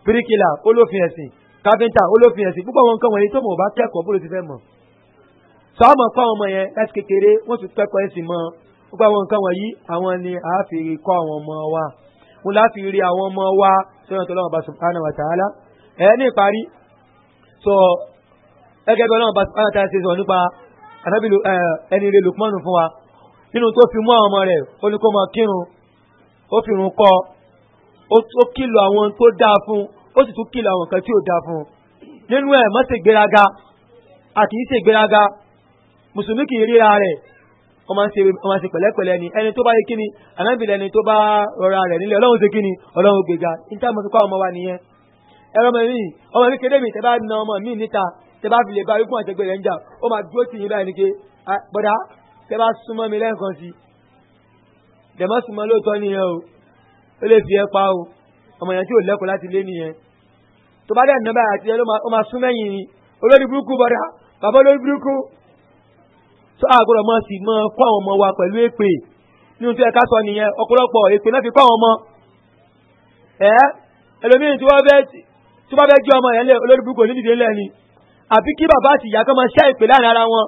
bíríkìlà olófin ẹ̀sìn káfíńtà olófin ẹ̀sìn púpọ̀ wọn nǹkan wọ̀nyí tó mọ̀ bá kẹ́kọ̀ọ́ bóyá ti fẹ́ mọ̀ sọ́ọ́mọ̀ kọ́ àwọn ọmọ yẹn láti kékeré wọ́n sì kẹ́kọ̀ọ́ ẹ̀sìn mọ́ púpọ̀ àwọn nǹkan wọ̀nyí àwọn ni a fi kọ́ àwọn ọmọ wa mo láti rí àwọn ọmọ wa sọ́yìn tó lọ́wọ́ bá subhanahu wa ta'ala ẹ̀ ní ìparí lukmanu fún wa nínú tó fi mú àwọn ó fi irun kọ́ ó kìlọ̀ àwọn tó dáa fún ó sì tún kìlọ̀ àwọn kan tí ò dáa fún nínú ẹ̀ má ṣe gbéraga àti ìṣe gbéraga mùsùlùmí kì í ríra rẹ̀ wọ́n ṣe wọ́n ṣe pẹ̀lẹ́pẹ̀lẹ́ ni ẹni tó bá yẹ kí ni ànábìlẹ̀ ẹni tó bá rọra rẹ̀ nílẹ̀ ọlọ́run ṣe kí ni ọlọ́run gbèga níta mo fi kọ́ ọmọ wa nìyẹn ẹ̀rọ ọmọ mi ọmọ mi kéde mi tẹ́ bá na ọmọ mi níta tẹ́ bá fi lè bá wípé àtẹgbẹ́ rẹ̀ ń jà ó máa dúró tì yín báyìí ni pé ah, bọ́dà tẹ́ bá súnmọ́ mi lẹ́ẹ̀kan sí i dẹ̀mọ́sì mọ́ lóòótọ́ nìyẹn o ó lè fi ẹ pa o ọmọ yẹn tí ò lẹ́kọ̀ọ́ láti lé nìyẹn tó bá dẹ̀ nà báyà àti ẹ ló máa sún mẹ́yìn ni olórí burúkú bọ̀dá bàbá olórí burúkú tó àgọ́dọ̀ mọ́ sí mọ́ kó àwọn ọmọ wa pẹ̀lú èpè nínú tí ẹ ká sọ nìyẹn ọ̀pọ̀lọpọ̀ èpè náà fi kó àwọn ọmọ ẹ ẹlòmíràn tí wọ́n fẹ́ tí wọ́n fẹ́ gé ọmọ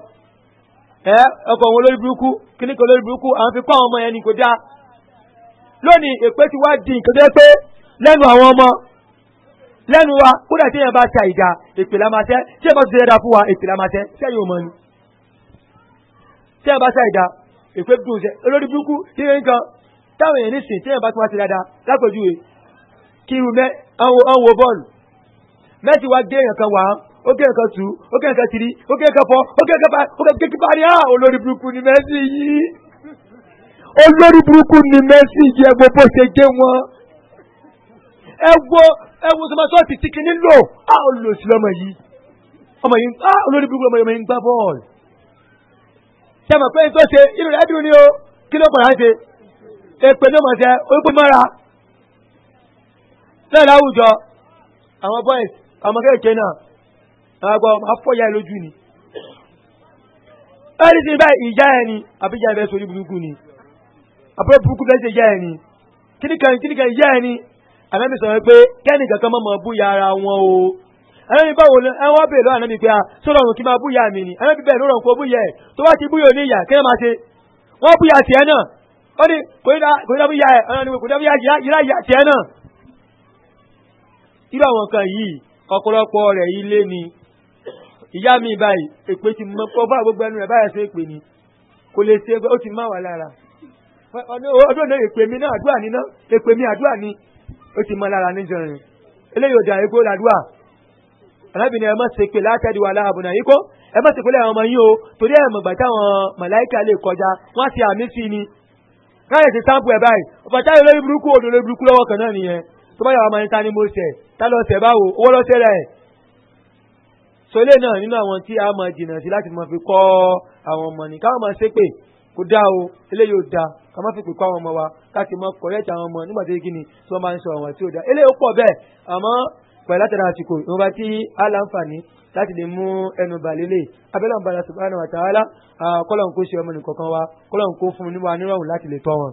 ẹ ọkọ̀ wọn lórí burúkú kíníkọ̀ lórí burúkú àwọn fi kọ́ àwọn ọmọ yẹn ni kò dáa lónìí èpè ti wá di nǹkan tó pé lẹ́nu àwọn ọmọ lẹ́nu wa kódà tí yẹn bá ta ìjà èpè la máa tẹ́ tí yẹn bá ti dáadáa fún wa èpè la máa tẹ́ sẹ́yìn ò mọ ni tí yẹn bá ta ìjà èpè dùn sẹ́ olórí burúkú tí yẹn kan táwọn èèyàn nísìn tí yẹn bá ti wá ti dáadáa lápèjúwe kí irú mẹ́ àwọn wo bọ́ọ̀lù mẹ́tì wá gé èèyàn kan wà ó kẹ́ nǹkan tù ó kẹ́ nǹkan tìrí ó kẹ́ nǹkan fọ́ ó kẹ́ nǹkan ó kẹ́ kékeré parí á ah, olórí burúkú ni Messi yìí olórí burúkú ni Messi yìí ẹ wo bó ṣe gé wọn ẹ wo ẹ wo sọmọ sọ́ọ̀tì tí kìíní lò á ah, olùsí lọ́mọ yìí ọmọ yìí á ah, olórí burúkú ọmọ yìí ń gbá bọ́ọ̀lù ṣe mọ̀ pé n tó ṣe inú rẹ̀ dùn ní o kí ló padà ṣe èpè ló mọ̀ ṣe orúkọ mọ́ra àwọn boys àwọn kéèké náà àgbà ọmọ afọ́yà ẹ lójú ni ẹni tí bẹ́ẹ̀ ìjà ẹ ni àbíjà ẹ bẹ́ẹ̀ sórí burúkú ni àbúrò burúkú bẹ́ẹ̀ ṣe ìjà ẹ ni kíníkan kíníkan ìjà ẹ ni ànábì sọ̀rọ̀ pé kẹ́ni kankan mọ̀ mọ̀ búya ara wọn o ẹni báwo ni ẹ wá bèèrè lọ́wọ́ ànábì pé a ah, sọ̀rọ̀ òun kí máa búya mi ni ẹni bẹ́ẹ̀ ló rọ̀ kó búya ẹ̀ tó bá ti búya oníyà kí wọ́n máa ṣe wọ́n búya tiẹ̀ náà ó ní kò ní dábúya ẹ̀ ọ̀nà ni kò ní yìlá yà tiẹ̀ náà irú àwọn kan yìí ọ̀pọ̀lọpọ̀ rẹ̀ ilé ni ìyá mi báyìí èpè ti mọ ọba gbogbo ẹnu rẹ báyà sí èpè ni kò lè ṣe ó ti má wà lára ọdún náà èpè mi náà àdúrà ni náà èpè mi àdúrà ni ó ti mọ lára níjọ rẹ eléyìí òdì àyíkó làdúrà arábìnrin ẹ má ṣe pé látẹ́dí wà láàbùnà yìí kó ẹ má ṣe pé láwọn ọmọ yìí o torí ẹ mọ̀gbà táwọn màláìkà lè kọjá wọ́n á ti àmì sí ni káyọ̀ ti sáǹpù ẹ̀ báyìí ọ̀pọ̀ táyọ̀ lórí burúkú so ilé náà nínú àwọn tí a máa jìnnà sí láti máa fi kọ́ àwọn ọmọ ní káwọn máa ṣe pé kò dá o eléyìí ò da ká má fi pè kọ́ àwọn ọmọ wa ká ti mọ kọ̀rẹ́tì àwọn ọmọ nígbà tó yẹ kí ni tí wọ́n máa ń sọ àwọn tí ò da eléyìí ó pọ̀ bẹ́ẹ̀ àmọ́ pẹ̀lú látara àsìkò ìwọ̀nba tí a láǹfààní láti lè mú ẹnu bà lélẹ̀ abẹ́lẹ̀ ọ̀bàdà subhanahu wa ta'ala kọ́lọ̀ ń kó ṣe wa kọ́lọ̀ ń kó fún níwá nírọ̀rùn láti lè tọ́ wọn.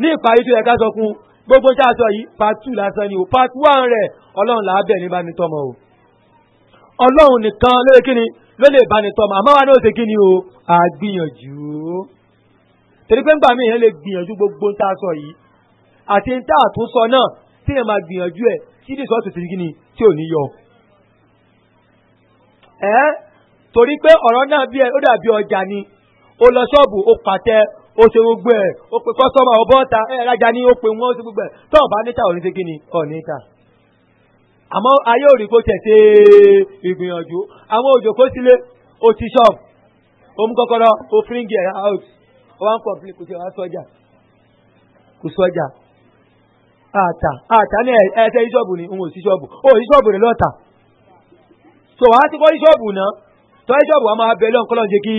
ní ìparí tó yẹ ni o part ọlọ́run nìkan ló lè kíni ló lè bá ní tọ́mọ àmọ́ wa ní òsè kíni o àgbìyànjú torí pé ńgbà míì yẹn lè gbìyànjú gbogbo ń tá a sọ yìí àti ń tá a tún sọ náà tí yẹn máa gbìyànjú ẹ̀ tí ní sọ́ọ̀tù ti kíni tí ò ní yọ. ẹ torí pé ọ̀rọ̀ náà bí ẹ ó dàbí ọjà ni ó lọ ṣọ́ọ̀bù ó pàtẹ ó ṣe gbogbo ẹ̀ ó pe kọ́sọ́mà ọbọ̀ ọ̀ta ẹ̀ rájà ní ó pe wọ́n ó ṣe gbogbo ẹ̀ tó ọ̀bá níta ò ní ṣe kí ni ọ̀ níta àmọ́ ayé ò rí kó tẹ̀sẹ̀ ìgbìyànjú àwọn òjò kó sílé ó ti ṣọ́ọ̀bù òun kọ́kọ́rọ́ ó fíríngì ẹ̀ out ó wá ń pọ̀ bí kò sí ọ̀hán sọ́jà kò sọ́jà àtà àtà ní ẹsẹ̀ ìṣọ́ọ̀bù ni òun ò sí ṣọ́ọ̀bù ó sí ṣọ́ọ̀bù rẹ̀ lọ́tà tó wàá ti kọ́ ìṣọ́ọ̀bù náà tọ́ ìṣọ́ọ̀bù wa máa bẹ lọ́n kọ́lọ́n ṣe kí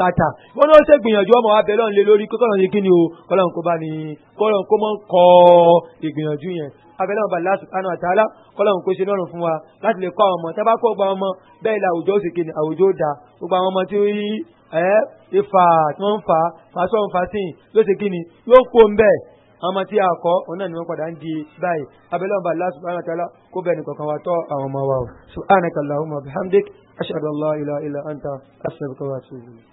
kàtà wọn náà ṣe gbìyànjú ọmọ wa bẹ lọ́n lé lórí kọ́lọ́n ṣe kí ni o kọ́lọ́n kó bá ní kọ́lọ́n kó mọ́ kọ́ ìgbìyànjú yẹn abẹ́lẹ́ ọba Allah subhanahu wa ta'ala kọ́lọ́hún kó ṣe lọ́rùn fún wa láti lè kọ́ àwọn ọmọ tá bá kọ́ gba ọmọ bẹ́ẹ̀ la àwùjọ ó sì kéde àwùjọ ó da gbogbo àwọn ọmọ tí ó yí ẹ́ ifá tí wọ́n ń fa fàṣọ ń fa sí ló ṣe kíni yóò kó ń bẹ́ẹ̀ àwọn ọmọ tí a kọ́ òun náà ni wọ́n padà ń di báyìí abẹ́lẹ́ ọba Allah subhanahu wa kó bẹ́ẹ̀ nìkankan wa tọ́ bihamdik ashhadu an